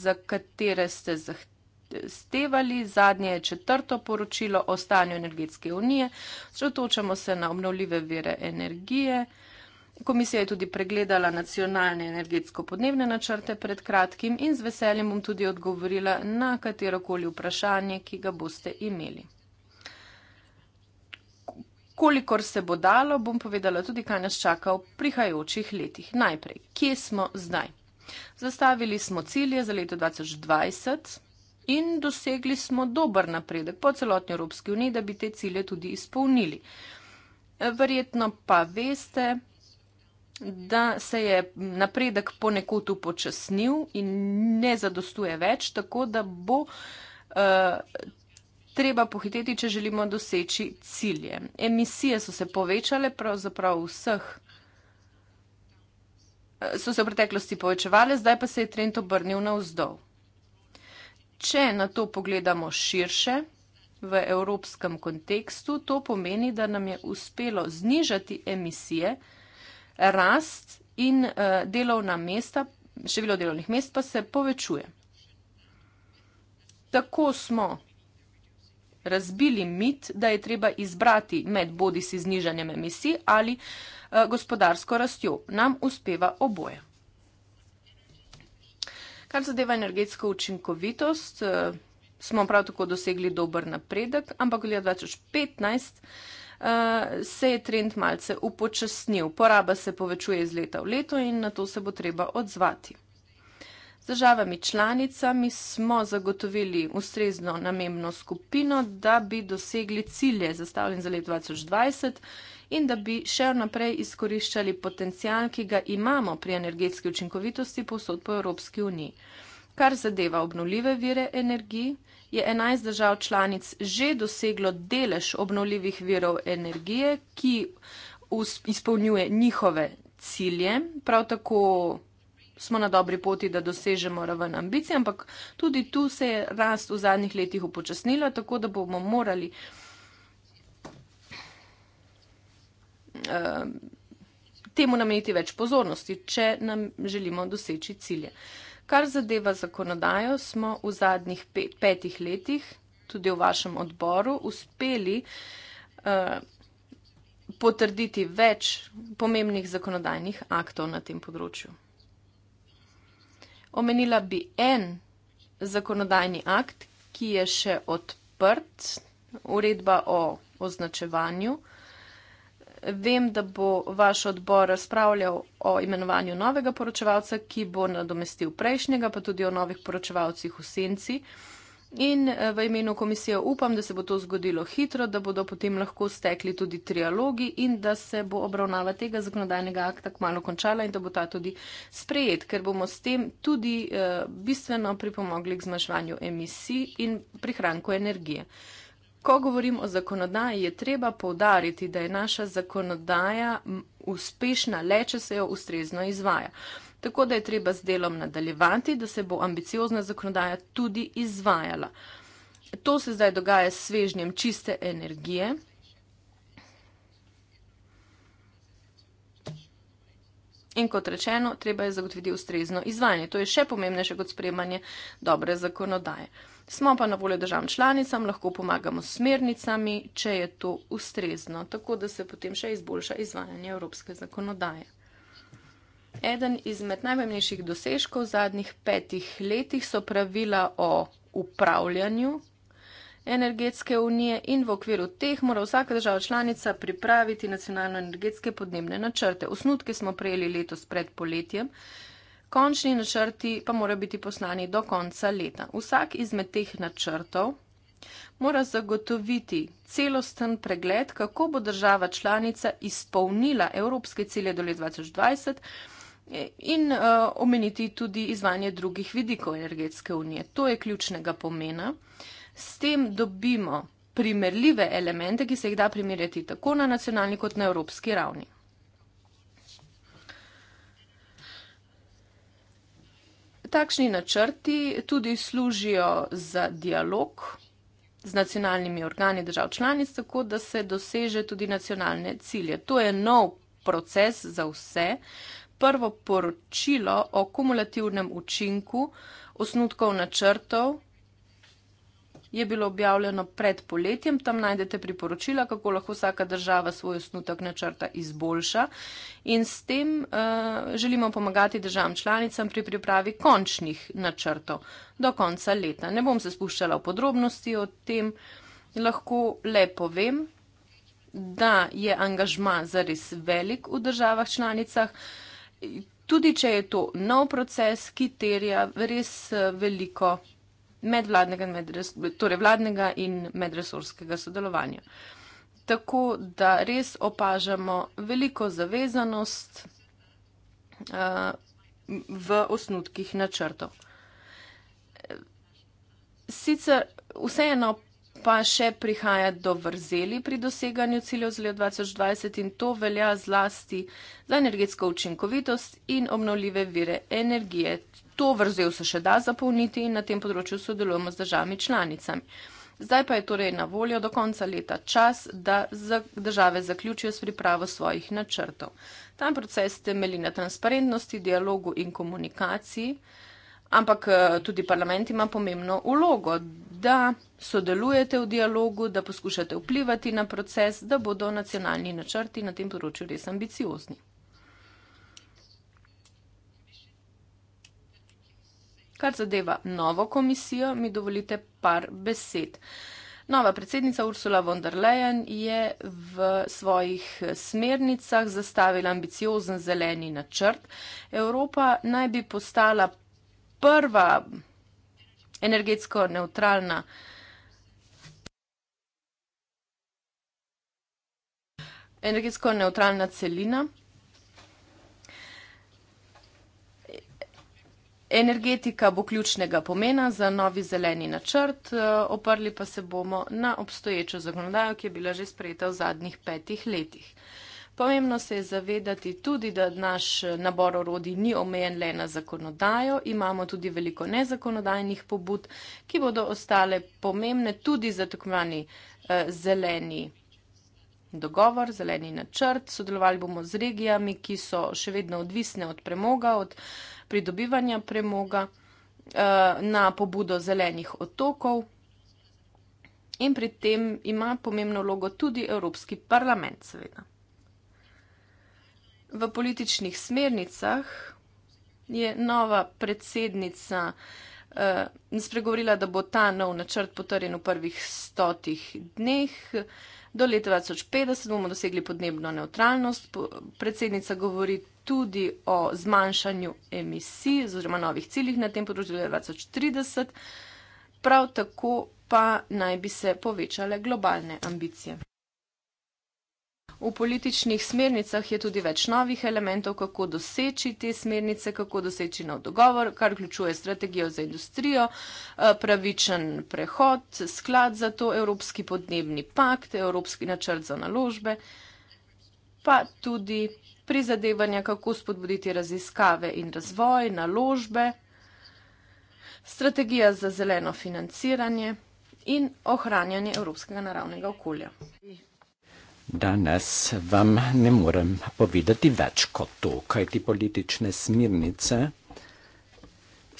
za katere ste zahtevali. Stevali. Zadnje je četrto poročilo o stanju energetske unije. Sredotočamo se na obnovljive vire energije. Komisija je tudi pregledala nacionalne energetsko-podnebne načrte pred kratkim in z veseljem bom tudi odgovorila na katerokoli vprašanje, ki ga boste imeli. Kolikor se bo dalo, bom povedala tudi, kaj nas čaka v prihajajočih letih. Najprej, kje smo zdaj? Zastavili smo cilje za leto 2020 in dosegli smo dober napredek po celotni Evropski uniji, da bi te cilje tudi izpolnili. Verjetno pa veste, da se je napredek ponekod upočasnil in ne zadostuje več, tako da bo uh, treba pohiteti, če želimo doseči cilje. Emisije so se povečale pravzaprav vseh. Eh, so se v preteklosti povečevali, zdaj pa se je trend obrnil navzdol. Če na to pogledamo širše v evropskem kontekstu, to pomeni, da nam je uspelo znižati emisije, uh, rast in uh, delovna mesta, število delovnih mest pa se povečuje. Tako smo razbili mit, da je treba izbrati med bodi si znižanjem emisij ali uh, gospodarsko rastjo. Nam uspeva oboje. Kar zadeva energetsko učinkovitost, uh, smo prav tako dosegli dober napredek, ampak v letu 2015 uh, se je trend malce upočasnil. Poraba se povečuje iz leta v leto in na to se bo treba odzvati. Z državami članicami smo zagotovili ustrezno namembno skupino, da bi dosegli cilje zastavljen za let 2020 in da bi še naprej izkoriščali potencial, ki ga imamo pri energetski učinkovitosti posod po Evropski uniji. Kar zadeva obnuljive vire energije, je 11 držav članic že doseglo delež obnovljivih virov energije, ki izpolnjuje njihove cilje. Prav tako smo na dobri poti, da dosežemo raven ambicij, ampak tudi tu se je rast v zadnjih letih upočasnila, tako da bomo morali. Eh, temu nameniti več pozornosti, če nam želimo doseči cilje. Kar zadeva zakonodajo, smo v zadnjih pet, petih letih tudi v vašem odboru uspeli uh, potrditi več pomembnih zakonodajnih aktov na tem področju. Omenila bi en zakonodajni akt, ki je še odprt, uredba o označevanju vem, da bo vaš odbor razpravljal o imenovanju novega poročevalca, ki bo nadomestil prejšnjega, pa tudi o novih poročevalcih v senci. In eh, v imenu komisije upam, da se bo to zgodilo hitro, da bodo potem lahko stekli tudi trialogi in da se bo obravnava tega zakonodajnega akta kmalo končala in da bo ta tudi sprejet, ker bomo s tem tudi eh, bistveno pripomogli k zmanjšanju emisij in prihranku energije. Ko govorim o zakonodaji, je treba povdariti, da je naša zakonodaja uspešna le, če se jo ustrezno izvaja. Tako da je treba z delom nadaljevati, da se bo ambiciozna zakonodaja tudi izvajala. To se zdaj dogaja s svežnjem čiste energije. In kot rečeno, treba je zagotoviti ustrezno izvajanje. To je še pomembnejše kot sprejemanje dobre zakonodaje. Smo pa na voljo državam članicam, lahko pomagamo s smernicami, če je to ustrezno, tako da se potem še izboljša izvajanje evropske zakonodaje. Eden izmed najpomembnejših dosežkov v zadnjih petih letih so pravila o upravljanju energetske unije in v okviru teh mora vsaka država članica pripraviti nacionalno energetske podnebne načrte. Osnutke smo prejeli letos pred poletjem, Končni načrti pa morajo biti poslani do konca leta. Vsak izmed teh načrtov mora zagotoviti celosten pregled, kako bo država članica izpolnila evropske cilje do leta 2020 in uh, omeniti tudi izvanje drugih vidikov energetske unije. To je ključnega pomena. S tem dobimo primerljive elemente, ki se jih da primerjati tako na nacionalni kot na evropski ravni. takšni načrti tudi služijo za dialog z nacionalnimi organi držav članic, tako da se doseže tudi nacionalne cilje. To je nov proces za vse. Prvo poročilo o kumulativnem učinku osnutkov načrtov je bilo objavljeno pred poletjem. Tam najdete priporočila, kako lahko vsaka država svoj osnutek načrta izboljša. In s tem uh, želimo pomagati državam članicam pri pripravi končnih načrtov do konca leta. Ne bom se spuščala v podrobnosti o tem, lahko le povem, da je angažma zares velik v državah članicah. Tudi če je to nov proces, ki terja res eh, veliko medvladnega, medres, torej vladnega in medresorskega sodelovanja. Tako da res opažamo veliko zavezanost uh, v osnutkih načrtov. Sicer vseeno pa še prihaja do vrzeli pri doseganju ciljev z leto 2020 in to velja zlasti za energetsko učinkovitost in obnovljive vire energije, To vrzel se še da zapolniti in na tem področju sodelujemo z državami članicami. Zdaj pa je torej na voljo do konca leta čas, da države zaključijo s pripravo svojih načrtov. Tam proces temelji na transparentnosti, dialogu in komunikaciji, ampak eh, tudi parlament ima pomembno ulogo, da sodelujete v dialogu, da poskušate vplivati na proces, da bodo nacionalni načrti na tem področju res ambiciozni. Kar zadeva novo komisijo, mi dovolite par besed. Nova predsednica Ursula von der Leyen je v svojih smernicah zastavila ambiciozen zeleni načrt. Evropa naj bi postala prva energetsko neutralna. Energetsko neutralna celina. Energetika bo ključnega pomena za novi zeleni načrt, eh, oprli pa se bomo na obstoječo zakonodajo, ki je bila že sprejeta v zadnjih petih letih. Pomembno se je zavedati tudi, da naš nabor orodi ni omejen le na zakonodajo, imamo tudi veliko nezakonodajnih pobud, ki bodo ostale pomembne tudi za tako imenovani eh, zeleni dogovor, zeleni načrt, sodelovali bomo z regijami, ki so še vedno odvisne od premoga, od pridobivanja premoga eh, na pobudo zelenih otokov. In pri tem ima pomembno vlogo tudi Evropski parlament, seveda. V političnih smernicah je nova predsednica eh, spregovorila, da bo ta nov načrt potrjen v prvih stotih dneh. Eh, Do leta 2050 bomo dosegli podnebno neutralnost. Predsednica govori tudi o zmanjšanju emisij oziroma novih ciljih na tem področju do leta 2030. Prav tako pa naj bi se povečale globalne ambicije. V političnih smernicah je tudi več novih elementov, kako doseči te smernice, kako doseči nov dogovor, kar vključuje strategijo za industrijo, eh, pravičen prehod, sklad za to, Evropski podnebni pakt, Evropski načrt za naložbe, pa tudi prizadevanja, kako spodbuditi raziskave in razvoj, naložbe, strategija za zeleno financiranje in ohranjanje evropskega naravnega okolja.
Danes vam ne morem povedati več kot to, kaj ti politične smirnice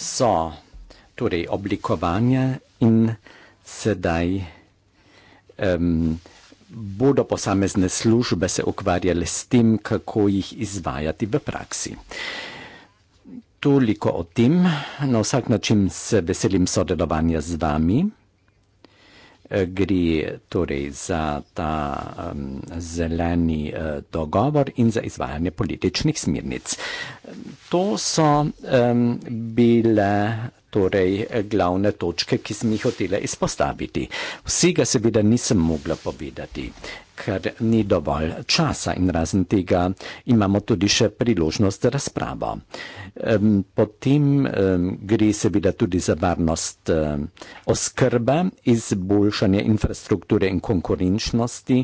so, torej oblikovanje in sedaj um, bodo posamezne službe se ukvarjale s tem, kako jih izvajati v praksi. Toliko o tem, na vsak način se veselim sodelovanja z vami gre torej za ta um, zeleni uh, dogovor in za izvajanje političnih smirnic. To so um, bile torej eh, glavne točke, ki sem jih hotela izpostaviti. Vsega seveda nisem mogla povedati. Uh, ker ni dovolj časa in razen tega imamo tudi še priložnost za razpravo. Potem gre seveda tudi za varnost oskrbe, izboljšanje infrastrukture in konkurenčnosti,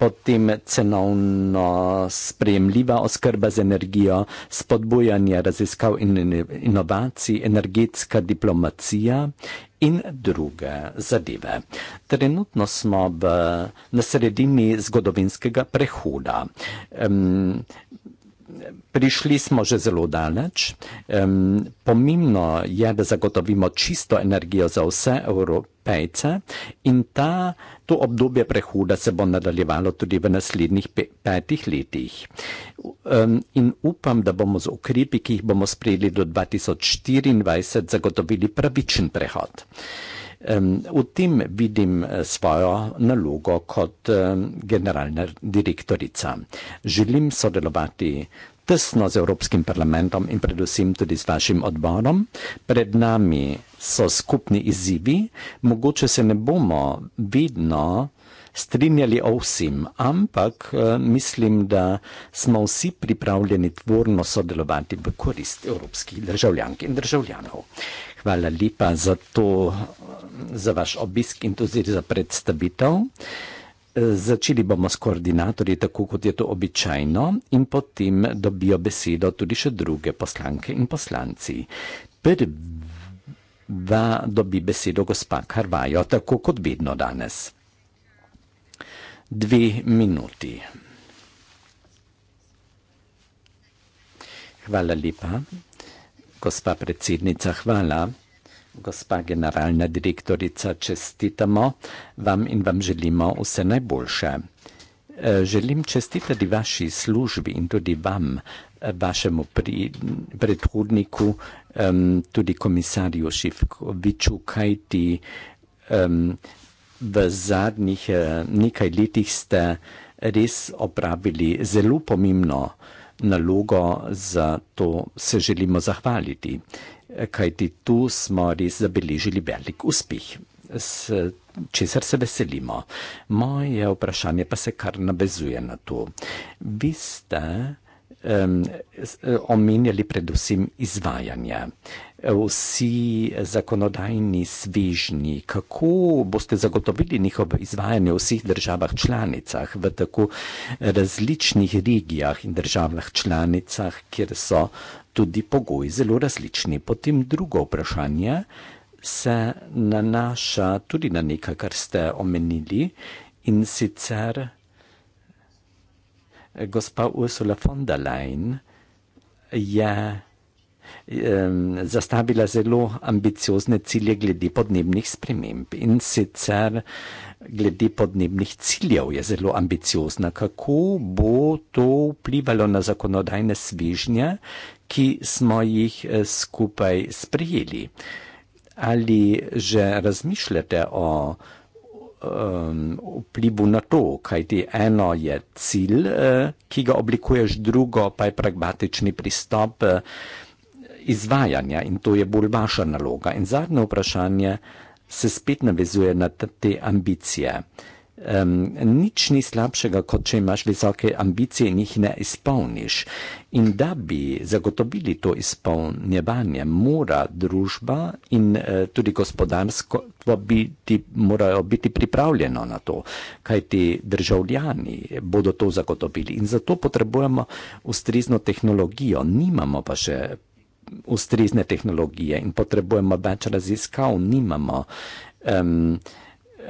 potem cenovno sprejemljiva oskrba z energijo, spodbujanje raziskav in inovacij, energetska diplomacija, in druge zadeve. Trenutno smo v, na sredini zgodovinskega prehoda. Um, prišli smo že zelo daleč. Um, pomembno je, da zagotovimo čisto energijo za vse evropejce in ta, to obdobje prehuda se bo nadaljevalo tudi v naslednjih pe petih letih. Um, in upam, da bomo z ukrepi, ki jih bomo sprejeli do 2024, zagotovili pravičen prehod. V tem vidim eh, svojo nalogo kot generalna direktorica. Želim sodelovati tesno z Evropskim parlamentom in predvsem tudi z vašim odborom. Pred nami so skupni izzivi, mogoče se ne bomo vedno strinjali o vsem, ampak eh, mislim, da smo vsi pripravljeni tvorno sodelovati v korist evropskih državljank in državljanov. Hvala lepa za to, za vaš obisk in tudi za predstavitev. Začeli bomo s koordinatorji, tako kot je to običajno, in potem dobijo besedo tudi še druge poslanke in poslanci. Prva dobi besedo gospa Karvajo, tako kot vedno danes. Dve minuti. Hvala lepa gospa predsednica, hvala. Gospa generalna direktorica, čestitamo vam in vam želimo vse najboljše. E, želim čestitati vaši službi in tudi vam, vašemu pri, predhodniku, um, tudi komisarju Šivkoviču, kajti um, v zadnjih e, nekaj letih ste res opravili zelo pomembno uh, nalogo, za to se želimo zahvaliti, kajti tu smo res zabeležili velik uspeh. S česar se veselimo? Moje vprašanje pa se kar navezuje na to. Vi ste eh, omenjali predvsem izvajanje. Vsi zakonodajni svežnji, kako boste zagotovili njihovo izvajanje v vseh državah članicah, v tako različnih regijah in državah članicah, kjer so tudi pogoji zelo različni. Potem drugo vprašanje se nanaša tudi na nekaj, kar ste omenili in sicer gospa Ursula von der Leyen je zastavila zelo ambiciozne cilje glede podnebnih sprememb in sicer glede podnebnih ciljev je zelo ambiciozna, kako bo to vplivalo na zakonodajne svižnje, ki smo jih eh, skupaj sprijeli. Ali že razmišljate o um, vplivu na to, kajti eno je cilj, uh, ki ga oblikuješ, drugo pa je pragmatični pristop uh, izvajanja in to je bolj vaša naloga. In zadnje vprašanje se spet navezuje na te ambicije. Uh, Um, nič ni slabšega, kot če imaš visoke ambicije in jih ne izpolniš. In da bi zagotovili to izpolnjevanje, mora družba in uh, tudi gospodarstvo biti, morajo biti pripravljeno na to, kaj ti državljani bodo to zagotovili. In zato potrebujemo ustrezno tehnologijo, nimamo pa še ustrezne tehnologije in potrebujemo več raziskav, nimamo. Um,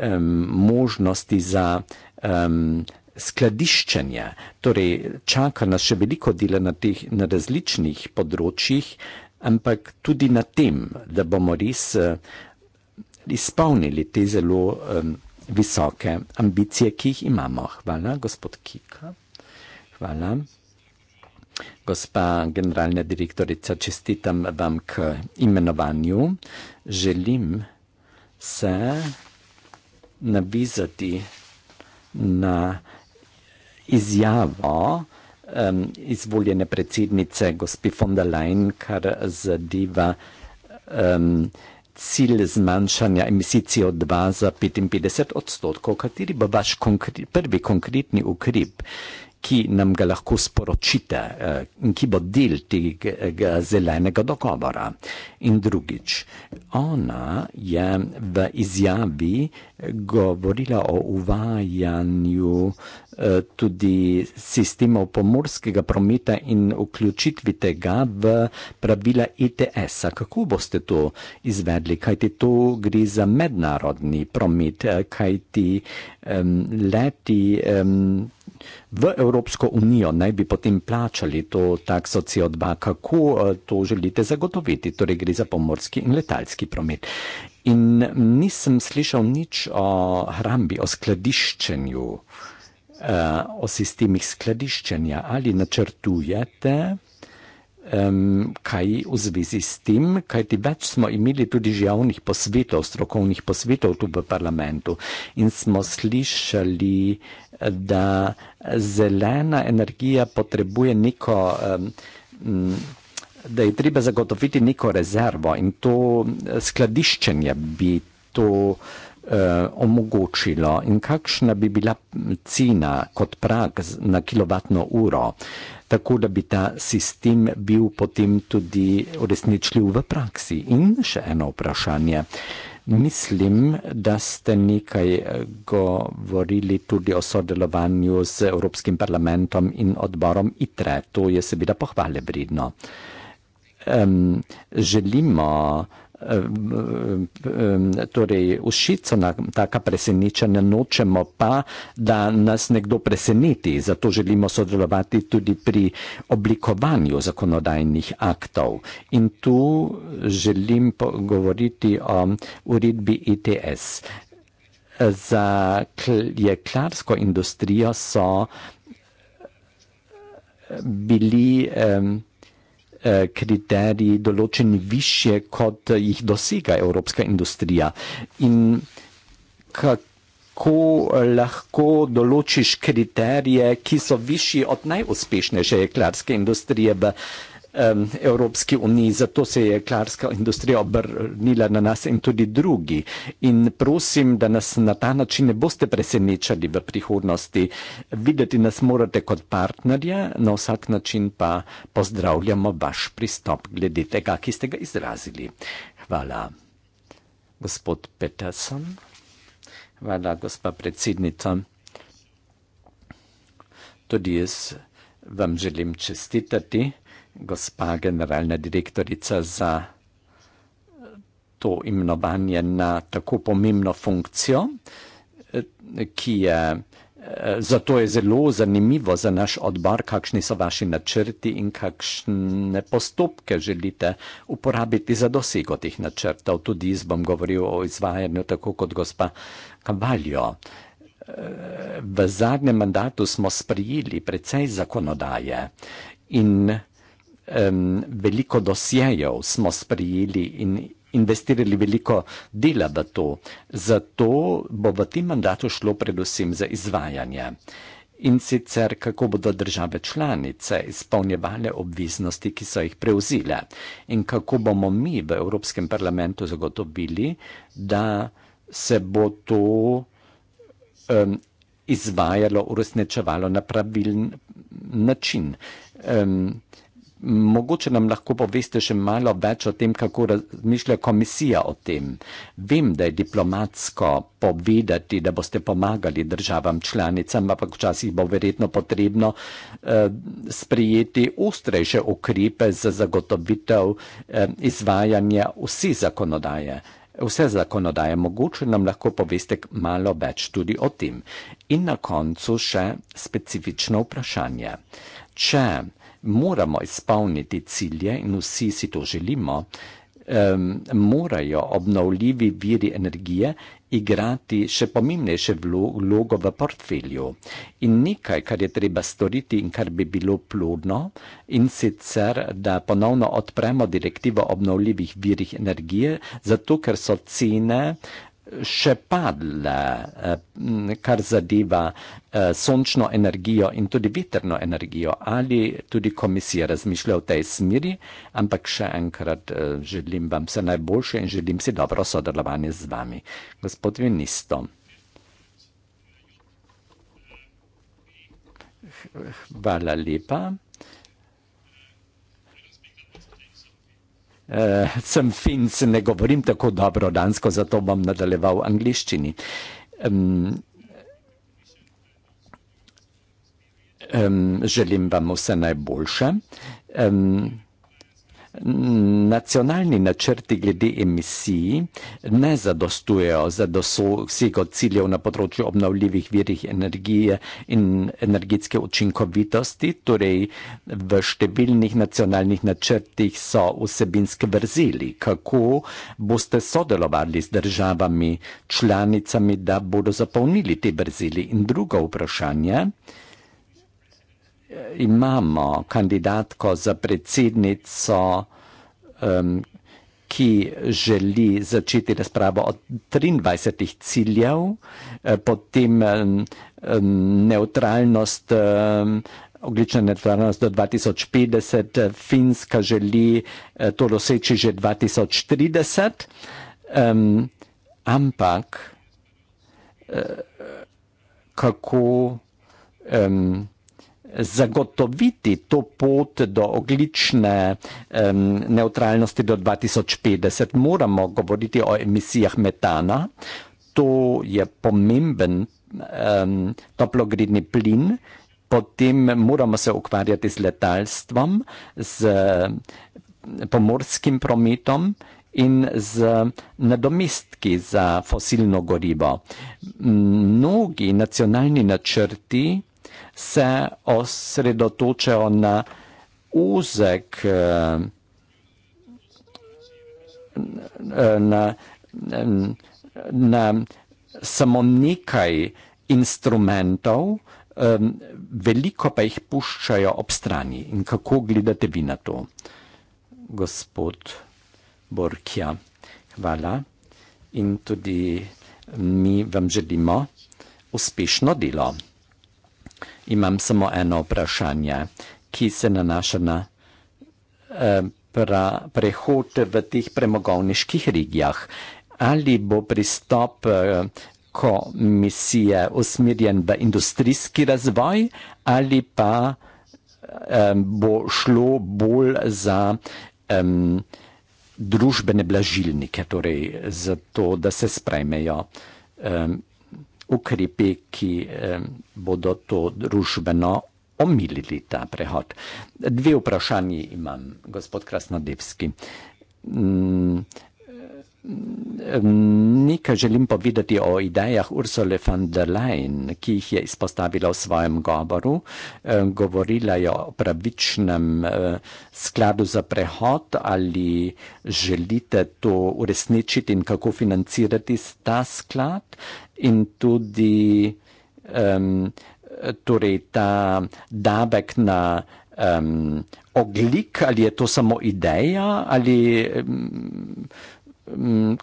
um, možnosti za um, skladiščenje. Torej, čaka nas še veliko dela na, teh, na različnih področjih, ampak tudi na tem, da bomo res uh, izpolnili te zelo um, visoke ambicije, ki jih imamo. Hvala, gospod Kika. Hvala. Gospa generalna direktorica, čestitam vam k imenovanju. Želim se navizati na izjavo um, izvoljene predsednice gospe von der Leyen, kar zadeva um, cilj zmanjšanja emisij CO2 za 55 odstotkov. Kateri bo vaš konkre prvi konkretni ukrep? ki nam ga lahko sporočite eh, in ki bo del tega zelenega dogovora. In drugič, ona je v izjavi govorila o uvajanju uh, Eh, tudi sistemov pomorskega prometa in vključitvi tega v pravila ETS-a. Kako boste to izvedli, kajti to gre za mednarodni promet, eh, kajti um, leti um, v Evropsko unijo naj bi potem plačali to takso CO2. Kako uh, to želite zagotoviti? Torej gre za pomorski in letalski promet. In nisem slišal nič o hrambi, o skladiščenju. Eh, o sistemih skladiščenja ali načrtujete um, kaj v zvezi s tem, kajti več smo imeli tudi že javnih posvetov, strokovnih posvetov tu v parlamentu in smo slišali, da zelena energija potrebuje neko. Um, da je treba zagotoviti neko rezervo in to eh, skladiščenje bi to. Eh, omogočilo in kakšna bi bila cena kot prag na kilovatno uro, tako da bi ta sistem bil potem tudi uresničljiv v praksi. In še eno vprašanje. Mislim, da ste nekaj eh, govorili tudi o sodelovanju z Evropskim parlamentom in odborom ITRE. To je seveda pohvale vredno. Um, želimo Eh, torej všico na taka presenečenja nočemo pa, da nas nekdo preseneti, zato želimo sodelovati tudi pri oblikovanju zakonodajnih aktov. In tu želim govoriti o uredbi ITS. E Za jeklarsko industrijo so bili um, Eh, kriteriji določeni više, kot jih dosega evropska industrija. In kako lahko določiš kriterije, ki so višji od najuspešnejše jeklarske industrije v Evropi? um, Evropski uniji, zato se je klarska industrija obrnila na nas in tudi drugi. In prosim, da nas na ta način ne boste presenečali v prihodnosti. Videti nas morate kot partnerja, na vsak način pa pozdravljamo vaš pristop glede tega, ki ste ga izrazili. Hvala. Gospod Peterson. Hvala, gospa predsednica. Tudi jaz vam želim čestitati gospa generalna direktorica za to imenovanje na tako pomembno funkcijo, ki je zato je zelo zanimivo za naš odbor, kakšni so vaši načrti in kakšne postopke želite uporabiti za dosego teh načrtov. Tudi jaz bom govoril o izvajanju tako kot gospa Kavaljo. V zadnjem mandatu smo sprijeli precej zakonodaje in um, veliko dosjejev smo sprijeli in investirali veliko dela v to. Zato bo v tem mandatu šlo predvsem za izvajanje. In sicer, kako bodo države članice izpolnjevale obveznosti, ki so jih prevzile, in kako bomo mi v Evropskem parlamentu zagotovili, da se bo to um, izvajalo, uresničevalo na pravilen način. Um, Mogoče nam lahko poveste še malo več o tem, kako razmišlja komisija o tem. Vem, da je diplomatsko povedati, da boste pomagali državam članicam, ampak včasih bo verjetno potrebno eh, sprijeti ostrejše ukrepe za zagotovitev eh, izvajanja vse zakonodaje. Vse zakonodaje, mogoče nam lahko poveste malo več tudi o tem. In na koncu še specifično vprašanje. Če moramo izpolniti cilje in vsi si to želimo, um, morajo obnovljivi viri energije igrati še pomembnejše vlogo v portfelju. In nekaj, kar je treba storiti in kar bi bilo plodno, in sicer, da ponovno odpremo direktivo obnovljivih virih energije, zato ker so cene še padle, eh, kar zadeva eh, sončno energijo in tudi veterno energijo. Ali tudi komisija razmišlja v tej smeri, ampak še enkrat eh, želim vam vse najboljše in želim si dobro sodelovanje z vami. Gospod Vinisto. Hvala lepa. uh, sem finc, ne govorim tako dobro dansko, zato bom nadaljeval v angliščini. Um, um, želim vam vse najboljše. Um, nacionalni načrti glede emisij ne zadostujejo za dosego ciljev na področju obnovljivih virih energije in energetske učinkovitosti, torej v številnih nacionalnih načrtih so vsebinske vrzeli. Kako boste sodelovali z državami članicami, da bodo zapolnili te vrzeli? In drugo vprašanje imamo kandidatko za predsednico, um, ki želi začeti razpravo od 23 ciljev, eh, potem um, neutralnost. Um, Oglična neutralnost do 2050, Finska želi eh, to doseči že 2030, um, ampak eh, kako um, zagotoviti to pot do oglične um, neutralnosti do 2050, moramo govoriti o emisijah metana. To je pomemben um, toplogridni plin. Potem moramo se ukvarjati z letalstvom, z pomorskim prometom in z nadomestki za fosilno gorivo. Mnogi nacionalni načrti se osredotočajo na uzek eh, na, na, eh, na samo nekaj instrumentov, eh, veliko pa jih puščajo ob strani. In kako gledate vi na to, gospod Borkja? Hvala. In tudi mi vam želimo uspešno delo imam samo eno vprašanje, ki se nanaša na eh, prehod v teh premogovniških regijah. Ali bo pristop eh, komisije usmerjen v industrijski razvoj ali pa eh, bo šlo bolj za eh, družbene blažilnike, torej za to, da se sprejmejo eh, ukrepi, ki eh, bodo to družbeno omilili ta prehod. Dve vprašanji imam, gospod Krasnodevski. Mm, eh, mm, Nekaj želim povedati o idejah Ursule von der Leyen, ki jih je izpostavila v svojem govoru. Eh, govorila je o pravičnem skladu za prehod, ali želite to uresničiti in kako financirati ta sklad in tudi um, torej ta davek na um, oglik, ali je to samo ideja ali um,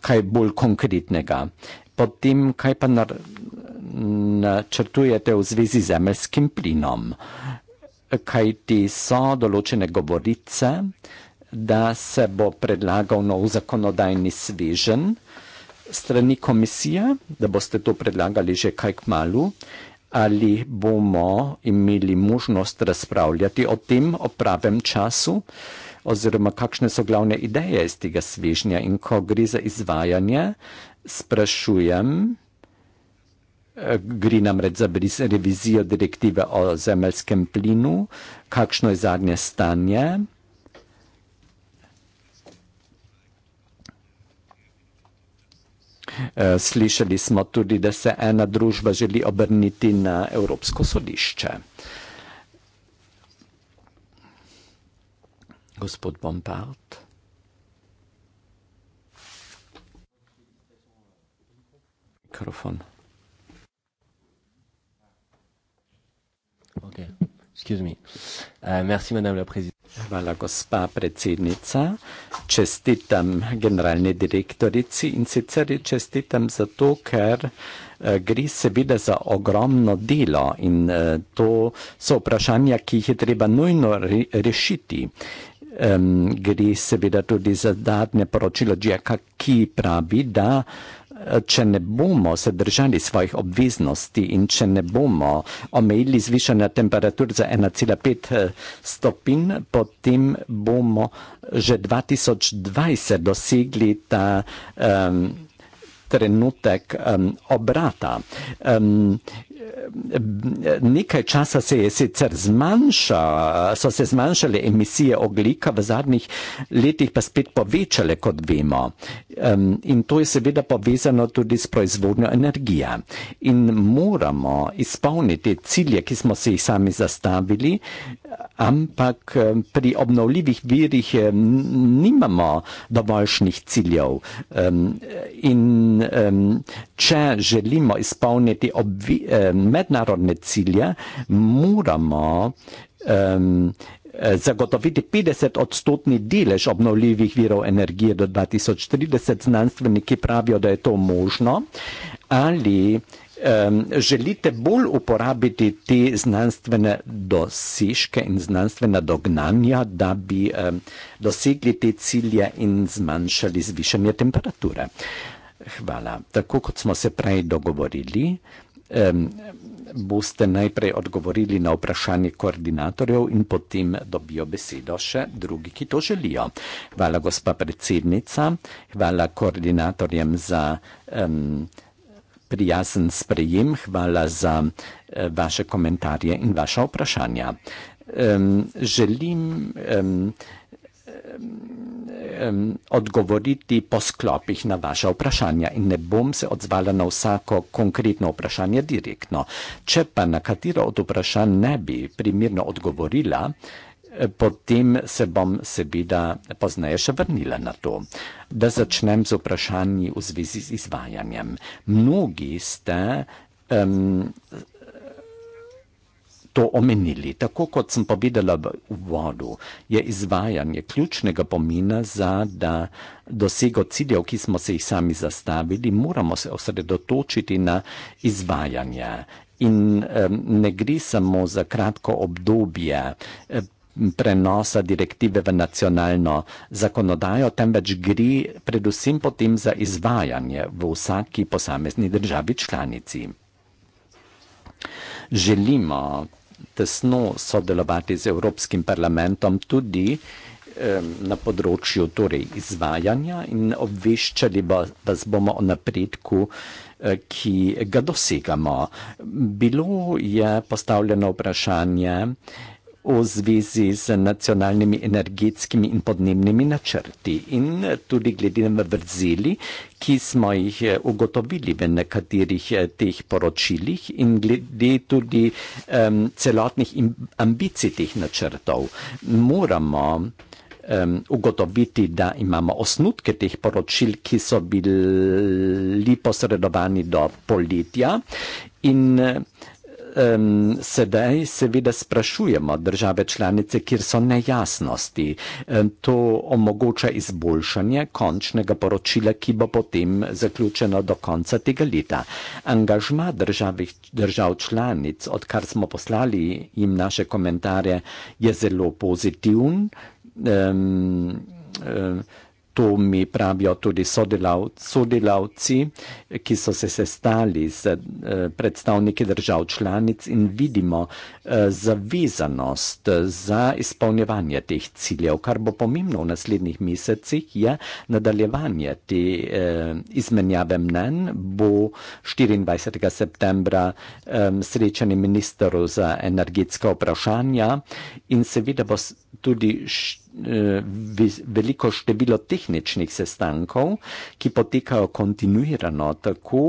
kaj bolj konkretnega. Potem, kaj pa načrtujete v zvezi z zemljskim plinom? Kaj ti so določene govorice, da se bo predlagal nov zakonodajni svežen? strani komisije, da boste to predlagali že kaj k malu, ali bomo imeli možnost razpravljati o tem o pravem času, oziroma kakšne so glavne ideje iz tega svežnja in ko gre za izvajanje, sprašujem, eh, gre namreč za revizijo direktive o zemeljskem plinu, kakšno je zadnje stanje, Eh, slišali smo tudi, da se ena družba želi obrniti na Evropsko sodišče. Gospod Bompard. Mikrofon. Ok, excuse me. Uh, merci, madame la présidente. Hvala, gospa predsednica. Čestitam generalni direktorici in sicer je čestitam zato, ker eh, gre seveda za ogromno delo in eh, to so vprašanja, ki jih je treba nujno rešiti. Gre seveda tudi za dadne poročilo Džeka, ki pravi, da če ne bomo se držali svojih obveznosti in če ne bomo omejili zvišanja temperatur za 1,5 eh, stopin, potem bomo že 2020 dosegli ta um, trenutek um, obrata. Um, Nekaj časa se je sicer zmanjšala, so se zmanjšale emisije oglika, v zadnjih letih pa spet povečale, kot vemo. In to je seveda povezano tudi s proizvodnjo energije. In moramo izpolniti cilje, ki smo se jih sami zastavili, ampak pri obnovljivih virih nimamo dovoljšnih ciljev. In če želimo izpolniti obvi, mednarodne cilje, moramo um, zagotoviti 50 odstotni delež obnovljivih virov energije do 2030. Znanstveniki pravijo, da je to možno. Ali um, želite bolj uporabiti te znanstvene dosežke in znanstvena dognanja, da bi um, dosegli te cilje in zmanjšali zvišanje temperature? Hvala. Tako kot smo se prej dogovorili, um, boste najprej odgovorili na vprašanje koordinatorjev in potem dobijo besedo še drugi, ki to želijo. Hvala, gospa predsednica, hvala koordinatorjem za um, prijazen sprejem, hvala za uh, vaše komentarje in vaša vprašanja. Um, želim. Um, um, um, odgovoriti po sklopih na vaše vprašanja in ne bom se odzvala na vsako konkretno vprašanje direktno. Če pa na katero od vprašanj ne bi primirno odgovorila, eh, potem se bom seveda poznaje še vrnila na to. Da začnem z vprašanji v zvezi z izvajanjem. Mnogi ste um, to omenili. Tako kot sem povedala v uvodu, je izvajanje ključnega pomena za da dosego ciljev, ki smo se jih sami zastavili, moramo se osredotočiti na izvajanje. In um, ne gre samo za kratko obdobje prenosa direktive v nacionalno zakonodajo, temveč gre predvsem potem za izvajanje v vsaki posamezni državi članici. Želimo tesno sodelovati z Evropskim parlamentom tudi na področju torej, izvajanja in obveščali vas bomo o napredku, eh, ki ga dosegamo. Bilo je postavljeno vprašanje, v zvezi z nacionalnimi energetskimi in podnebnimi načrti in eh, tudi glede na vrzeli, ki smo jih eh, ugotovili v nekaterih eh, teh poročilih in glede tudi um, celotnih ambicij teh načrtov, moramo um, ugotoviti, da imamo osnutke teh poročil, ki so bili posredovani do poletja in um, um, sedaj seveda sprašujemo države članice, kjer so nejasnosti. Um, to omogoča izboljšanje končnega poročila, ki bo potem zaključeno do konca tega leta. Angažma državih, držav članic, odkar smo poslali jim naše komentarje, je zelo pozitiven. Um, um, To mi pravijo tudi sodelav, sodelavci, ki so se sestali z eh, predstavniki držav članic in vidimo eh, zavezanost eh, za izpolnjevanje teh ciljev. Kar bo pomembno v naslednjih mesecih, je nadaljevanje te eh, izmenjave mnen. Bo 24. septembra eh, srečanje ministrov za energetska vprašanja in seveda bo tudi Eh, veliko število tehničnih sestankov, ki potekajo kontinuirano, tako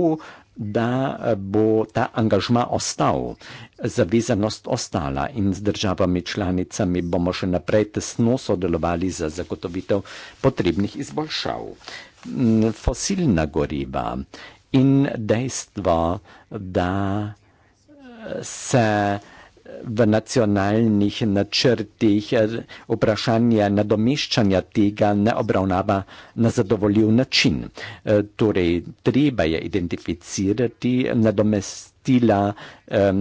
da eh, bo ta angažma ostal, zavezanost ostala in z državami članicami bomo še naprej tesno sodelovali za zagotovitev potrebnih izboljšav. Fosilna goriva in dejstvo, da eh, se v nacionalnih načrtih eh, vprašanje nadomeščanja tega ne obravnava na zadovoljiv način. Eh, torej, treba je identificirati nadomestila um,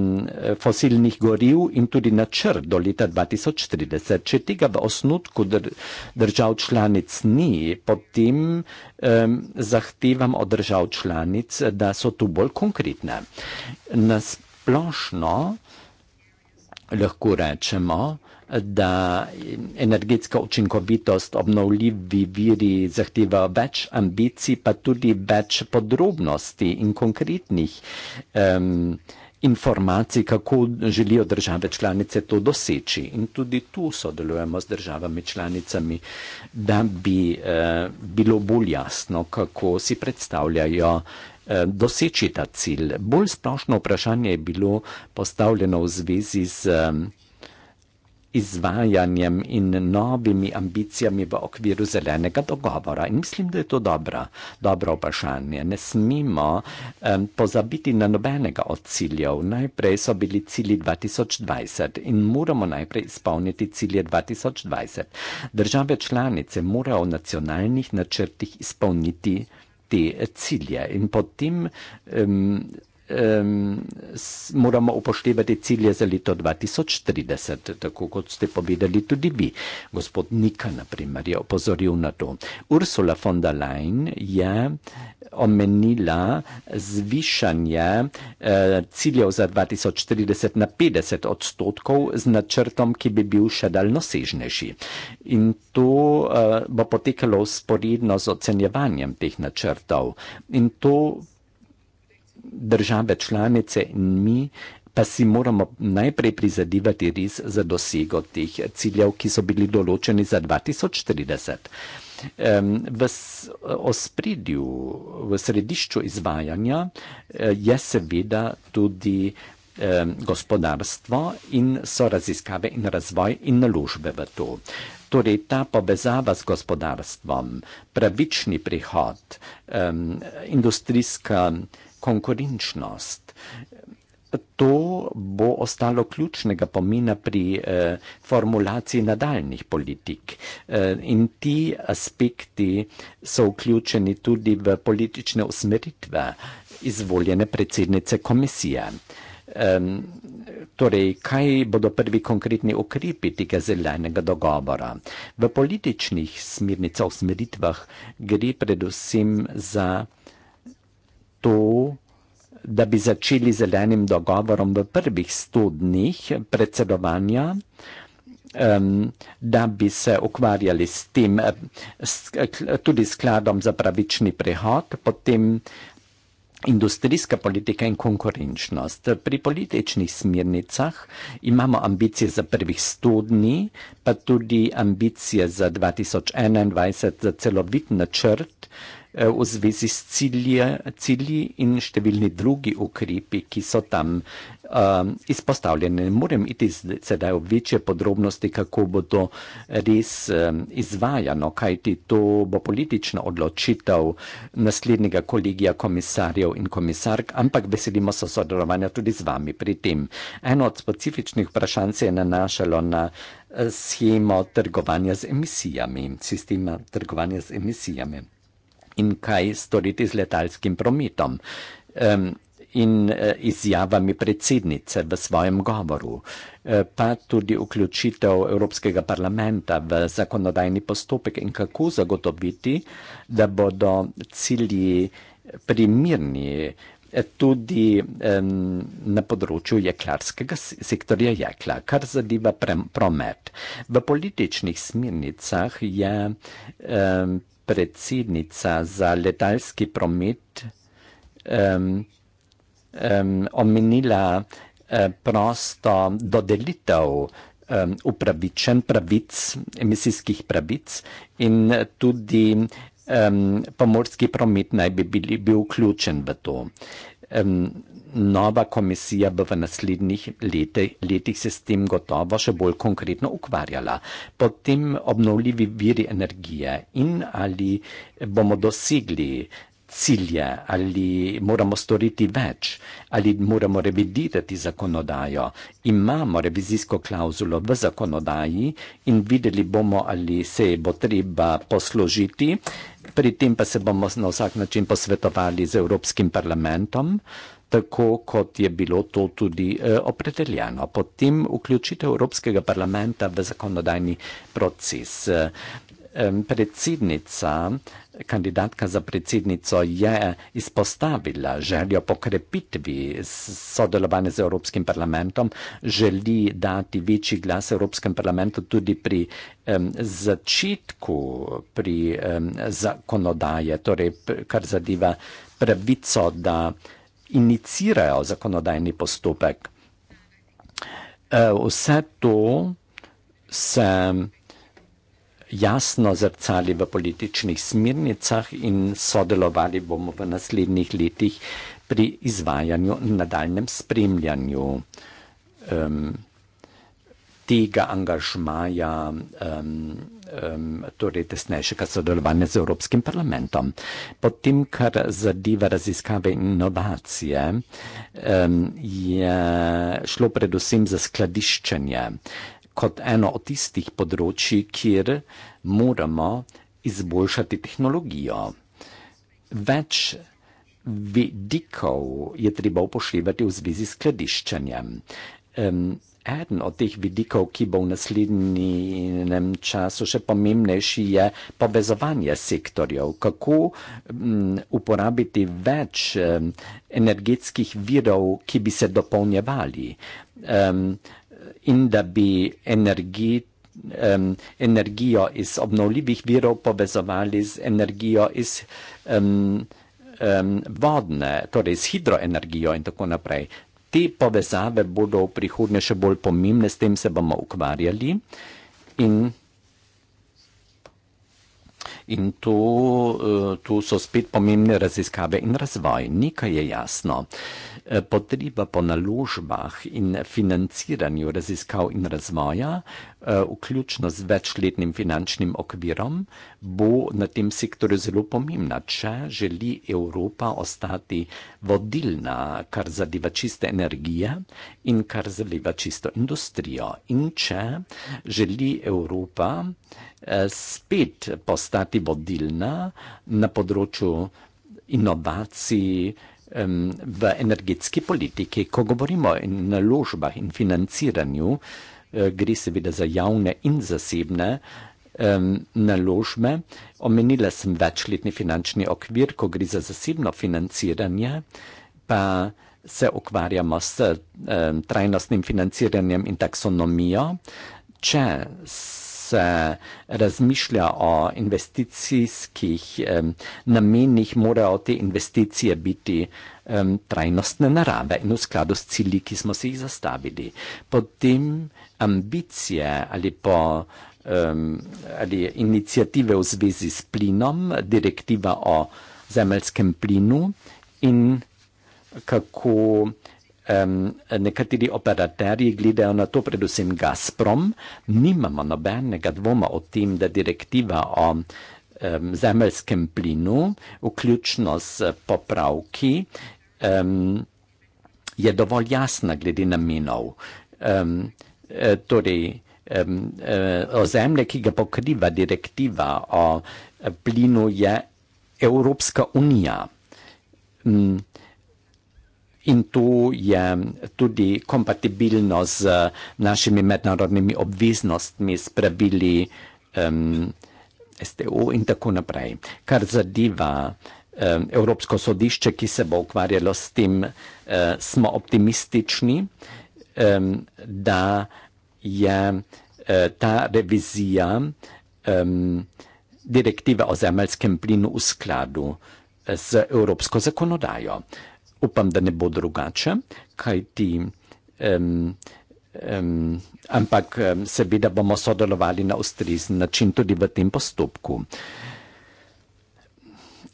fosilnih goriv in tudi načrt do leta 2030. Če tega v osnutku dr držav članic ni, potem um, zahtevam od držav članic, da so tu bolj konkretne. Nasplošno, lahko rečemo, da energetska učinkovitost obnovljivi viri zahteva več ambicij, pa tudi več podrobnosti in konkretnih um, informacij, kako želijo države članice to doseči. In tudi tu sodelujemo z državami članicami, da bi uh, bilo bolj jasno, kako si predstavljajo uh, Eh, doseči ta cilj. Bolj splošno vprašanje je bilo postavljeno v zvezi z izvajanjem in novimi ambicijami v okviru zelenega dogovora. In mislim, da je to dobra, dobro vprašanje. Ne smemo um, pozabiti na nobenega od ciljev. Najprej so bili cilji 2020 in moramo najprej izpolniti cilje 2020. Države članice morajo v nacionalnih načrtih izpolniti te cilje in potem um, um, moramo upoštevati cilje za leto 2030, tako kot ste povedali tudi vi. Gospod Nika, na primer, je opozoril na to. Ursula von der Leyen je omenila zvišanje uh, ciljev za 2030 na 50 odstotkov z načrtom, ki bi bil še daljnosežnejši. In to uh, bo potekalo sporedno z ocenjevanjem teh načrtov. In to države članice in mi pa si moramo najprej prizadevati res za dosego teh ciljev, ki so bili določeni za 2030. V ospredju, v središču izvajanja eh, je seveda tudi gospodarstvo in so raziskave in razvoj in naložbe v to. Torej ta povezava s gospodarstvom, pravični prihod, industrijska prihod, konkurenčnost. To bo ostalo ključnega pomena pri eh, formulaciji nadaljnih politik. Eh, in ti aspekti so vključeni tudi v politične usmeritve izvoljene predsednice komisije. Eh, torej, kaj bodo prvi konkretni ukrepi tega zelenega dogovora? V političnih smernicah, usmeritvah gre predvsem za to, da bi začeli zelenim dogovorom v prvih 100 dneh predsedovanja, da bi se ukvarjali s tem, eh, tudi skladom za pravični prehod, potem industrijska politika in konkurenčnost. Pri političnih smernicah imamo ambicije za prvih 100 dni, pa tudi ambicije za 2021, za celovit načrt, Eh, v zvezi s cilje, cilji in številni drugi ukrepi, ki so tam um, izpostavljeni. Ne morem iti sedaj v večje podrobnosti, kako bo to res um, izvajano, kajti to bo politična odločitev naslednjega kolegija komisarjev in komisark, ampak veselimo se sodelovanja tudi z vami pri tem. Eno od specifičnih vprašanj se je nanašalo na schemo trgovanja z emisijami, sistema trgovanja z emisijami in kaj storiti z letalskim prometom. Um, In eh, izjavami predsednice v svojem govoru, eh, pa tudi vključitev Evropskega parlamenta v zakonodajni postopek in kako zagotoviti, da bodo cilji primirni eh, tudi na področju jeklarskega sektorja jekla, kar zadeva promet. V političnih smirnicah je predsednica za letalski promet um, um, omenila eh, prosto dodelitev um, upravičen pravic, emisijskih pravic in tudi um, pomorski promet naj bi bil vključen v to. Uh, um, nova komisija bo v naslednjih leti, letih se s tem gotovo še bolj konkretno ukvarjala. Potem obnovljivi viri energije in ali bomo dosegli cilje, ali moramo storiti več, ali moramo revidirati zakonodajo. Imamo revizijsko klauzulo v zakonodaji in videli bomo, ali se bo treba poslužiti, pri tem pa se bomo na vsak način posvetovali z Evropskim parlamentom, tako kot je bilo to tudi eh, opredeljeno. Potem vključite Evropskega parlamenta v zakonodajni proces. Eh, predsednica kandidatka za predsednico je izpostavila željo po krepitvi sodelovanja z Evropskim parlamentom, želi dati večji glas Evropskem parlamentu tudi pri um, začetku pri, um, zakonodaje, torej kar zadeva pravico, da inicirajo zakonodajni postopek. Uh, vse to se jasno zrcali v političnih smernicah in sodelovali bomo v naslednjih letih pri izvajanju nadaljem spremljanju um, tega angažmaja, um, um, torej tesnejšega sodelovanja z Evropskim parlamentom. Potem, kar zadeva raziskave in inovacije, um, je šlo predvsem za skladiščenje kot eno od tistih področji, kjer moramo izboljšati tehnologijo. Več vidikov je treba upoštevati v zvezi s skladiščenjem. Um, Eden od teh vidikov, ki bo v naslednjem času še pomembnejši, je povezovanje sektorjev, kako m, uporabiti več m, energetskih virov, ki bi se dopolnjevali. Um, in da bi energiji Um, energijo iz obnovljivih virov povezovali z energijo iz um, um, vodne, torej z hidroenergijo in tako naprej. Te povezave bodo v prihodnje še bolj pomembne, s tem se bomo ukvarjali in, in to, uh, to so spet pomembne raziskave in razvoj, nekaj je jasno. Uh, Eh, potreba po naložbah in financiranju raziskav in razvoja, eh, vključno z večletnim finančnim okvirom, bo na tem sektorju zelo pomembna, če želi Evropa ostati vodilna, kar zadeva čiste energije in kar zadeva čisto industrijo. In če želi Evropa eh, spet postati vodilna na področju inovacij, v energetski politiki, ko govorimo o naložbah in financiranju, eh, gre seveda za javne in zasebne naložbe. Omenila sem večletni finančni okvir, ko gre za zasebno financiranje, pa se ukvarjamo s trajnostnim financiranjem in taksonomijo. Če se razmišlja o investicijskih um, namenih, morajo te investicije biti um, trajnostne narave in v skladu s cilji, ki smo si jih zastavili. Potem ambicije ali pa um, ali inicijative v zvezi s plinom, direktiva o zemeljskem plinu in kako um, nekateri operaterji gledajo na to, predvsem Gazprom, nimamo nobenega dvoma o tem, da direktiva o um, zemeljskem plinu, vključno s popravki, um, je dovolj jasna glede namenov. Um, torej, um, ozemlje, ki ga pokriva direktiva o plinu, je Evropska unija. Um, in tu je tudi kompatibilno z eh, našimi mednarodnimi obveznostmi, s pravili um, STO in tako naprej. Kar zadeva um, Evropsko sodišče, ki se bo ukvarjalo s tem, uh, smo optimistični, um, da je uh, ta revizija um, direktive o zemeljskem plinu v skladu z evropsko zakonodajo upam, da ne bo drugače, kaj ti. Um, um, ampak seveda bomo sodelovali na ustrezen način tudi v tem postopku.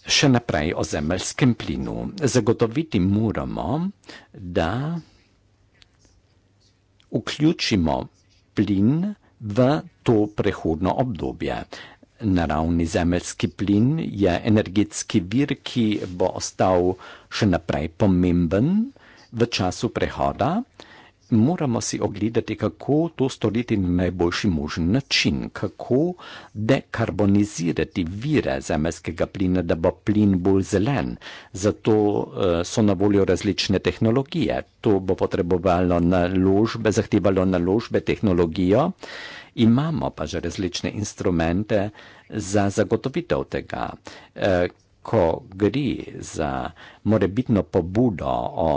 Še naprej o zemljskem plinu. Zagotoviti moramo, da vključimo plin v to prehodno obdobje naravni zemeljski plin je energetski vir, ki bo ostal še naprej pomemben v času prehoda. Moramo si ogledati, kako to storiti na najboljši možen način, kako dekarbonizirati vire zemeljskega plina, da bo plin bolj zelen. Zato eh, so na voljo različne tehnologije. To bo potrebovalo naložbe, zahtevalo naložbe tehnologijo. Imamo pa že različne instrumente za zagotovitev tega. E, ko gre za morebitno pobudo o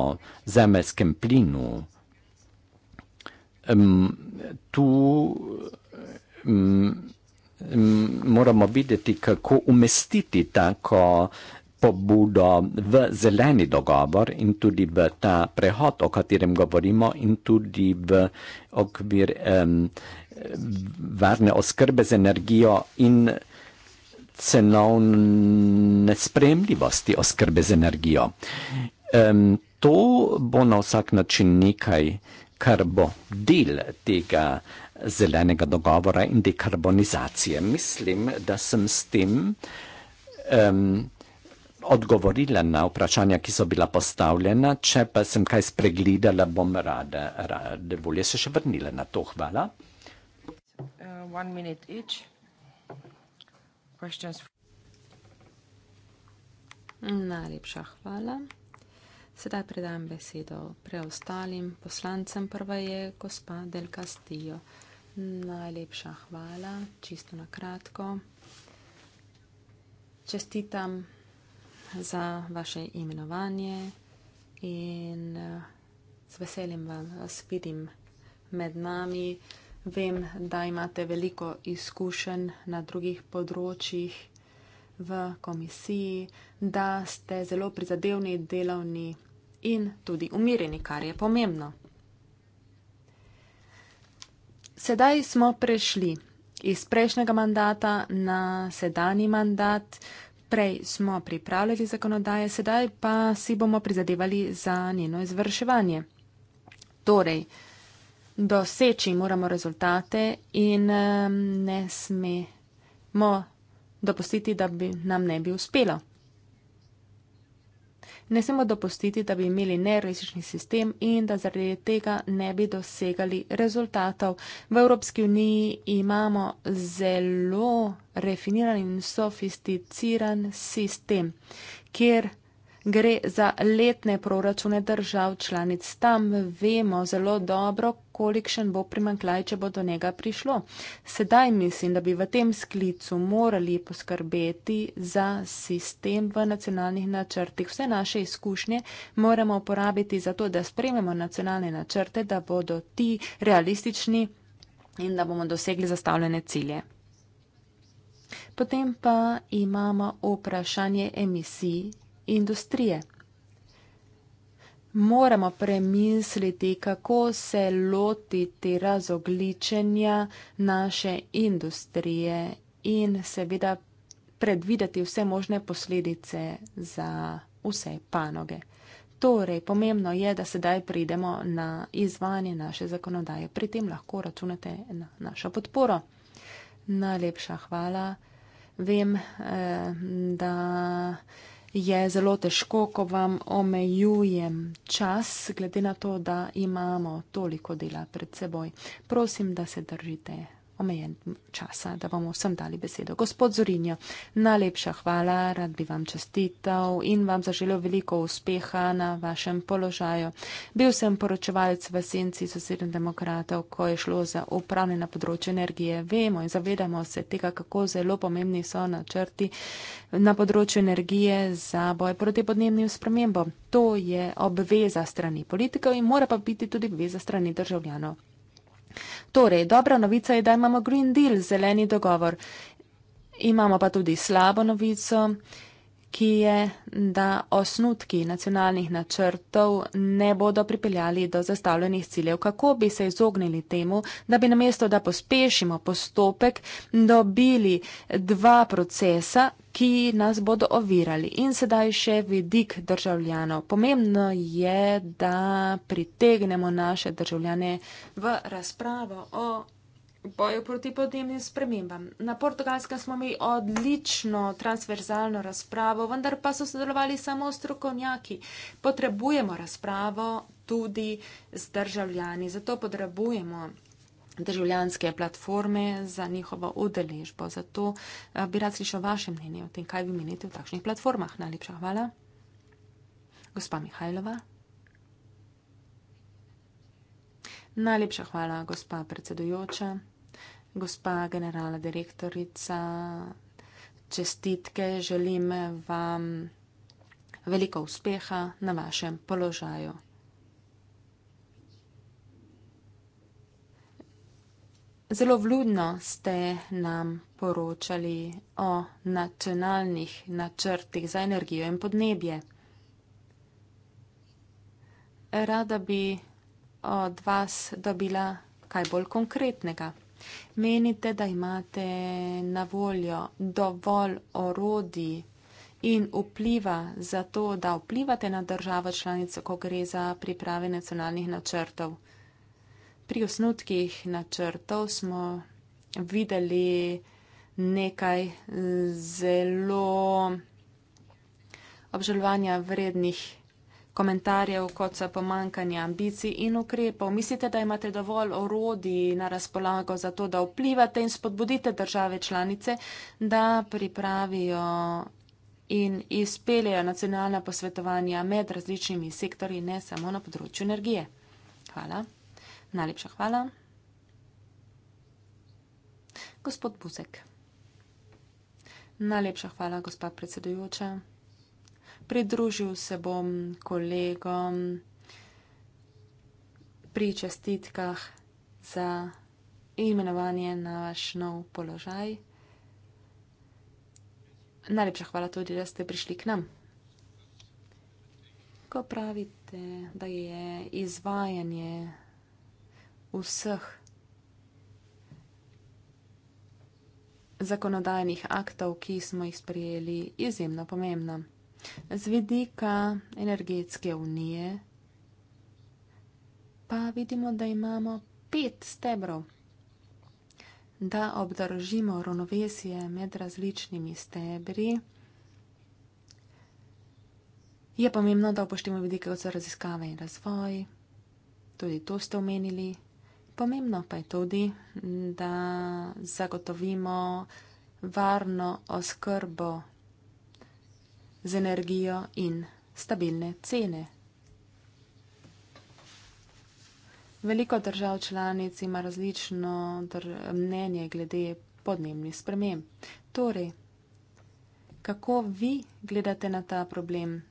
zemeljskem plinu, tu moramo videti, kako umestiti tako pobudo v zeleni dogovor in tudi v ta prehod, o katerem govorimo, in tudi v okvir. Um, varne oskrbe z energijo in cenovne spremljivosti oskrbe z energijo. Um, to bo na vsak način nekaj, kar bo del tega zelenega dogovora in dekarbonizacije. Mislim, da sem s tem um, odgovorila na vprašanja, ki so bila postavljena. Če pa sem kaj spregledala, bom rada, rada volje se še vrnila na to. Hvala
one minute each. Questions.
Najlepša hvala. Sedaj predajam besedo preostalim poslancem. Prva je gospa Del Castillo. Najlepša hvala, čisto na kratko. Čestitam za vaše imenovanje in eh, z veseljem vas vidim med nami. Uh, Vem, da imate veliko izkušenj na drugih področjih v komisiji, da ste zelo prizadevni, delavni in tudi umirjeni, kar je pomembno. Sedaj smo prešli iz prejšnjega mandata na sedani mandat. Prej smo pripravljali zakonodaje, sedaj pa si bomo prizadevali za njeno izvrševanje. Torej, doseči moramo rezultate in um, ne smemo dopustiti, da bi nam ne bi uspelo. Ne smemo dopustiti, da bi imeli neresični sistem in da zaradi tega ne bi dosegali rezultatov. V Evropski uniji imamo zelo refiniran in sofisticiran sistem, kjer gre za letne proračune držav članic. Tam vemo zelo dobro, kolikšen bo primankljaj, če bo do njega prišlo. Sedaj mislim, da bi v tem sklicu morali poskrbeti za sistem v nacionalnih načrtih. Vse naše izkušnje moramo uporabiti za to, da sprememo nacionalne načrte, da bodo ti realistični in da bomo dosegli zastavljene cilje. Potem pa imamo vprašanje emisij industrije. Moramo premisliti, kako se lotiti razogličenja naše industrije in seveda predvideti vse možne posledice za vse panoge. Torej, pomembno je, da sedaj pridemo na izvanje naše zakonodaje. Pri tem lahko računate na našo podporo. Najlepša hvala. Vem, eh, da je zelo težko, ko vam omejujem čas, glede na to, da imamo toliko dela pred seboj. Prosim, da se držite omejen časa, da bomo vsem dali besedo. Gospod Zorinjo, najlepša hvala, rad bi vam čestital in vam zaželel veliko uspeha na vašem položaju. Bil sem poročevalec v senci sosednjih demokratov, ko je šlo za upravne na področju energije. Vemo in zavedamo se tega, kako zelo pomembni so načrti na področju energije za boj proti podnebnim spremembom. To je obveza strani politikov in mora pa biti tudi obveza strani državljanov. Torej, dobra novica je, da imamo Green Deal, zeleni dogovor. Imamo pa tudi slabo novico, ki je, da osnutki nacionalnih načrtov ne bodo pripeljali do zastavljenih ciljev. Kako bi se izognili temu, da bi namesto, da pospešimo postopek, dobili dva procesa, ki nas bodo ovirali. In sedaj še vidik državljanov. Pomembno je, da pritegnemo naše državljane v razpravo o boju proti podnebnim spremembam. Na portugalskem smo imeli odlično transverzalno razpravo, vendar pa so sodelovali samo strokovnjaki. Potrebujemo razpravo tudi z državljani. Zato potrebujemo državljanske platforme za njihovo udeležbo. Zato eh, bi rad slišal vaše mnenje o tem, kaj vi menite v takšnih platformah. Najlepša hvala. Gospa Mihajlova. Najlepša hvala, gospa predsedujoča, gospa generala direktorica. Čestitke, želim vam veliko uspeha na vašem položaju. Zelo vljudno ste nam poročali o nacionalnih načrtih za energijo in podnebje. Rada bi od vas dobila kaj bolj konkretnega. Menite, da imate na voljo dovolj orodij in vpliva za to, da vplivate na državo članico, ko gre za priprave nacionalnih načrtov pri osnutkih načrtov smo videli nekaj zelo obžalovanja vrednih komentarjev, kot so pomankanje ambicij in ukrepov. Mislite, da imate dovolj orodij na razpolago za to, da vplivate in spodbudite države članice, da pripravijo in izpeljejo nacionalna posvetovanja med različnimi sektorji, ne samo na področju energije? Hvala. Najlepša hvala. Gospod Buzek. Najlepša hvala, gospa predsedujoča. Pridružil se bom kolegom pri čestitkah za imenovanje na vaš nov položaj. Najlepša hvala tudi, da ste prišli k nam. Ko pravite, da je izvajanje vseh zakonodajnih aktov, ki smo jih sprijeli, izjemno pomembna. Z vidika energetske unije pa vidimo, da imamo pet stebrov, da obdržimo ravnovesje med različnimi stebri. Je pomembno, da upoštevamo vidike kot so raziskave in razvoj, tudi to ste omenili, pomembno pa je tudi, da zagotovimo varno oskrbo z energijo in stabilne cene. Veliko držav članic ima različno mnenje glede podnebnih sprememb. Torej, kako vi gledate na ta problem?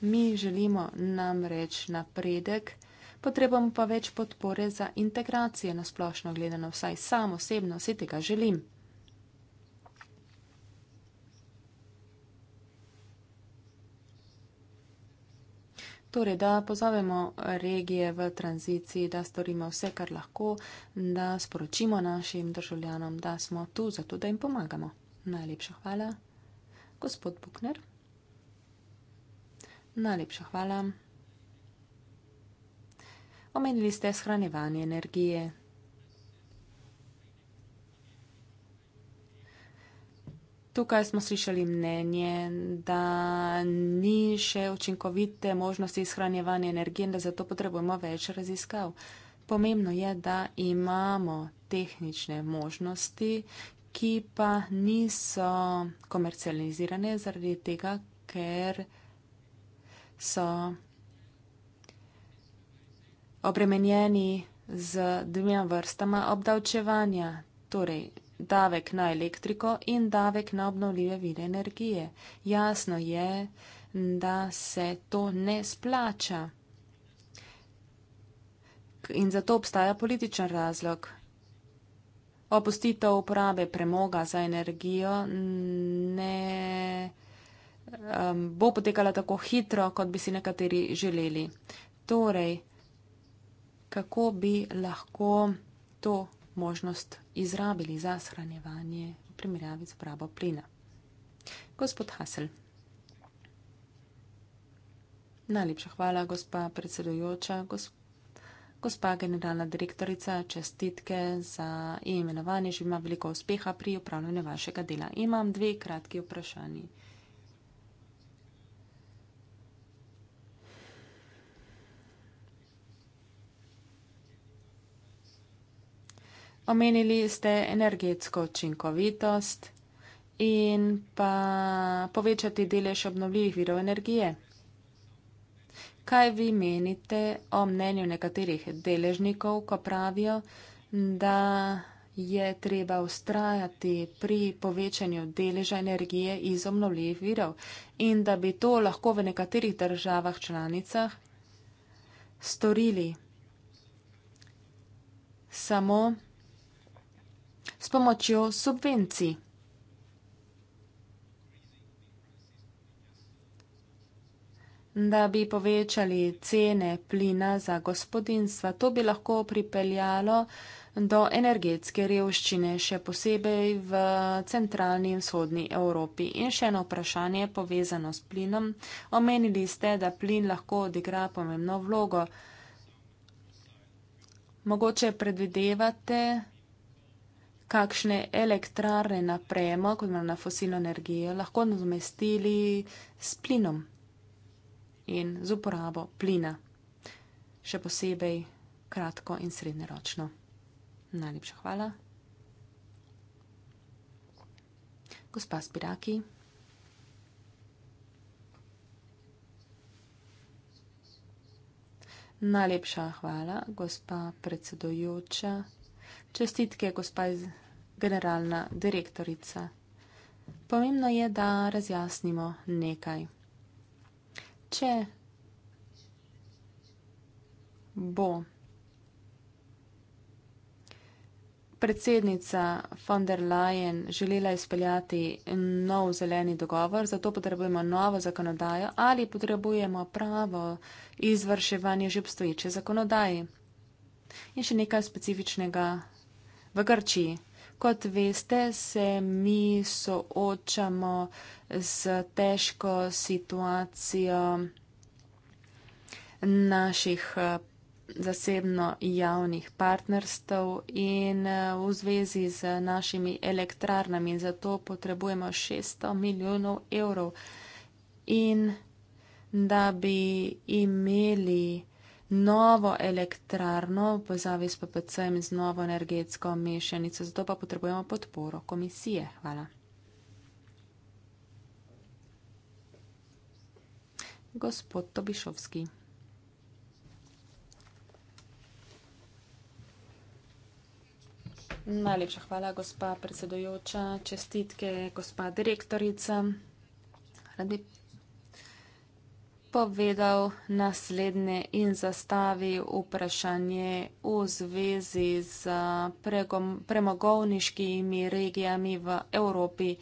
Mi želimo namreč napredek, potrebujemo pa več podpore za integracije na splošno gledano, vsaj sam osebno si tega želim. Torej, da pozovemo regije v tranziciji, da storimo vse, kar lahko, da sporočimo našim državljanom, da smo tu zato, da jim pomagamo. Najlepša hvala. Gospod Bukner. Najlepša hvala omenili ste shranjevanje energije. Tukaj smo slišali mnenje, da ni še učinkovite možnosti izhranjevanja energije in da zato potrebujemo več raziskav. Pomembno je, da imamo tehnične možnosti, ki pa niso komercializirane zaradi tega, ker so obremenjeni z dvema vrstama obdavčevanja, torej davek na elektriko in davek na obnovljive vire energije. Jasno je, da se to ne splača. In zato obstaja političen razlog. Opustitev uporabe premoga za energijo ne um, bo potekala tako hitro, kot bi si nekateri želeli. Torej, kako bi lahko to možnost izrabili za shranjevanje v primerjavi z uporabo plina. Gospod Hasel. Najlepša hvala, gospa predsedujoča, gospa generalna direktorica, čestitke za imenovanje. Želim vam veliko uspeha pri upravljanju vašega dela. Imam dve kratki vprašanji. Omenili ste energetsko učinkovitost in pa povečati delež obnovljivih virov energije. Kaj vi menite o mnenju nekaterih deležnikov, ko pravijo, da je treba ustrajati pri povečanju deleža energije iz obnovljivih virov in da bi to lahko v nekaterih državah članicah storili samo s pomočjo subvencij. Da bi povečali cene plina za gospodinstva, to bi lahko pripeljalo do energetske revščine, še posebej v centralni in vzhodni Evropi. In še eno vprašanje povezano s plinom. Omenili ste, da plin lahko odigra pomembno vlogo. Mogoče predvidevate, kakšne elektrarne na premog, kot na fosilno energijo, lahko nadomestili s plinom in z uporabo plina, še posebej kratko in srednjeročno. Najlepša hvala. Gospa Spiraki. Najlepša hvala, gospa predsedojoča. Čestitke, gospa generalna direktorica. Pomembno je, da razjasnimo nekaj. Če bo predsednica von der Leyen želela izpeljati nov zeleni dogovor, zato potrebujemo novo zakonodajo ali potrebujemo pravo izvrševanje že obstoječe zakonodaje. In še nekaj specifičnega v Grčiji. Kot veste, se mi soočamo z težko situacijo naših eh, zasebno-javnih partnerstv in eh, v zvezi z našimi elektrarnami. Zato potrebujemo 600 milijonov evrov in da bi imeli novo elektrarno v povezavi s PPC in z novo energetsko mešanico. Zato pa potrebujemo podporo komisije. Hvala. Gospod Tobišovski. Najlepša hvala, gospa predsedojoča, čestitke, gospa direktorica. Rad bi povedal naslednje in zastavil vprašanje v zvezi z premogovniškimi regijami v Evropi.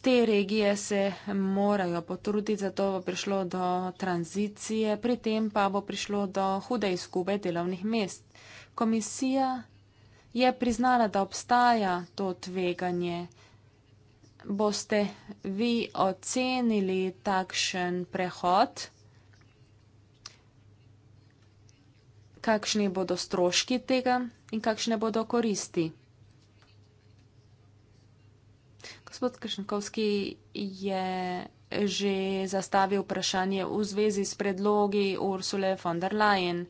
Te regije se morajo potruditi, zato bo prišlo do tranzicije, pri tem pa bo prišlo do hude izgube delovnih mest. Komisija je priznala, da obstaja to tveganje boste vi ocenili takšen prehod? Kakšni bodo stroški tega in kakšne bodo koristi? Gospod Krišnkovski je že zastavil vprašanje v zvezi s predlogi Ursule von der Leyen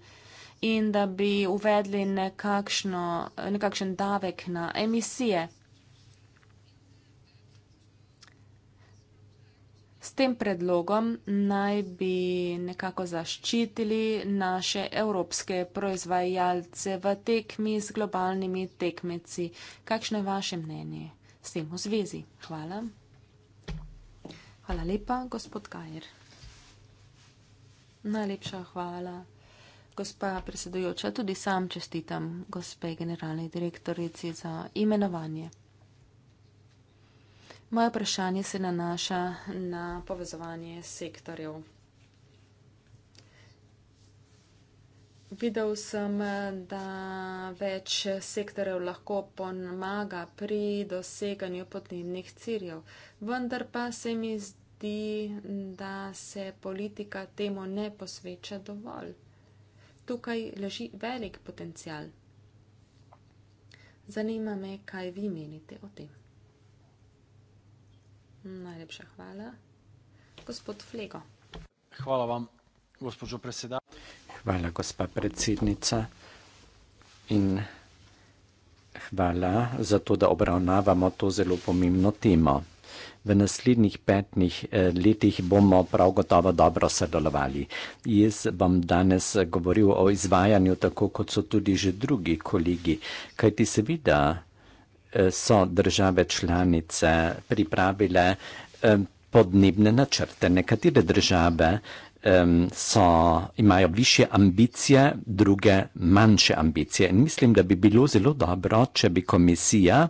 in da bi uvedli nekakšno, nekakšen davek na emisije. S tem predlogom naj bi nekako zaščitili naše evropske proizvajalce v tekmi z globalnimi tekmeci. Kakšno je vaše mnenje s tem v zvezi? Hvala. Hvala lepa, gospod Kajer. Najlepša hvala. Gospa predsedujoča, tudi sam čestitam gospe generalnej direktorici za imenovanje. Moje vprašanje se nanaša na povezovanje sektorjev. Videl sem, da več sektorjev lahko pomaga pri doseganju podnebnih ciljev, vendar pa se mi zdi, da se politika temu ne posveča dovolj. Tukaj leži velik potencial. Zanima me, kaj vi menite o tem. Najlepša hvala. Gospod Flego.
Hvala vam, gospođo predsedala. Hvala, gospa predsednica. In hvala za to, da obravnavamo to zelo pomembno temo. V naslednjih petnih eh, letih bomo prav gotovo dobro sodelovali. Jaz bom danes govoril o izvajanju, tako kot so tudi že drugi kolegi, kajti seveda Eh, so države članice pripravile eh, podnebne načrte. Nekatere države so, imajo više ambicije, druge manjše ambicije. In mislim, da bi bilo zelo dobro, če bi komisija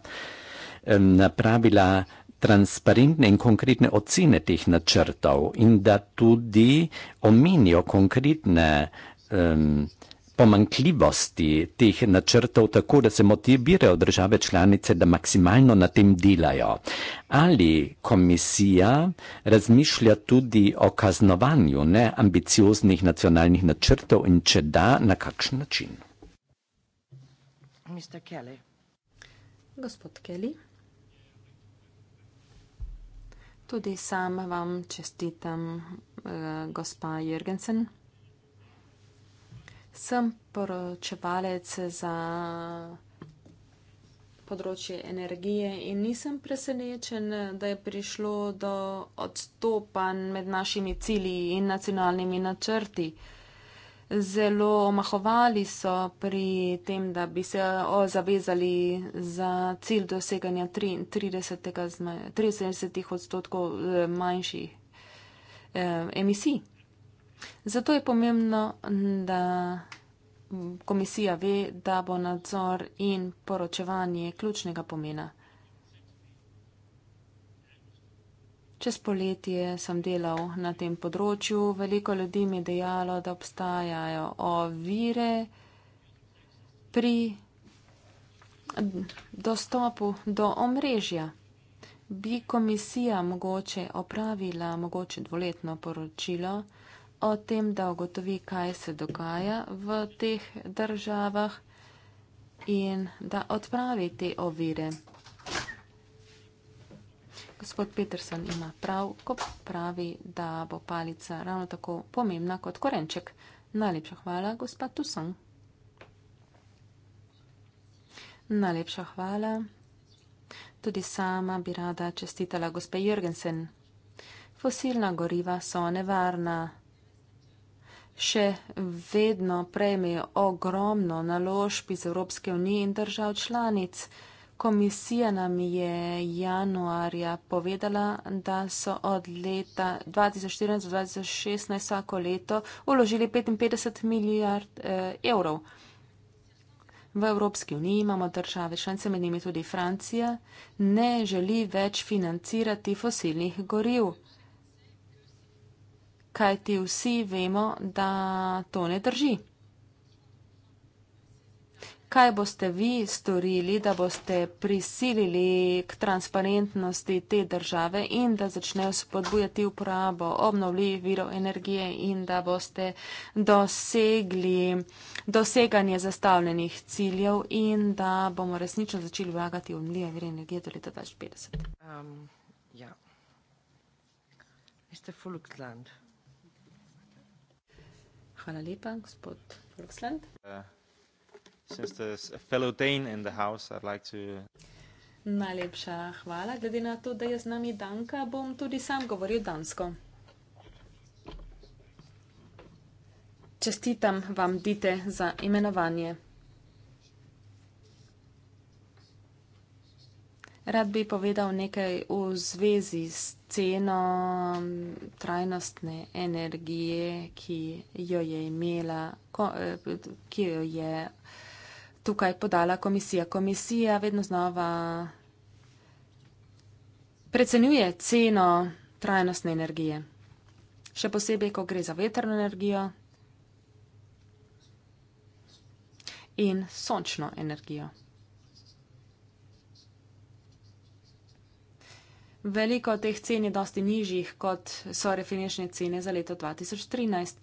napravila transparentne in konkretne ocene teh načrtov in da tudi omenijo konkretne um, pomankljivosti teh načrtov tako, da se motivirajo države članice, da maksimalno na tem delajo? Ali komisija razmišlja tudi o kaznovanju neambicioznih nacionalnih načrtov in če da, na kakšen način?
Kelly.
Gospod Kelly. Tudi sama vam čestitam, eh, gospa Jürgensen sem poročevalec za področje energije in nisem presenečen, da je prišlo do odstopanj med našimi cilji in nacionalnimi načrti. Zelo omahovali so pri tem, da bi se zavezali za cilj doseganja 30 odstotkov eh, manjših eh, emisij. Zato je pomembno, da komisija ve, da bo nadzor in poročevanje ključnega pomena. Čez poletje sem delal na tem področju. Veliko ljudi mi je dejalo, da obstajajo ovire pri dostopu do omrežja. Bi komisija mogoče opravila mogoče dvoletno poročilo? o tem, da ugotovi, kaj se dogaja v teh državah in da odpravi te ovire. Gospod Peterson ima prav, ko pravi, da bo palica ravno tako pomembna kot korenček. Najlepša hvala, gospa Tusson. Najlepša hvala. Tudi sama bi rada čestitala gospe Jürgensen. Fosilna goriva so nevarna še vedno prejmejo ogromno naložb iz Evropske unije in držav članic. Komisija nam je januarja povedala, da so od leta 2014 do 2016 vsako leto uložili 55 milijard eh, evrov. V Evropski uniji imamo države članice, med njimi tudi Francija, ne želi več financirati fosilnih goriv kaj ti vsi vemo, da to ne drži. Kaj boste vi storili, da boste prisilili k transparentnosti te države in da začnejo spodbujati uporabo obnovljivih virov energije in da boste dosegli doseganje zastavljenih ciljev in da bomo resnično začeli vlagati v obnovljive vire energije do leta 2050?
Um, ja.
Hvala lepa, gospod Roksland.
Uh, house, like to...
Najlepša hvala, glede na to, da je z nami Danka, bom tudi sam govoril dansko. Čestitam vam, Dite, za imenovanje. Rad bi povedal nekaj v zvezi s ceno mm, trajnostne energije, ki jo je imela, eh, ki jo je tukaj podala komisija. Komisija vedno znova precenjuje ceno trajnostne energije, še posebej, ko gre za vetrno energijo in sončno energijo. veliko teh cen je dosti nižjih, kot so refinične cene za leto 2013.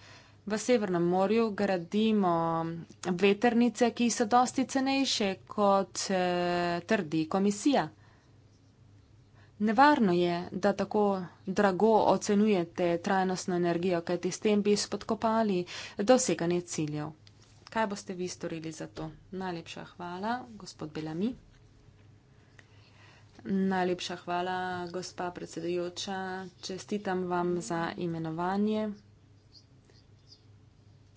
V Severnem morju gradimo veternice, ki so dosti cenejše, kot eh, trdi komisija. Nevarno je, da tako drago ocenujete trajnostno energijo, kajti s tem bi spodkopali doseganje ciljev. Kaj boste vi storili za to? Najlepša hvala, gospod Belami. Najlepša hvala, gospa predsedujoča. Čestitam vam za imenovanje.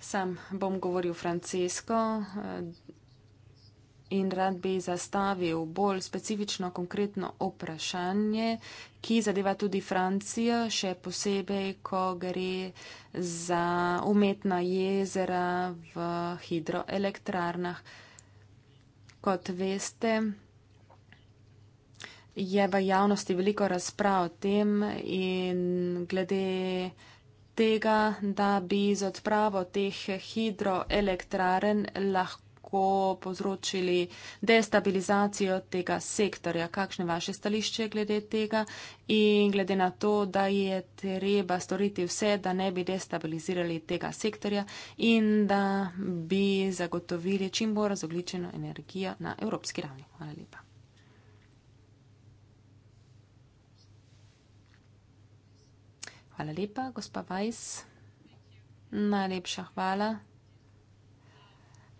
Sam bom govoril francesko eh, in rad bi zastavil bolj specifično, konkretno vprašanje, ki zadeva tudi Francijo, še posebej, ko gre za umetna jezera v hidroelektrarnah. Kot veste, je v javnosti veliko razprav o tem in glede tega, da bi z odpravo teh hidroelektraren lahko povzročili destabilizacijo tega sektorja. Kakšne vaše stališče glede tega in glede na to, da je treba storiti vse, da ne bi destabilizirali tega sektorja in da bi zagotovili čim bolj razogličeno energijo na evropski ravni? Hvala lepa. Hvala lepa, gospa Vajs. Najlepša hvala.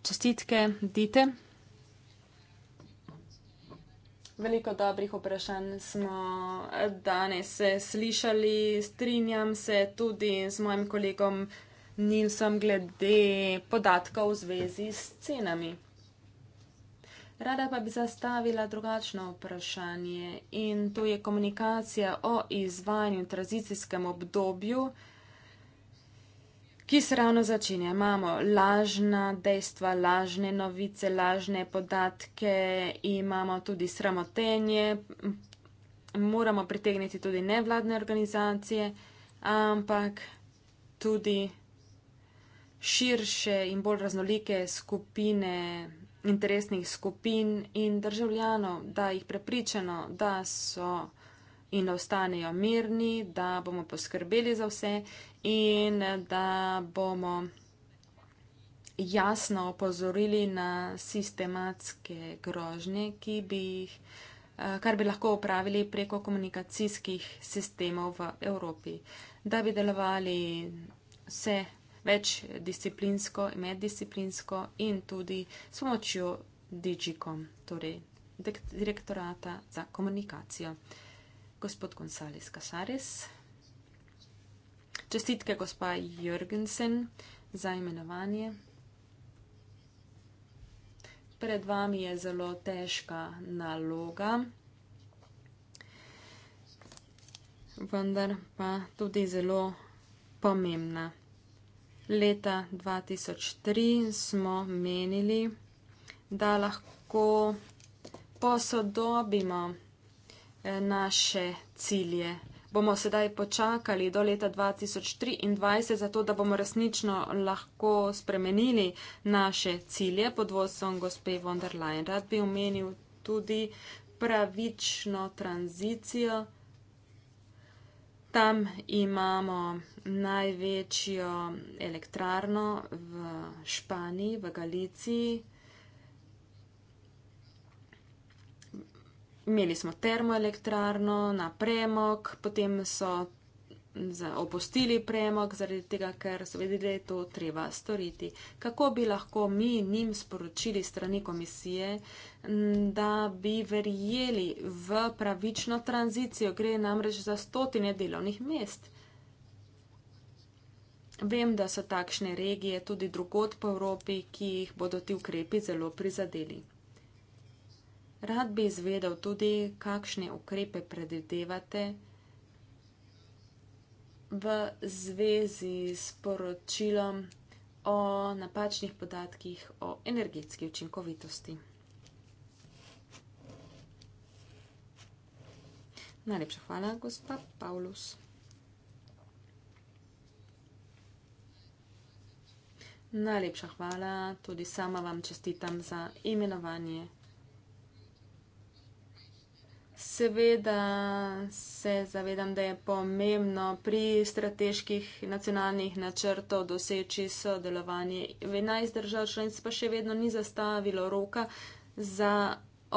Čestitke, dite. Veliko dobrih vprašanj smo danes slišali. Strinjam se tudi z mojim kolegom Nilsom glede podatkov v zvezi s cenami. Rada pa bi zastavila drugačno vprašanje in to je komunikacija o izvajanju v tranzicijskem obdobju, ki se ravno začenja. Imamo lažna dejstva, lažne novice, lažne podatke, imamo tudi sramotenje, moramo pritegniti tudi nevladne organizacije, ampak tudi širše in bolj raznolike skupine interesnih skupin in državljanov, da jih prepričano, da so in da ostanejo mirni, da bomo poskrbeli za vse in da bomo jasno opozorili na sistematske grožnje, ki bi jih, eh, kar bi lahko upravili preko komunikacijskih sistemov v Evropi, da bi delovali vse večdisciplinsko, meddisciplinsko in tudi s pomočjo Digicom, torej direktorata za komunikacijo. Gospod Gonzales Casares, čestitke gospa Jürgensen za imenovanje. Pred vami je zelo težka naloga, vendar pa tudi zelo pomembna leta 2003 smo menili, da lahko posodobimo eh, naše cilje. Bomo sedaj počakali do leta 2023, zato da bomo resnično lahko spremenili naše cilje pod vodstvom gospe von der Leyen. Rad bi omenil tudi pravično tranzicijo. Tam imamo največjo elektrarno v Španiji, v Galiciji. Imeli smo termoelektrarno na premog, potem so opustili premog, zaradi tega, ker so vedeli, da je to treba storiti. Kako bi lahko mi njim sporočili strani komisije, da bi verjeli v pravično tranzicijo? Gre namreč za stotine delovnih mest. Vem, da so takšne regije tudi drugot po Evropi, ki jih bodo ti ukrepi zelo prizadeli. Rad bi izvedel tudi, kakšne ukrepe predvidevate, v zvezi s poročilom o napačnih podatkih o energetski učinkovitosti. Najlepša hvala, gospa Paulus. Najlepša hvala, tudi sama vam čestitam za imenovanje Seveda se zavedam, da je pomembno pri strateških nacionalnih načrtov doseči sodelovanje. 11 držav članic pa še vedno ni zastavilo roka za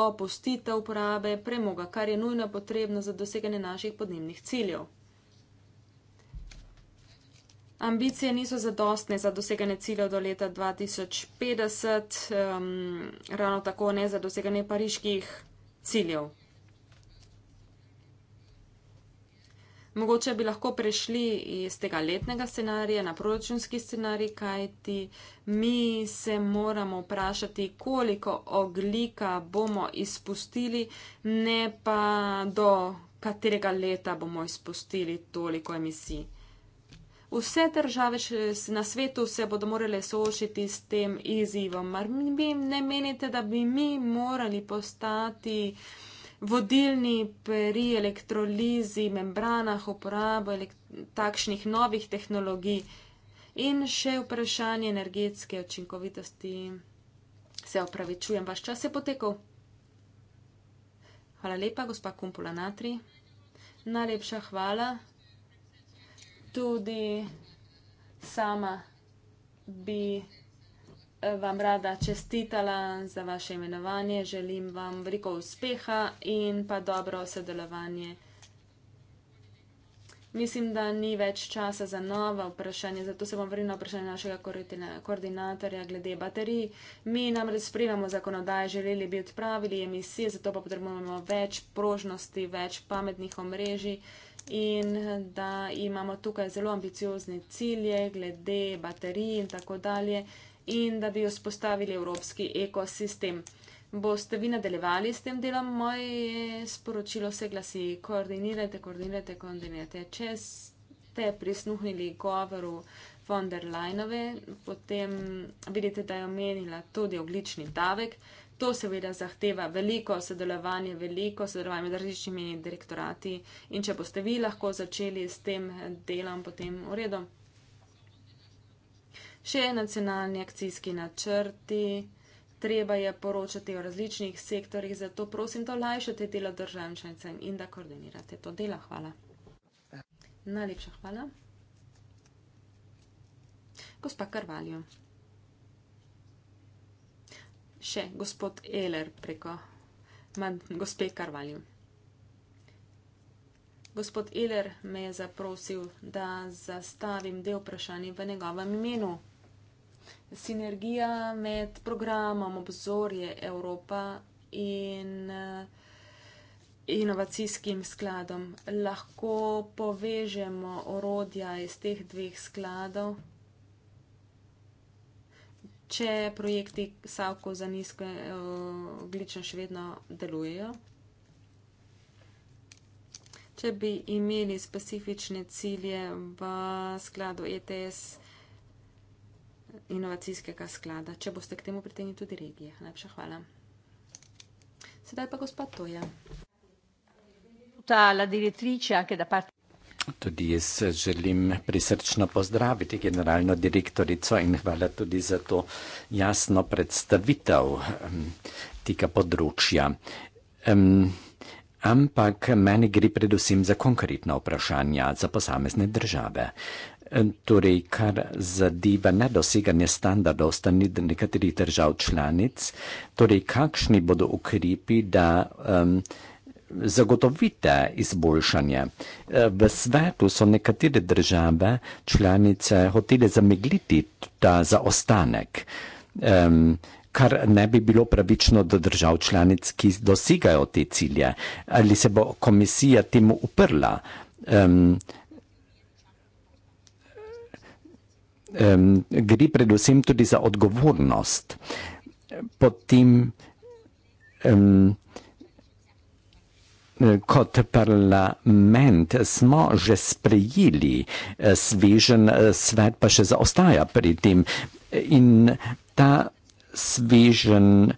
opustitev uporabe premoga, kar je nujno potrebno za doseganje naših podnebnih ciljev. Ambicije niso zadostne za doseganje ciljev do leta 2050, um, ehm, ravno tako ne za doseganje pariških ciljev. Mogoče bi lahko prešli iz tega letnega scenarija na proračunski scenarij, kajti mi se moramo vprašati, koliko oglika bomo izpustili, ne pa do katerega leta bomo izpustili toliko emisij. Vse države na svetu se bodo morale soočiti s tem izzivom. Mar mi ne menite, da bi mi morali postati vodilni pri elektrolizi, membranah, uporabo takšnih novih tehnologij in še vprašanje energetske učinkovitosti. Se opravičujem, vaš čas je potekel. Hvala lepa, gospa Kumpula Natri. Najlepša hvala. Tudi sama bi vam rada čestitala za vaše imenovanje, želim vam veliko uspeha in pa dobro sodelovanje. Mislim, da ni več časa za nova vprašanja, zato se bom vrnila na vprašanje našega koordinatorja glede baterij. Mi namreč spremljamo zakonodaje, želeli bi odpravili emisije, zato pa potrebujemo več prožnosti, več pametnih omrežij in da imamo tukaj zelo ambiciozne cilje glede baterij in tako dalje in da bi vzpostavili evropski ekosistem. Boste vi nadaljevali s tem delom? Moje sporočilo se glasi: koordinirajte, koordinirajte, koordinirajte. Če ste prisluhnili govoru von der Leinove, potem vidite, da je omenila tudi oglični davek. To seveda zahteva veliko sodelovanja, veliko sodelovanja med različnimi direktorati in če boste vi lahko začeli s tem delom, potem uredom še nacionalni akcijski načrti, treba je poročati o različnih sektorjih, zato prosim, da olajšate delo državam članicam in da koordinirate to delo. Hvala. Najlepša hvala. Gospa Karvaljo. Še gospod Eler preko gospe Karvaljo. Gospod Eler me je zaprosil, da zastavim del vprašanja v njegovem imenu sinergija med programom Obzorje Evropa in eh, inovacijskim skladom. Lahko povežemo orodja iz teh dveh skladov, če projekti Savko za nizko eh, oglično še vedno delujejo. Če bi imeli specifične cilje v skladu ETS, inovacijskega sklada, če boste k temu pritegnili tudi regije. Najlepša hvala. Sedaj pa gospod Toja.
Tudi jaz želim prisrčno pozdraviti generalno direktorico in hvala tudi za to jasno predstavitev tega področja. Um, ampak meni gre predvsem za konkretna vprašanja za posamezne države. Uh, Torej, kar zadeva nedoseganje standardov strani nekaterih držav članic, torej, kakšni bodo ukrepi, da um, zagotovite izboljšanje. E, v svetu so nekatere države članice hotele zamegliti ta zaostanek, um, kar ne bi bilo pravično do držav članic, ki dosegajo te cilje. Ali se bo komisija temu uprla? Um, um, gre predvsem tudi za odgovornost. Potem, um, kot parlament, smo že sprejeli eh, svežen eh, svet, pa še zaostaja pri tem. In ta svežen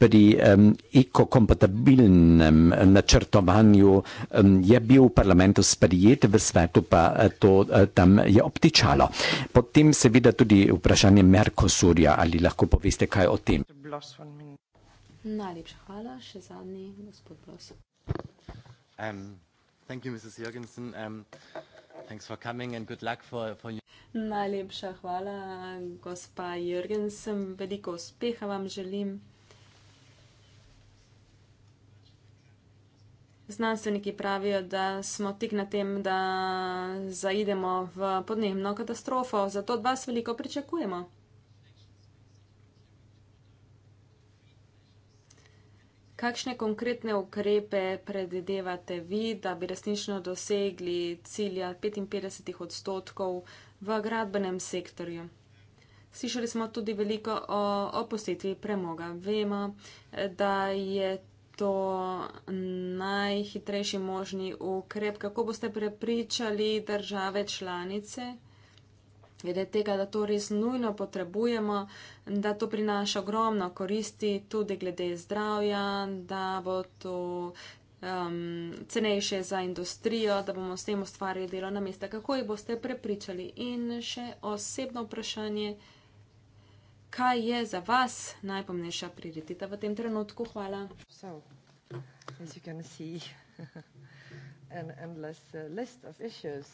pri um, ekokompatibilnem načrtovanju um, je bil v parlamentu sprijet, v svetu pa eh, to uh, tam je optičalo. Potem seveda tudi vprašanje Merkosurja, ali lahko poveste kaj o tem.
Najlepša hvala, še zadnji gospod Blos.
Um, thank you, Mrs. Jorgensen. Um, thanks for coming and good luck for, for you.
Najlepša hvala, gospa Jürgensen, veliko uspeha vam želim. Znanstveniki pravijo, da smo tik na tem, da zaidemo v podnebno katastrofo, zato od vas veliko pričakujemo. kakšne konkretne ukrepe predvidevate vi, da bi resnično dosegli cilja 55 odstotkov v gradbenem sektorju? Slišali smo tudi veliko o opustitvi premoga. Vemo, da je to najhitrejši možni ukrep. Kako boste prepričali države članice? glede tega, da to res nujno potrebujemo, da to prinaša ogromno koristi tudi glede zdravja, da bo to um, cenejše za industrijo, da bomo s tem ustvarili delovna mesta. Kako jih boste prepričali? In še osebno vprašanje. Kaj je za vas najpomembnejša prioriteta v tem trenutku? Hvala. So,
see, an uh,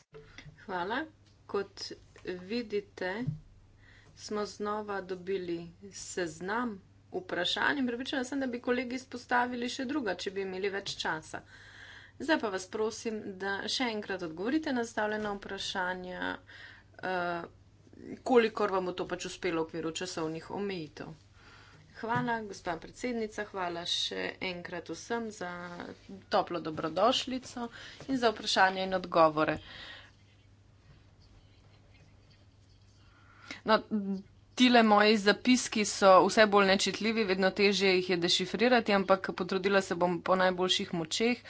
Hvala. Kot vidite, smo znova dobili seznam vprašanj in pripričana sem, da bi kolegi izpostavili še druga, če bi imeli več časa. Zdaj pa vas prosim, da še enkrat odgovorite na zastavljena vprašanja, eh, kolikor vam bo to pač uspelo v okviru časovnih omejitev. Hvala, gospa predsednica, hvala še enkrat vsem za toplo dobrodošljico in za vprašanje in odgovore. No, tile moji zapiski so vse bolj nečitljivi, vedno težje jih je dešifrirati, ampak potrudila se bom po najboljših močeh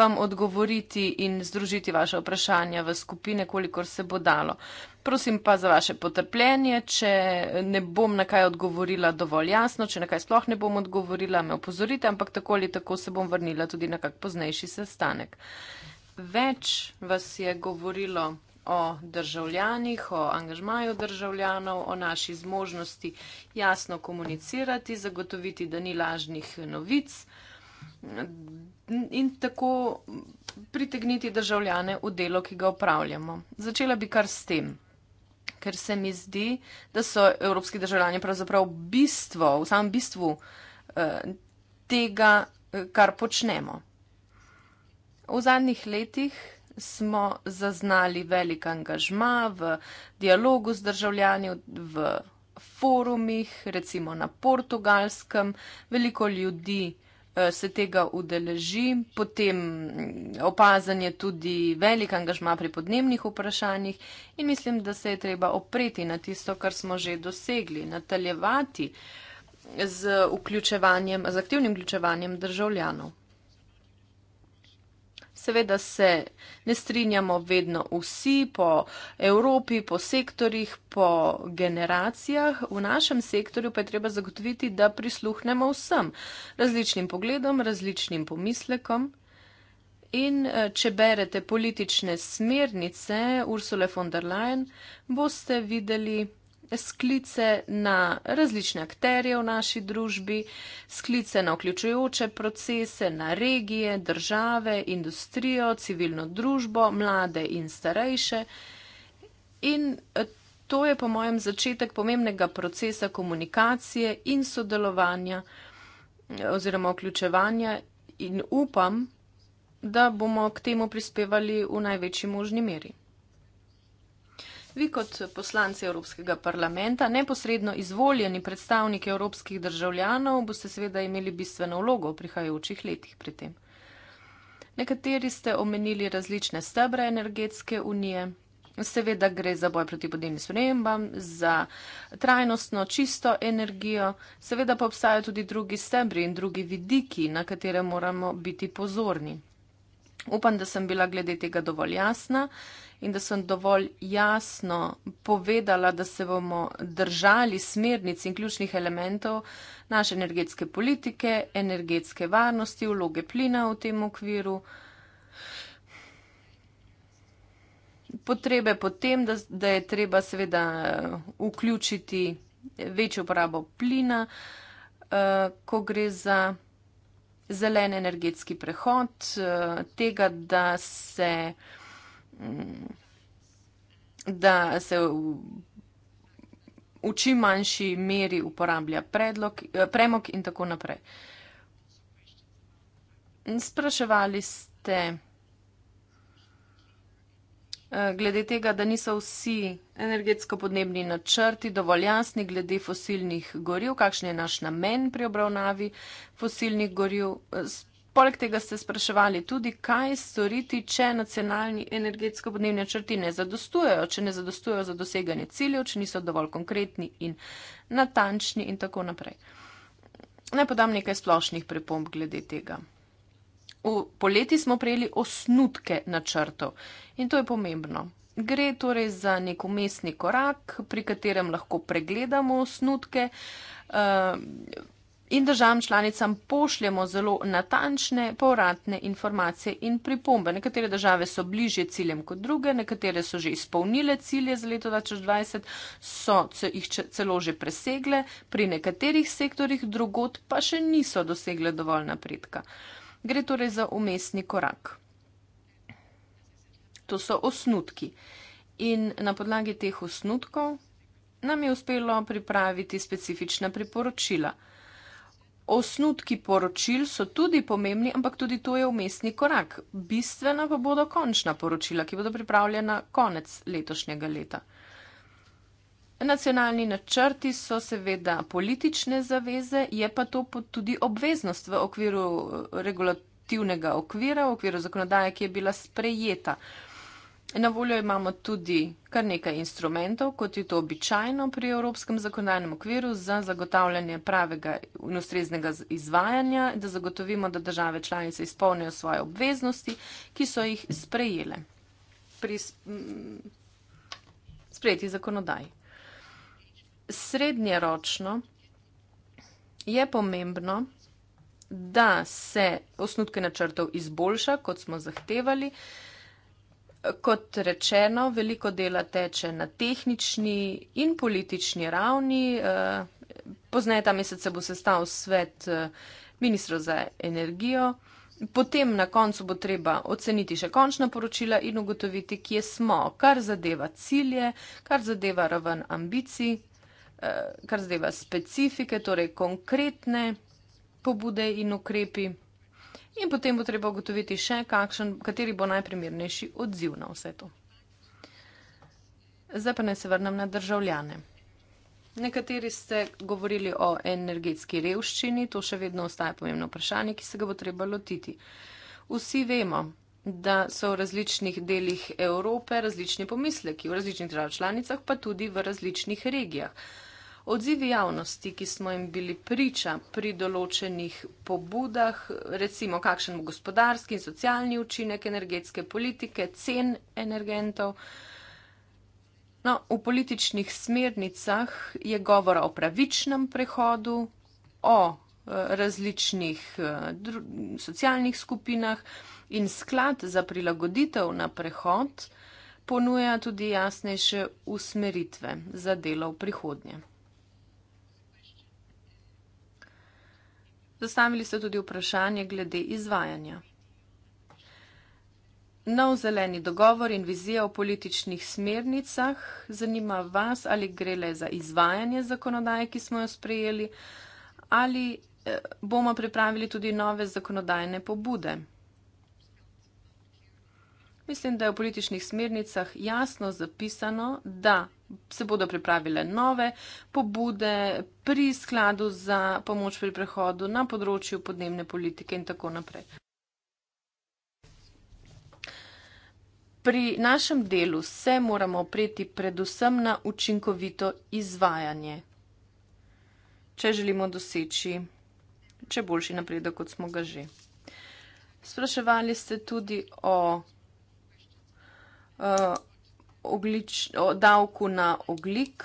vam odgovoriti in združiti vaše vprašanja v skupine, kolikor se bo dalo. Prosim pa za vaše potrpljenje, če ne bom na kaj odgovorila dovolj jasno, če na kaj sploh ne bom odgovorila, me opozorite, ampak tako ali tako se bom vrnila tudi na kak poznejši sestanek. Več vas je govorilo o državljanih, o angažmaju državljanov, o naši zmožnosti jasno komunicirati, zagotoviti, da ni lažnih novic in tako pritegniti državljane v delo, ki ga upravljamo. Začela bi kar s tem. Ker se mi zdi, da so evropski državljani pravzaprav bistvo, v samem bistvu eh, tega, eh, kar počnemo. V zadnjih letih smo zaznali velik angažma v dialogu z državljani, v forumih, recimo na portugalskem. Veliko ljudi eh, se tega udeleži, potem mm, opazan je tudi velik angažma pri podnebnih vprašanjih in mislim, da se je treba opreti na tisto, kar smo že dosegli, nadaljevati z, z aktivnim vključevanjem državljanov. Seveda se ne strinjamo vedno vsi po Evropi, po sektorjih, po generacijah. V našem sektorju pa je treba zagotoviti, da prisluhnemo vsem različnim pogledom, različnim pomislekom. In eh, če berete politične smernice Ursule von der Leyen, boste videli sklice na različne akterje v naši družbi, sklice na vključujoče procese, na regije, države, industrijo, civilno družbo, mlade in starejše. In eh, to je po mojem začetek pomembnega procesa komunikacije in sodelovanja eh, oziroma vključevanja in upam, da bomo k temu prispevali v največji možni meri. Vi kot poslanci Evropskega parlamenta, neposredno izvoljeni predstavniki evropskih državljanov, boste seveda imeli bistveno vlogo v prihajajočih letih pri tem. Nekateri ste omenili različne stebre energetske unije. Seveda gre za boj proti podnebnim spremembam, za trajnostno, čisto energijo, seveda pa obstajajo tudi drugi stebri in drugi vidiki, na katere moramo biti pozorni. Upam, da sem bila glede tega dovolj jasna in da sem dovolj jasno povedala, da se bomo držali smernic in ključnih elementov naše energetske politike, energetske varnosti, vloge plina v tem okviru. Potrebe potem, da, da je treba seveda eh, vključiti večjo uporabo plina, eh, ko gre za zelen energetski prehod, eh, tega, da se da se v, v čim manjši meri uporablja predlog, eh, premog in tako naprej. Spraševali ste eh, glede tega, da niso vsi energetsko-podnebni načrti dovolj jasni glede fosilnih goriv, kakšen je naš namen pri obravnavi fosilnih goriv. Eh, Poleg tega ste spraševali tudi, kaj storiti, če nacionalni energetsko-podnebni črti ne zadostujejo, če ne zadostujejo za doseganje ciljev, če niso dovolj konkretni in natančni in tako naprej. Naj podam nekaj splošnih pripomb glede tega. V poleti smo prejeli osnutke načrtov in to je pomembno. Gre torej za nek umestni korak, pri katerem lahko pregledamo osnutke. Uh, in državam članicam pošljemo zelo natančne povratne informacije in pripombe. Nekatere države so bliže ciljem kot druge, nekatere so že izpolnile cilje za leto 2020, so jih celo že presegle, pri nekaterih sektorjih drugot pa še niso dosegle dovolj napredka. Gre torej za umestni korak. To so osnutki. In na podlagi teh osnutkov nam je uspelo pripraviti specifična priporočila osnutki poročil so tudi pomembni, ampak tudi to je umestni korak. Bistvena pa bodo končna poročila, ki bodo pripravljena konec letošnjega leta. Nacionalni načrti so seveda politične zaveze, je pa to tudi obveznost v okviru eh, regulativnega okvira, v okviru zakonodaje, ki je bila sprejeta. Na voljo imamo tudi kar nekaj instrumentov, kot je to običajno pri Evropskem zakonodajnem okviru za zagotavljanje pravega in ustreznega izvajanja, da zagotovimo, da države članice izpolnijo svoje obveznosti, ki so jih sprejele pri sprejeti zakonodaji. Srednjeročno je pomembno, da se osnutke načrtov izboljša, kot smo zahtevali. Kot rečeno, veliko dela teče na tehnični in politični ravni. Eh, Poznaje ta mesec se bo sestal svet eh, ministra za energijo. Potem na koncu bo treba oceniti še končna poročila in ugotoviti, kje smo, kar zadeva cilje, kar zadeva raven ambicij, eh, kar zadeva specifike, torej konkretne pobude in ukrepi in potem bo treba ugotoviti še, kakšen, kateri bo najprimernejši odziv na vse to. Zdaj pa naj se vrnem na državljane. Nekateri ste govorili o energetski revščini, to še vedno ostaje pomembno vprašanje, ki se ga bo treba lotiti. Vsi vemo, da so v različnih delih Evrope različni pomisleki, v različnih državah članicah, pa tudi v različnih regijah odzivi javnosti, ki smo jim bili priča pri določenih pobudah, recimo kakšen gospodarski in socialni učinek energetske politike, cen energentov. No, v političnih smernicah je govora o pravičnem prehodu, o eh, različnih eh, socialnih skupinah in sklad za prilagoditev na prehod ponuja tudi jasnejše usmeritve za delo v prihodnje. Zastavili ste tudi vprašanje glede izvajanja. Nov zeleni dogovor in vizija o političnih smernicah zanima vas, ali gre le za izvajanje zakonodaje, ki smo jo sprejeli, ali eh, bomo pripravili tudi nove zakonodajne pobude. Mislim, da je v političnih smernicah jasno zapisano, da se bodo pripravile nove pobude pri skladu za pomoč pri prehodu na področju podnebne politike in tako naprej. Pri našem delu se moramo opreti predvsem na učinkovito izvajanje, če želimo doseči če boljši napredek, kot smo ga že. Spraševali ste tudi o, eh, oglič, o davku na oglik.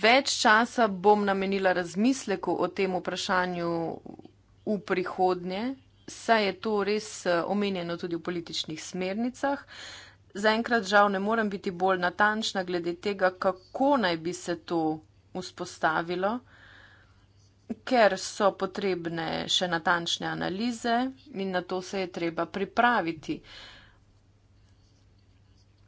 Več časa bom namenila razmisleku o tem vprašanju v prihodnje, saj je to res eh, omenjeno tudi v političnih smernicah. Zaenkrat žal ne morem biti bolj natančna glede tega, kako naj bi se to vzpostavilo ker so potrebne še natančne analize in na to se je treba pripraviti.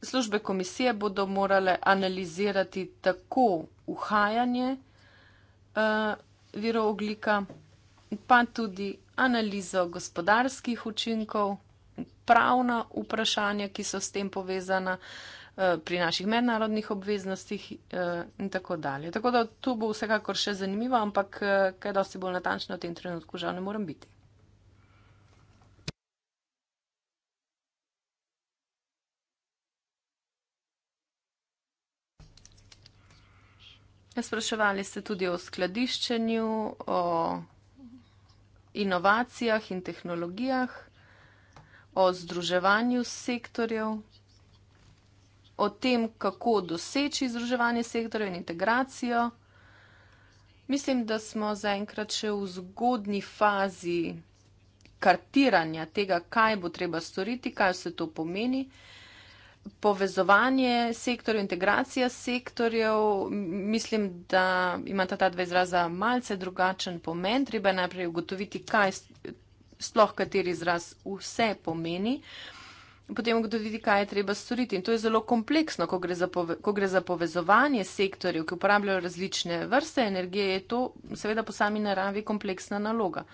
Službe komisije bodo morale analizirati tako uhajanje uh, eh, viroglika, pa tudi analizo gospodarskih učinkov, pravna vprašanja, ki so s tem povezana. Uh, Eh, pri naših mednarodnih obveznostih eh, in tako dalje. Tako da tu bo vsekakor še zanimivo, ampak eh, kaj dosti bolj natančno v tem trenutku žal ne morem biti. Ja, spraševali ste tudi o skladiščenju, o inovacijah in tehnologijah, o združevanju sektorjev o tem, kako doseči združevanje sektorjev in integracijo. Mislim, da smo zaenkrat še v zgodni fazi kartiranja tega, kaj bo treba storiti, kaj vse to pomeni. Povezovanje sektorjev, integracija sektorjev, mislim, da imata ta dva izraza malce drugačen pomen. Treba najprej ugotoviti, kaj sploh kateri izraz vse pomeni. Um, potem ugotoviti, kaj je treba storiti. In to je zelo kompleksno, ko gre za, pove, ko gre za povezovanje sektorjev, ki uporabljajo različne vrste energije, je to seveda po sami naravi kompleksna naloga.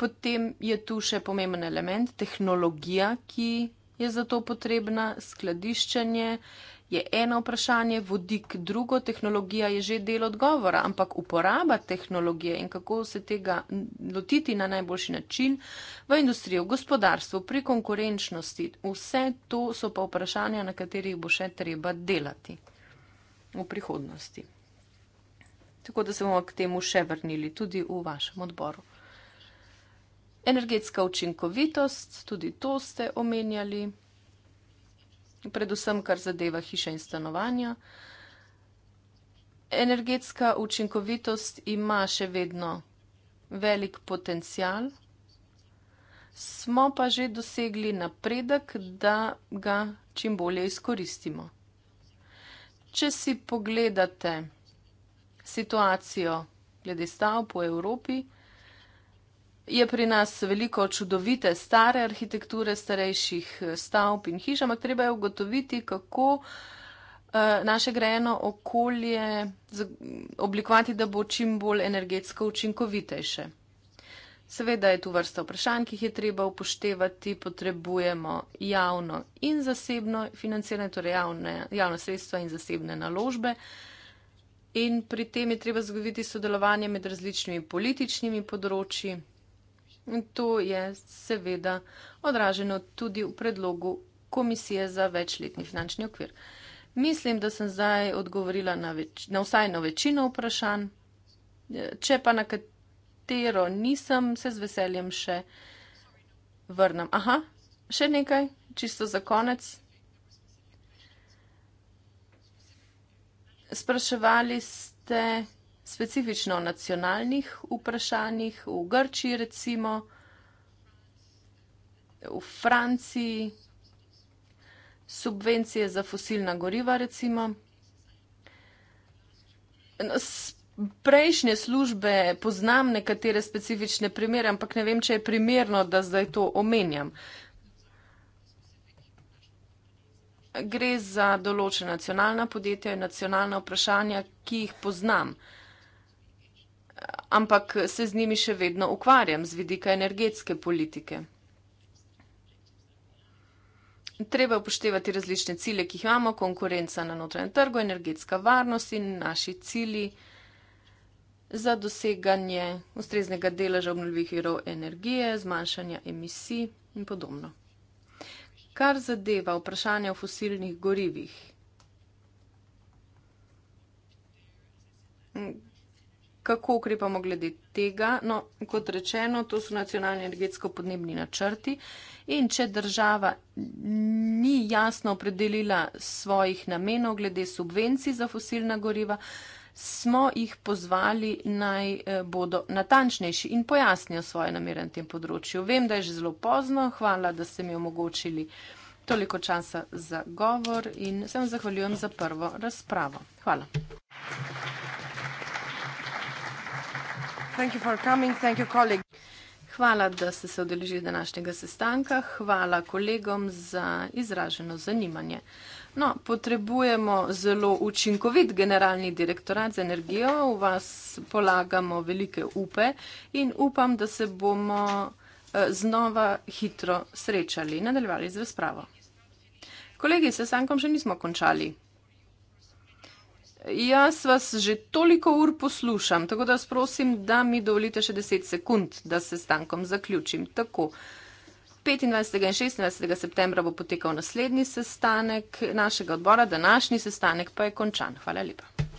Potem je tu še pomemben element, tehnologija, ki je za to potrebna, skladiščenje je eno vprašanje, vodik drugo, tehnologija je že del odgovora, ampak uporaba tehnologije in kako se tega lotiti na najboljši način v industriji, v gospodarstvu, pri konkurenčnosti, vse to so pa vprašanja, na katerih bo še treba delati v prihodnosti. Tako da se bomo k temu še vrnili tudi v vašem odboru. Energetska učinkovitost, tudi to ste omenjali predvsem kar zadeva hiše in stanovanja. Energetska učinkovitost ima še vedno velik potencial, smo pa že dosegli napredek, da ga čim bolje izkoristimo. Če si pogledate situacijo glede stavb v Evropi, je pri nas veliko čudovite stare arhitekture, starejših eh, stavb in hiš, ampak treba je ugotoviti, kako eh, naše grejeno okolje oblikovati, da bo čim bolj energetsko učinkovitejše. Seveda je tu vrsta vprašanj, ki jih je treba upoštevati, potrebujemo javno in zasebno financiranje, torej javne, javne sredstva in zasebne naložbe. In pri tem je treba zagoviti sodelovanje med različnimi političnimi področji, In to je seveda odraženo tudi v predlogu komisije za večletni finančni okvir. Mislim, da sem zdaj odgovorila na, več, na vsaj na večino vprašanj. Če pa na katero nisem, se z veseljem še vrnem. Aha, še nekaj, čisto za konec. Spraševali ste, specifično o nacionalnih vprašanjih, v Grčiji recimo, v Franciji, subvencije za fosilna goriva recimo. No, prejšnje službe poznam nekatere specifične primere, ampak ne vem, če je primerno, da zdaj to omenjam. Gre za določena nacionalna podjetja in nacionalna vprašanja, ki jih poznam ampak se z njimi še vedno ukvarjam z vidika energetske politike. Treba upoštevati različne cilje, ki jih imamo, konkurenca na notranjem trgu, energetska varnost in naši cilji za doseganje ustreznega deleža obnovljivih virov energije, zmanjšanja emisij in podobno. Kar zadeva vprašanje o fosilnih gorivih. Kako ukrepamo glede tega? No, kot rečeno, to so nacionalni energetsko-podnebni načrti in če država ni jasno opredelila svojih namenov glede subvencij za fosilna goriva, smo jih pozvali naj eh, bodo natančnejši in pojasnijo svoje namere na tem področju. Vem, da je že zelo pozno, hvala, da ste mi omogočili toliko časa za govor in se vam zahvaljujem za prvo razpravo. Hvala. Hvala, da ste se odeležili današnjega sestanka. Hvala kolegom za izraženo zanimanje. No, potrebujemo zelo učinkovit generalni direktorat za energijo. V vas polagamo velike upe in upam, da se bomo eh, znova hitro srečali in nadaljevali z razpravo. Kolegi, sestankom še nismo končali. Jaz vas že toliko ur poslušam, tako da vas prosim, da mi dovolite še 10 sekund, da se stankom zaključim. Tako. 25. in 26. septembra bo potekal naslednji sestanek našega odbora, današnji sestanek pa je končan. Hvala lepa.